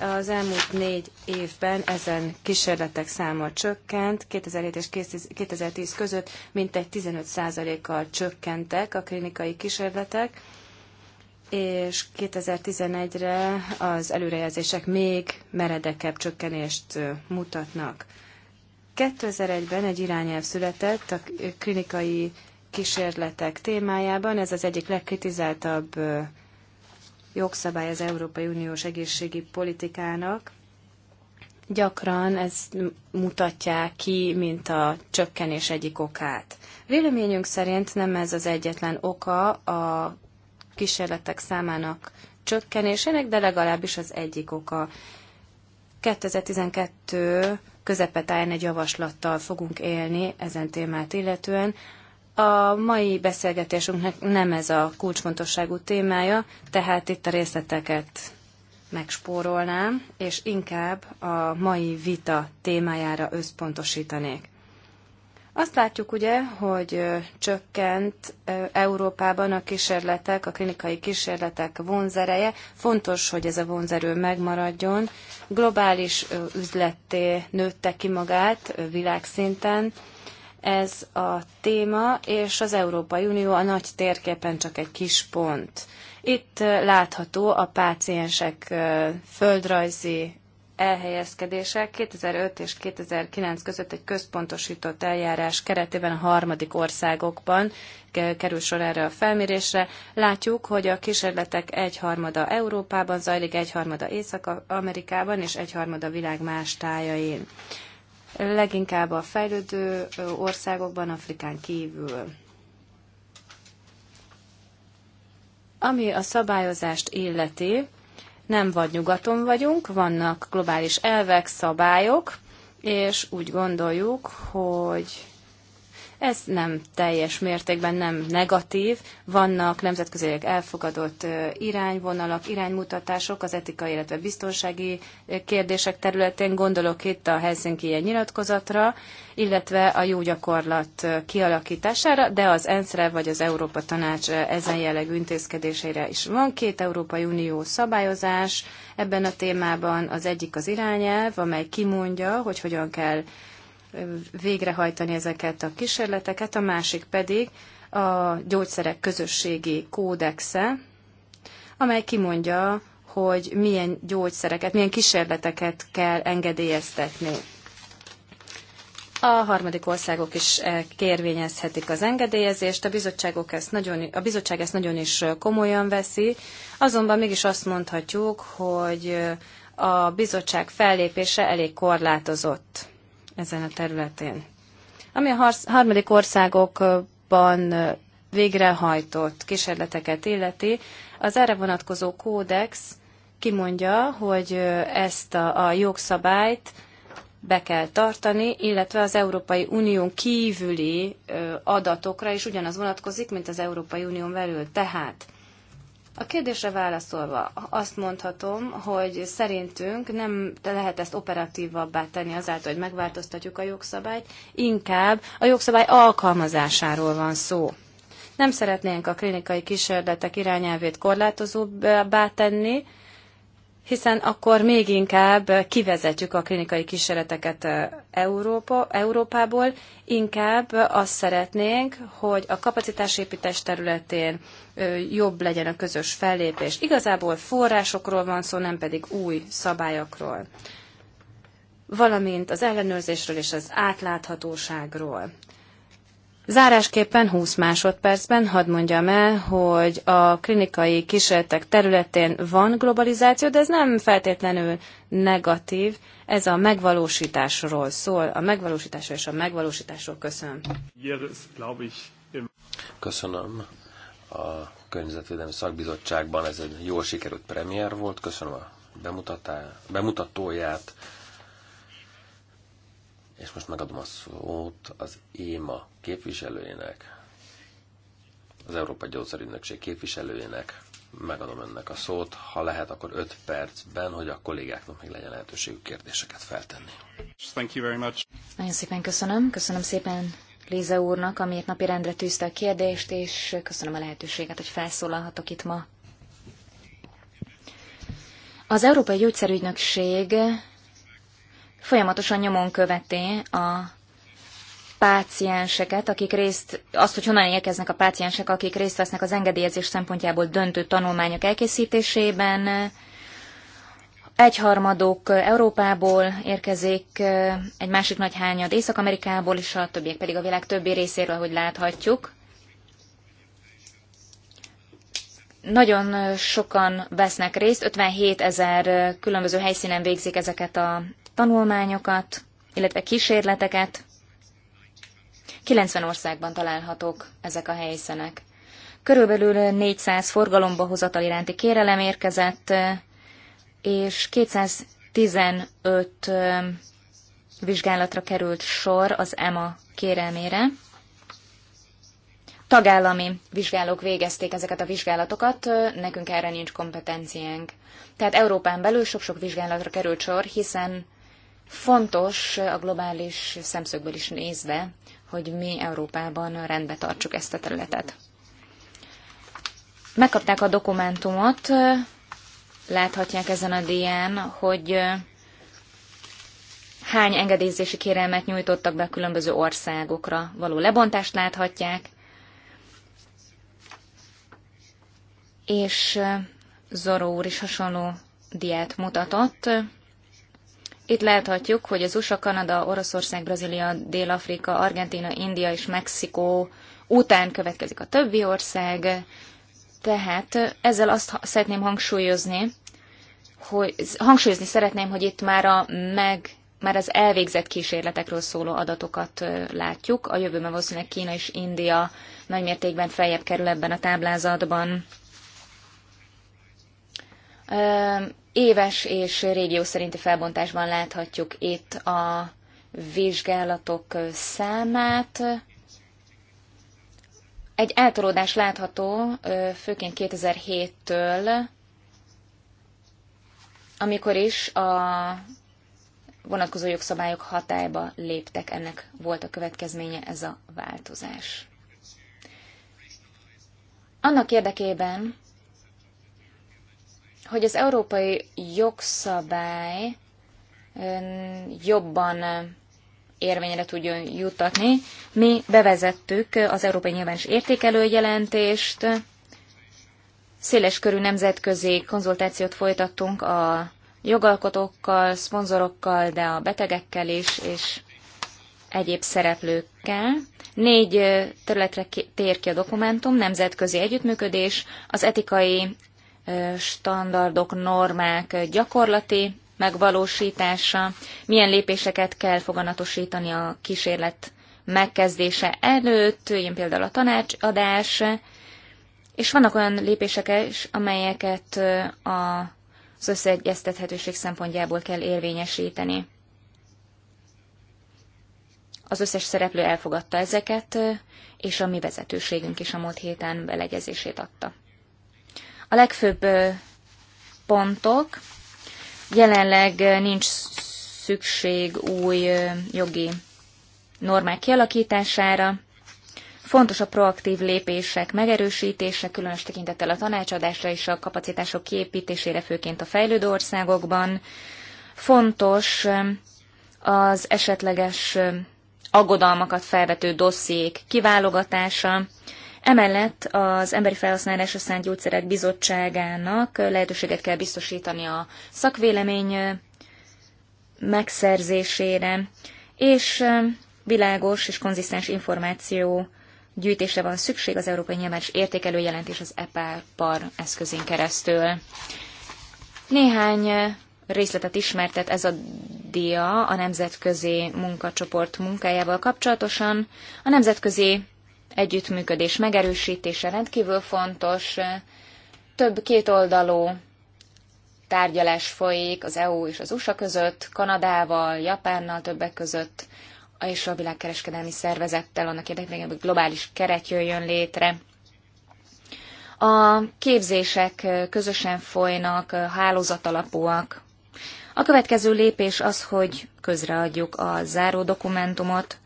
Az elmúlt négy évben ezen kísérletek száma csökkent. 2007 és 2010 között mintegy 15%-kal csökkentek a klinikai kísérletek és 2011-re az előrejelzések még meredekebb csökkenést mutatnak. 2001-ben egy irányelv született a klinikai kísérletek témájában. Ez az egyik legkritizáltabb jogszabály az Európai Uniós egészségi politikának. Gyakran ez mutatja ki, mint a csökkenés egyik okát. Véleményünk szerint nem ez az egyetlen oka a kísérletek számának csökkenésének, de legalábbis az egyik oka. 2012 közepetáján egy javaslattal fogunk élni ezen témát illetően. A mai beszélgetésünknek nem ez a kulcsfontosságú témája, tehát itt a részleteket megspórolnám, és inkább a mai vita témájára összpontosítanék. Azt látjuk ugye, hogy csökkent Európában a kísérletek, a klinikai kísérletek vonzereje. Fontos, hogy ez a vonzerő megmaradjon. Globális üzletté nőtte ki magát világszinten ez a téma, és az Európai Unió a nagy térképen csak egy kis pont. Itt látható a páciensek földrajzi elhelyezkedése 2005 és 2009 között egy központosított eljárás keretében a harmadik országokban kerül sor erre a felmérésre. Látjuk, hogy a kísérletek egyharmada Európában zajlik, egyharmada Észak-Amerikában és egyharmada világ más tájain. Leginkább a fejlődő országokban, Afrikán kívül. Ami a szabályozást illeti, nem vagy nyugaton vagyunk, vannak globális elvek, szabályok, és úgy gondoljuk, hogy ez nem teljes mértékben nem negatív. Vannak nemzetközileg elfogadott irányvonalak, iránymutatások az etikai, illetve biztonsági kérdések területén. Gondolok itt a Helsinki nyilatkozatra, illetve a jó gyakorlat kialakítására, de az ensz vagy az Európa Tanács ezen jellegű intézkedéseire is van. Két Európai Unió szabályozás ebben a témában. Az egyik az irányelv, amely kimondja, hogy hogyan kell végrehajtani ezeket a kísérleteket, a másik pedig a gyógyszerek közösségi kódexe, amely kimondja, hogy milyen gyógyszereket, milyen kísérleteket kell engedélyeztetni. A harmadik országok is e, kérvényezhetik az engedélyezést, a, bizottságok ezt nagyon, a bizottság ezt nagyon is komolyan veszi, azonban mégis azt mondhatjuk, hogy a bizottság fellépése elég korlátozott ezen a területén. Ami a harmadik országokban végrehajtott kísérleteket illeti, az erre vonatkozó kódex kimondja, hogy ezt a, a jogszabályt be kell tartani, illetve az Európai Unión kívüli adatokra is ugyanaz vonatkozik, mint az Európai Unión belül. Tehát a kérdésre válaszolva azt mondhatom, hogy szerintünk nem lehet ezt operatívabbá tenni azáltal, hogy megváltoztatjuk a jogszabályt, inkább a jogszabály alkalmazásáról van szó. Nem szeretnénk a klinikai kísérletek irányelvét korlátozóbbá tenni, hiszen akkor még inkább kivezetjük a klinikai kísérleteket Európa, Európából, inkább azt szeretnénk, hogy a kapacitásépítés területén jobb legyen a közös fellépés. Igazából forrásokról van szó, nem pedig új szabályokról valamint az ellenőrzésről és az átláthatóságról. Zárásképpen 20 másodpercben hadd mondjam el, hogy a klinikai kísérletek területén van globalizáció, de ez nem feltétlenül negatív, ez a megvalósításról szól, a megvalósításról és a megvalósításról köszönöm. Köszönöm. A Környezetvédelmi Szakbizottságban ez egy jól sikerült premier volt, köszönöm a bemutatóját. És most megadom a szót az ÉMA képviselőjének, az Európai Gyógyszerügynökség képviselőjének. Megadom önnek a szót, ha lehet, akkor 5 percben, hogy a kollégáknak még legyen lehetőségük kérdéseket feltenni. Thank you very much. Nagyon szépen köszönöm. Köszönöm szépen Léze úrnak, amiért napirendre tűzte a kérdést, és köszönöm a lehetőséget, hogy felszólalhatok itt ma. Az Európai Gyógyszerügynökség folyamatosan nyomon követi a pácienseket, akik részt, azt, hogy honnan érkeznek a páciensek, akik részt vesznek az engedélyezés szempontjából döntő tanulmányok elkészítésében. Egyharmadok Európából érkezik, egy másik nagy hányad Észak-Amerikából, és a többiek pedig a világ többi részéről, hogy láthatjuk. Nagyon sokan vesznek részt, 57 ezer különböző helyszínen végzik ezeket a tanulmányokat, illetve kísérleteket. 90 országban találhatók ezek a helyszínek. Körülbelül 400 forgalomba hozatal iránti kérelem érkezett, és 215 vizsgálatra került sor az EMA kérelmére. Tagállami vizsgálók végezték ezeket a vizsgálatokat, nekünk erre nincs kompetenciánk. Tehát Európán belül sok-sok vizsgálatra került sor, hiszen Fontos a globális szemszögből is nézve, hogy mi Európában rendbe tartsuk ezt a területet. Megkapták a dokumentumot, láthatják ezen a dián, hogy hány engedélyzési kérelmet nyújtottak be a különböző országokra való lebontást láthatják, és Zoró úr is hasonló diát mutatott. Itt láthatjuk, hogy az USA, Kanada, Oroszország, Brazília, Dél-Afrika, Argentina, India és Mexikó után következik a többi ország. Tehát ezzel azt szeretném hangsúlyozni, hogy hangsúlyozni szeretném, hogy itt már a meg már az elvégzett kísérletekről szóló adatokat látjuk. A jövőben valószínűleg Kína és India nagymértékben feljebb kerül ebben a táblázatban. Éves és régió szerinti felbontásban láthatjuk itt a vizsgálatok számát. Egy eltolódás látható, főként 2007-től, amikor is a vonatkozó jogszabályok hatályba léptek, ennek volt a következménye ez a változás. Annak érdekében, hogy az európai jogszabály jobban érvényre tudjon juttatni. Mi bevezettük az Európai Nyilvános Értékelő Jelentést, széles körű nemzetközi konzultációt folytattunk a jogalkotókkal, szponzorokkal, de a betegekkel is, és egyéb szereplőkkel. Négy területre tér ki a dokumentum, nemzetközi együttműködés, az etikai standardok, normák gyakorlati megvalósítása, milyen lépéseket kell foganatosítani a kísérlet megkezdése előtt, ilyen például a tanácsadás, és vannak olyan lépések is, amelyeket az összeegyeztethetőség szempontjából kell érvényesíteni. Az összes szereplő elfogadta ezeket, és a mi vezetőségünk is a múlt héten beleegyezését adta. A legfőbb pontok, jelenleg nincs szükség új jogi normák kialakítására, Fontos a proaktív lépések megerősítése, különös tekintettel a tanácsadásra és a kapacitások kiépítésére, főként a fejlődő országokban. Fontos az esetleges aggodalmakat felvető dossziék kiválogatása, Emellett az Emberi Felhasználásra Szánt Gyógyszerek Bizottságának lehetőséget kell biztosítani a szakvélemény megszerzésére, és világos és konzisztens információ gyűjtése van szükség az Európai Nyilvános Értékelő Jelentés az EPAR eszközén keresztül. Néhány részletet ismertet ez a dia a nemzetközi munkacsoport munkájával kapcsolatosan. A nemzetközi együttműködés megerősítése rendkívül fontos. Több kétoldalú tárgyalás folyik az EU és az USA között, Kanadával, Japánnal többek között, és a világkereskedelmi szervezettel annak érdekében, hogy globális keret jöjjön létre. A képzések közösen folynak, alapúak. A következő lépés az, hogy közreadjuk a záró dokumentumot,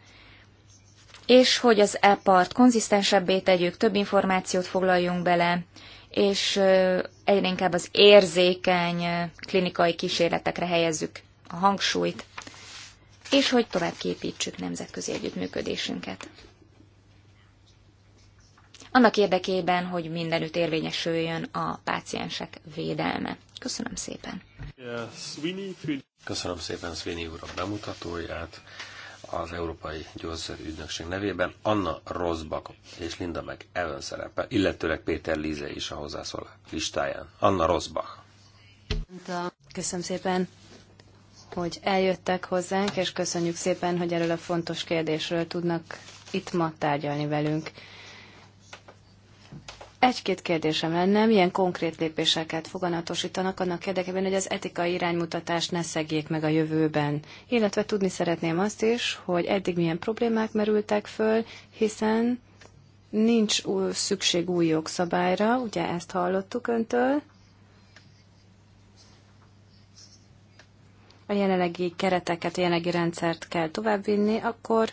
és hogy az e-part konzisztensebbé tegyük, több információt foglaljunk bele, és egyre inkább az érzékeny klinikai kísérletekre helyezzük a hangsúlyt, és hogy tovább képítsük nemzetközi együttműködésünket. Annak érdekében, hogy mindenütt érvényesüljön a páciensek védelme. Köszönöm szépen. Köszönöm szépen Sweeney úr a bemutatóját az Európai Ügynökség nevében Anna Rosbach és Linda meg Evan szerepel, illetőleg Péter Líze is a hozzászól listáján. Anna Rosbach. Köszönöm szépen, hogy eljöttek hozzánk, és köszönjük szépen, hogy erről a fontos kérdésről tudnak itt ma tárgyalni velünk. Egy-két kérdésem lenne, milyen konkrét lépéseket foganatosítanak annak érdekében, hogy az etikai iránymutatást ne szegjék meg a jövőben. Illetve tudni szeretném azt is, hogy eddig milyen problémák merültek föl, hiszen nincs új, szükség új jogszabályra, ugye ezt hallottuk öntől. A jelenlegi kereteket, a jelenlegi rendszert kell továbbvinni, akkor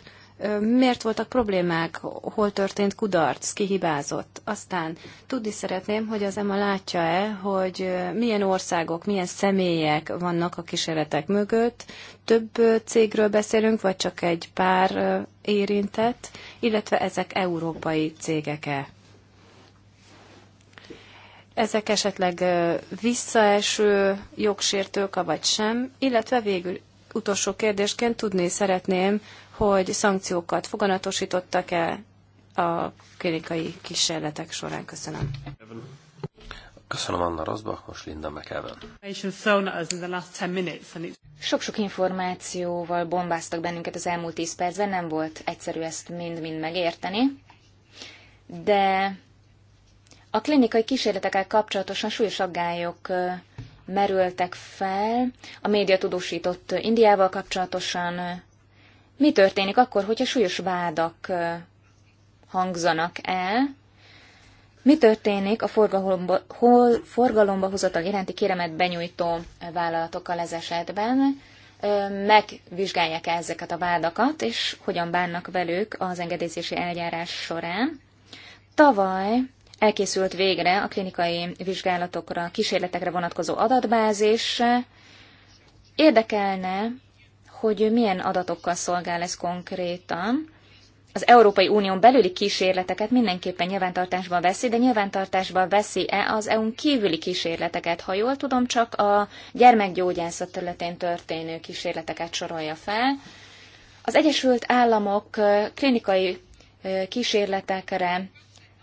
miért voltak problémák, hol történt kudarc, ki hibázott. Aztán tudni szeretném, hogy az EMA látja-e, hogy milyen országok, milyen személyek vannak a kísérletek mögött, több cégről beszélünk, vagy csak egy pár érintett, illetve ezek európai cégek-e? ezek esetleg visszaeső jogsértők, vagy sem, illetve végül utolsó kérdésként tudni szeretném, hogy szankciókat foganatosítottak-e a klinikai kísérletek során. Köszönöm. Köszönöm Anna Rosbach, most Linda McEwen. Sok-sok információval bombáztak bennünket az elmúlt 10 percben, nem volt egyszerű ezt mind-mind megérteni. De a klinikai kísérletekkel kapcsolatosan súlyos aggályok merültek fel. A média tudósított Indiával kapcsolatosan mi történik akkor, hogyha súlyos vádak hangzanak el, mi történik a forgalomba, hol, forgalomba hozatal iránti kéremet benyújtó vállalatokkal ez esetben, megvizsgálják -e ezeket a vádakat, és hogyan bánnak velük az engedélyzési eljárás során. Tavaly elkészült végre a klinikai vizsgálatokra, kísérletekre vonatkozó adatbázis. Érdekelne, hogy milyen adatokkal szolgál ez konkrétan. Az Európai Unión belüli kísérleteket mindenképpen nyilvántartásba veszi, de nyilvántartásba veszi-e az EU-n kívüli kísérleteket? Ha jól tudom, csak a gyermekgyógyászat területén történő kísérleteket sorolja fel. Az Egyesült Államok klinikai kísérletekre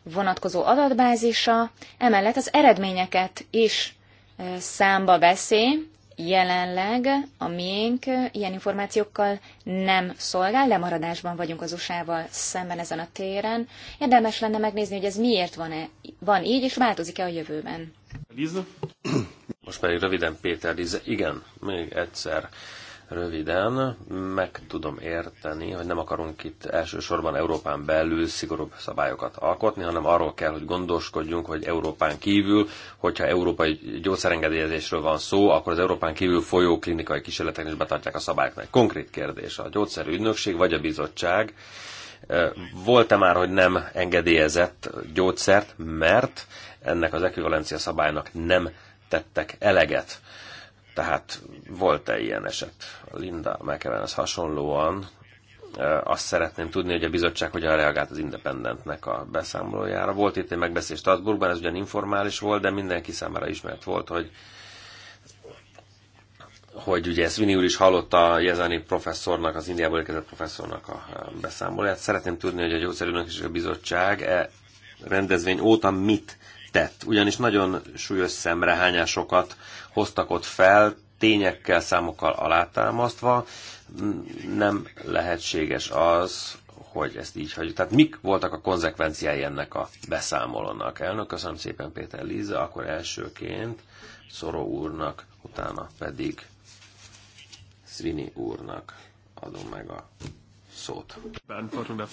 vonatkozó adatbázisa, emellett az eredményeket is számba veszi, jelenleg a miénk ilyen információkkal nem szolgál, lemaradásban vagyunk az USA-val szemben ezen a téren. Érdemes lenne megnézni, hogy ez miért van-e, van így, és változik-e a jövőben. Most pedig röviden Péter Lize. Igen, még egyszer Röviden meg tudom érteni, hogy nem akarunk itt elsősorban Európán belül szigorúbb szabályokat alkotni, hanem arról kell, hogy gondoskodjunk, hogy Európán kívül, hogyha európai gyógyszerengedélyezésről van szó, akkor az Európán kívül folyó klinikai kísérletek is betartják a szabályokat. konkrét kérdés, a gyógyszerügynökség vagy a bizottság e, volt-e már, hogy nem engedélyezett gyógyszert, mert ennek az ekvivalencia szabálynak nem tettek eleget. Tehát volt-e ilyen eset? Linda az hasonlóan azt szeretném tudni, hogy a bizottság hogyan reagált az Independentnek a beszámolójára. Volt itt egy megbeszélés Strasbourgban, ez ugyan informális volt, de mindenki számára ismert volt, hogy hogy ugye ezt Vinnie úr is hallotta a jezani professzornak, az Indiából érkezett professzornak a beszámolóját. Szeretném tudni, hogy a gyógyszerűnök és a bizottság e rendezvény óta mit tett, ugyanis nagyon súlyos szemrehányásokat hoztak ott fel, tényekkel, számokkal alátámasztva, nem lehetséges az, hogy ezt így hagyjuk. Tehát mik voltak a konzekvenciái ennek a beszámolónak? Elnök, köszönöm szépen Péter Líza, akkor elsőként Szoró úrnak, utána pedig Szrini úrnak adom meg a szót. Beantwortung der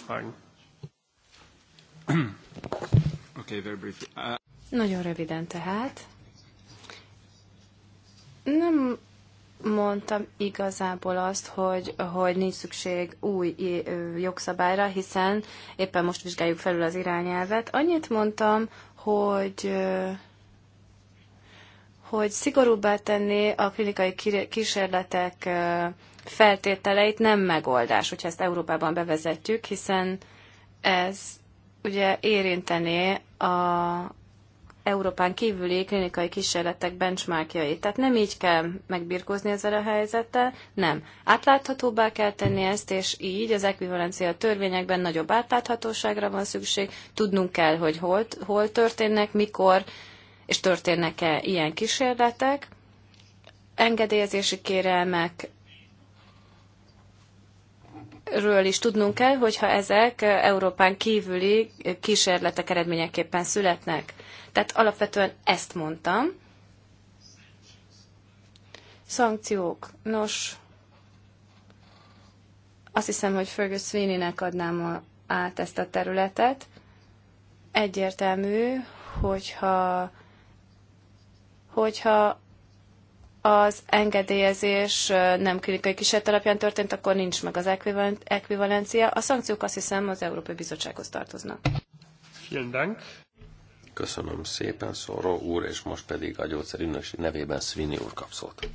okay, very briefly. Uh... Nagyon röviden tehát. Nem mondtam igazából azt, hogy, hogy nincs szükség új jogszabályra, hiszen éppen most vizsgáljuk felül az irányelvet. Annyit mondtam, hogy hogy szigorúbbá tenni a klinikai kísérletek feltételeit nem megoldás, hogyha ezt Európában bevezetjük, hiszen ez ugye érintené a, Európán kívüli klinikai kísérletek benchmarkjait. Tehát nem így kell megbirkózni ezzel a helyzettel, nem. Átláthatóbbá kell tenni ezt, és így az ekvivalencia törvényekben nagyobb átláthatóságra van szükség. Tudnunk kell, hogy hol, hol történnek, mikor, és történnek-e ilyen kísérletek. Engedélyezési kérelmek, ről is tudnunk kell, hogyha ezek Európán kívüli kísérletek eredményeképpen születnek. Tehát alapvetően ezt mondtam. Szankciók. Nos, azt hiszem, hogy Fergus Sweeney-nek adnám át ezt a területet. Egyértelmű, hogyha, hogyha az engedélyezés nem klinikai kísérlet alapján történt, akkor nincs meg az ekvivalencia. A szankciók azt hiszem az Európai Bizottsághoz tartoznak. Vielen Dank. Köszönöm szépen, Szoró úr, és most pedig a gyógyszerügynökség nevében Svini úr kap szót.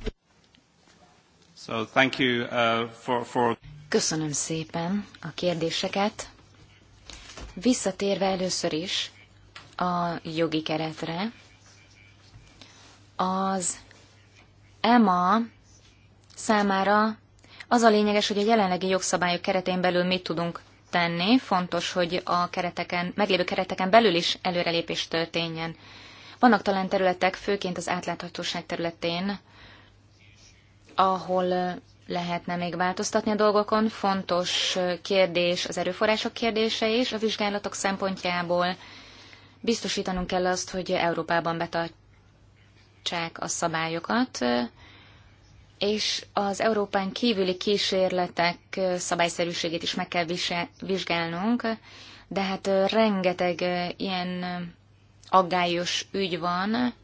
So, thank you, uh, for, for... Köszönöm szépen a kérdéseket. Visszatérve először is a jogi keretre, az EMA számára az a lényeges, hogy a jelenlegi jogszabályok keretén belül mit tudunk tenni, fontos, hogy a kereteken, meglévő kereteken belül is előrelépés történjen. Vannak talán területek, főként az átláthatóság területén, ahol lehetne még változtatni a dolgokon. Fontos kérdés az erőforrások kérdése is a vizsgálatok szempontjából. Biztosítanunk kell azt, hogy Európában betartják a szabályokat, és az Európán kívüli kísérletek szabályszerűségét is meg kell vizsgálnunk, de hát rengeteg ilyen aggályos ügy van.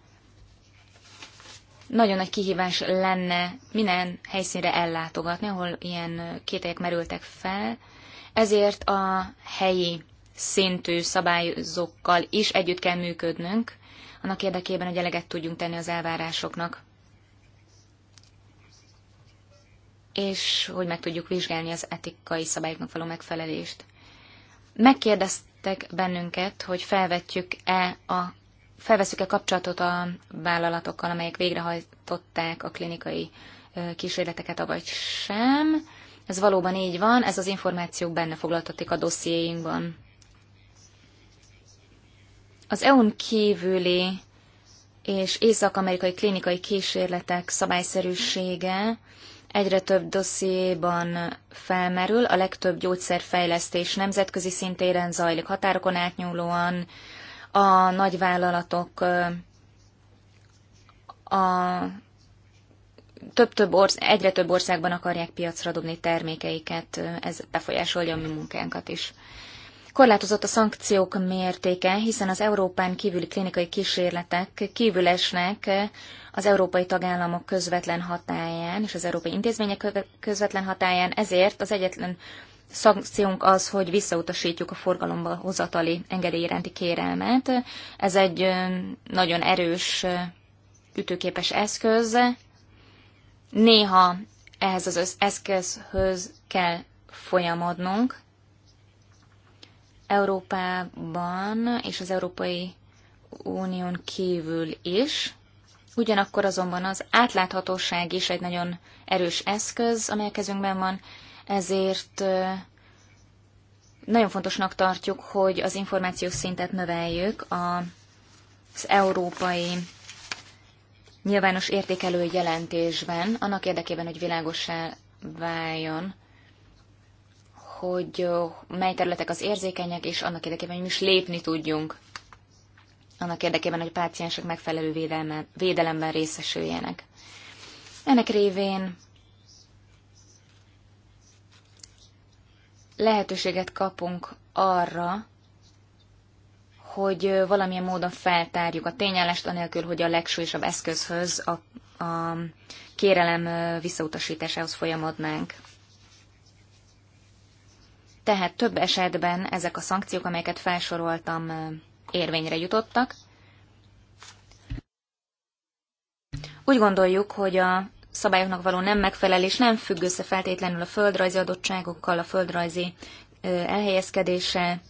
Nagyon nagy kihívás lenne minden helyszínre ellátogatni, ahol ilyen kételyek merültek fel, ezért a helyi szintű szabályozókkal is együtt kell működnünk, annak érdekében, hogy eleget tudjunk tenni az elvárásoknak. és hogy meg tudjuk vizsgálni az etikai szabályoknak való megfelelést. Megkérdeztek bennünket, hogy felvetjük-e a felveszük-e kapcsolatot a vállalatokkal, amelyek végrehajtották a klinikai kísérleteket, vagy sem. Ez valóban így van, ez az információk benne foglaltatik a dossziéinkban. Az EU-n kívüli és észak-amerikai klinikai kísérletek szabályszerűsége egyre több dossziéban felmerül, a legtöbb gyógyszerfejlesztés nemzetközi szintéren zajlik, határokon átnyúlóan, a nagyvállalatok a több-több orsz- egyre több országban akarják piacra dobni termékeiket, ez befolyásolja a mi munkánkat is. Korlátozott a szankciók mértéke, hiszen az Európán kívüli klinikai kísérletek kívül esnek az európai tagállamok közvetlen hatáján és az európai intézmények közvetlen hatáján, ezért az egyetlen szankciónk az, hogy visszautasítjuk a forgalomba hozatali engedély iránti kérelmet. Ez egy nagyon erős, ütőképes eszköz. Néha ehhez az eszközhöz kell folyamodnunk. Európában és az Európai Unión kívül is Ugyanakkor azonban az átláthatóság is egy nagyon erős eszköz, amely a kezünkben van, ezért nagyon fontosnak tartjuk, hogy az információs szintet növeljük az európai nyilvános értékelő jelentésben, annak érdekében, hogy világosá váljon, hogy mely területek az érzékenyek, és annak érdekében, hogy mi is lépni tudjunk annak érdekében, hogy a páciensek megfelelő védelemben részesüljenek. Ennek révén lehetőséget kapunk arra, hogy valamilyen módon feltárjuk a tényállást, anélkül, hogy a legsúlyosabb eszközhöz, a, a kérelem visszautasításához folyamodnánk. Tehát több esetben ezek a szankciók, amelyeket felsoroltam, érvényre jutottak. Úgy gondoljuk, hogy a szabályoknak való nem megfelelés nem függ össze feltétlenül a földrajzi adottságokkal, a földrajzi elhelyezkedése.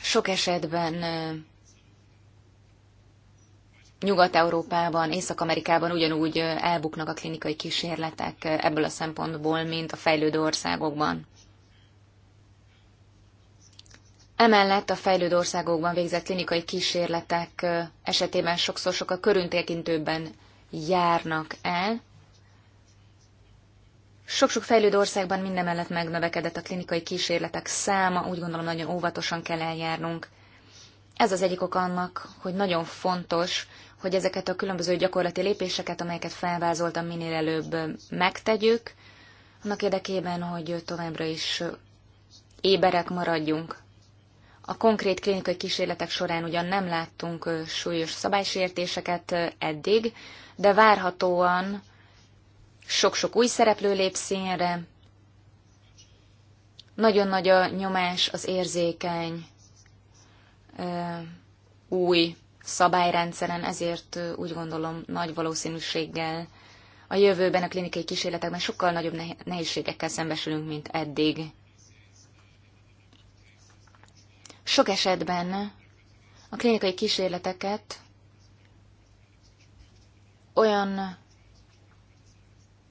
Sok esetben Nyugat-Európában, Észak-Amerikában ugyanúgy elbuknak a klinikai kísérletek ebből a szempontból, mint a fejlődő országokban. Emellett a fejlődő országokban végzett klinikai kísérletek esetében sokszor sokkal körüntekintőbben járnak el. Sok-sok fejlődő országban mindemellett megnövekedett a klinikai kísérletek száma, úgy gondolom nagyon óvatosan kell eljárnunk. Ez az egyik ok annak, hogy nagyon fontos, hogy ezeket a különböző gyakorlati lépéseket, amelyeket felvázoltam, minél előbb megtegyük, annak érdekében, hogy továbbra is éberek maradjunk a konkrét klinikai kísérletek során ugyan nem láttunk súlyos szabálysértéseket eddig, de várhatóan sok-sok új szereplő lép színre, nagyon nagy a nyomás az érzékeny új szabályrendszeren, ezért úgy gondolom nagy valószínűséggel a jövőben a klinikai kísérletekben sokkal nagyobb nehézségekkel szembesülünk, mint eddig. Sok esetben a klinikai kísérleteket olyan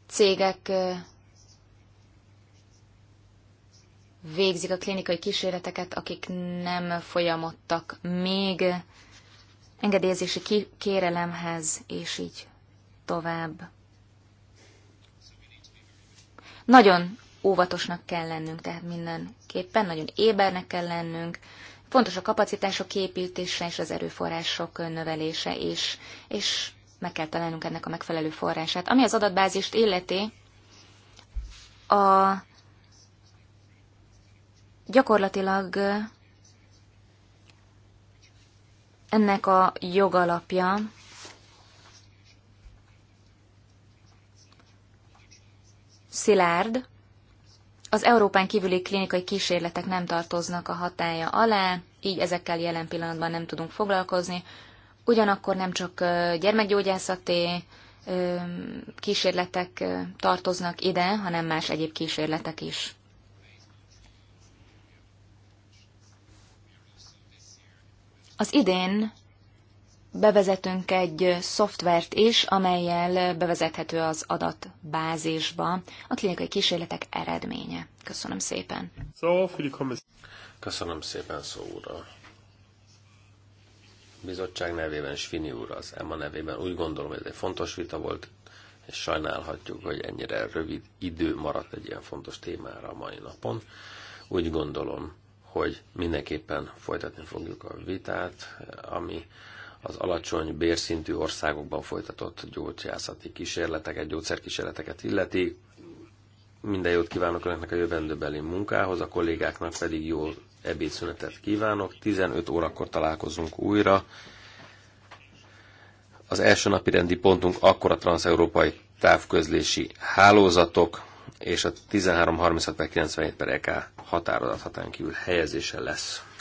cégek végzik a klinikai kísérleteket, akik nem folyamodtak még engedélyezési kérelemhez, és így tovább. Nagyon óvatosnak kell lennünk, tehát mindenképpen nagyon ébernek kell lennünk, fontos a kapacitások képítése és az erőforrások növelése is, és meg kell találnunk ennek a megfelelő forrását. Ami az adatbázist illeti, a gyakorlatilag ennek a jogalapja szilárd, az Európán kívüli klinikai kísérletek nem tartoznak a hatája alá, így ezekkel jelen pillanatban nem tudunk foglalkozni. Ugyanakkor nem csak gyermekgyógyászati kísérletek tartoznak ide, hanem más egyéb kísérletek is. Az idén bevezetünk egy szoftvert is, amelyel bevezethető az adatbázisba a klinikai kísérletek eredménye. Köszönöm szépen. Köszönöm szépen úra. Bizottság nevében Svini úr, az EMA nevében úgy gondolom, hogy ez egy fontos vita volt, és sajnálhatjuk, hogy ennyire rövid idő maradt egy ilyen fontos témára a mai napon. Úgy gondolom, hogy mindenképpen folytatni fogjuk a vitát, ami az alacsony bérszintű országokban folytatott gyógyászati kísérleteket, gyógyszerkísérleteket illeti. Minden jót kívánok Önöknek a jövendőbeli munkához, a kollégáknak pedig jó ebédszünetet kívánok. 15 órakor találkozunk újra. Az első napi rendi pontunk akkor a transeurópai távközlési hálózatok és a 1336 per 97 per EK határozat kívül helyezése lesz.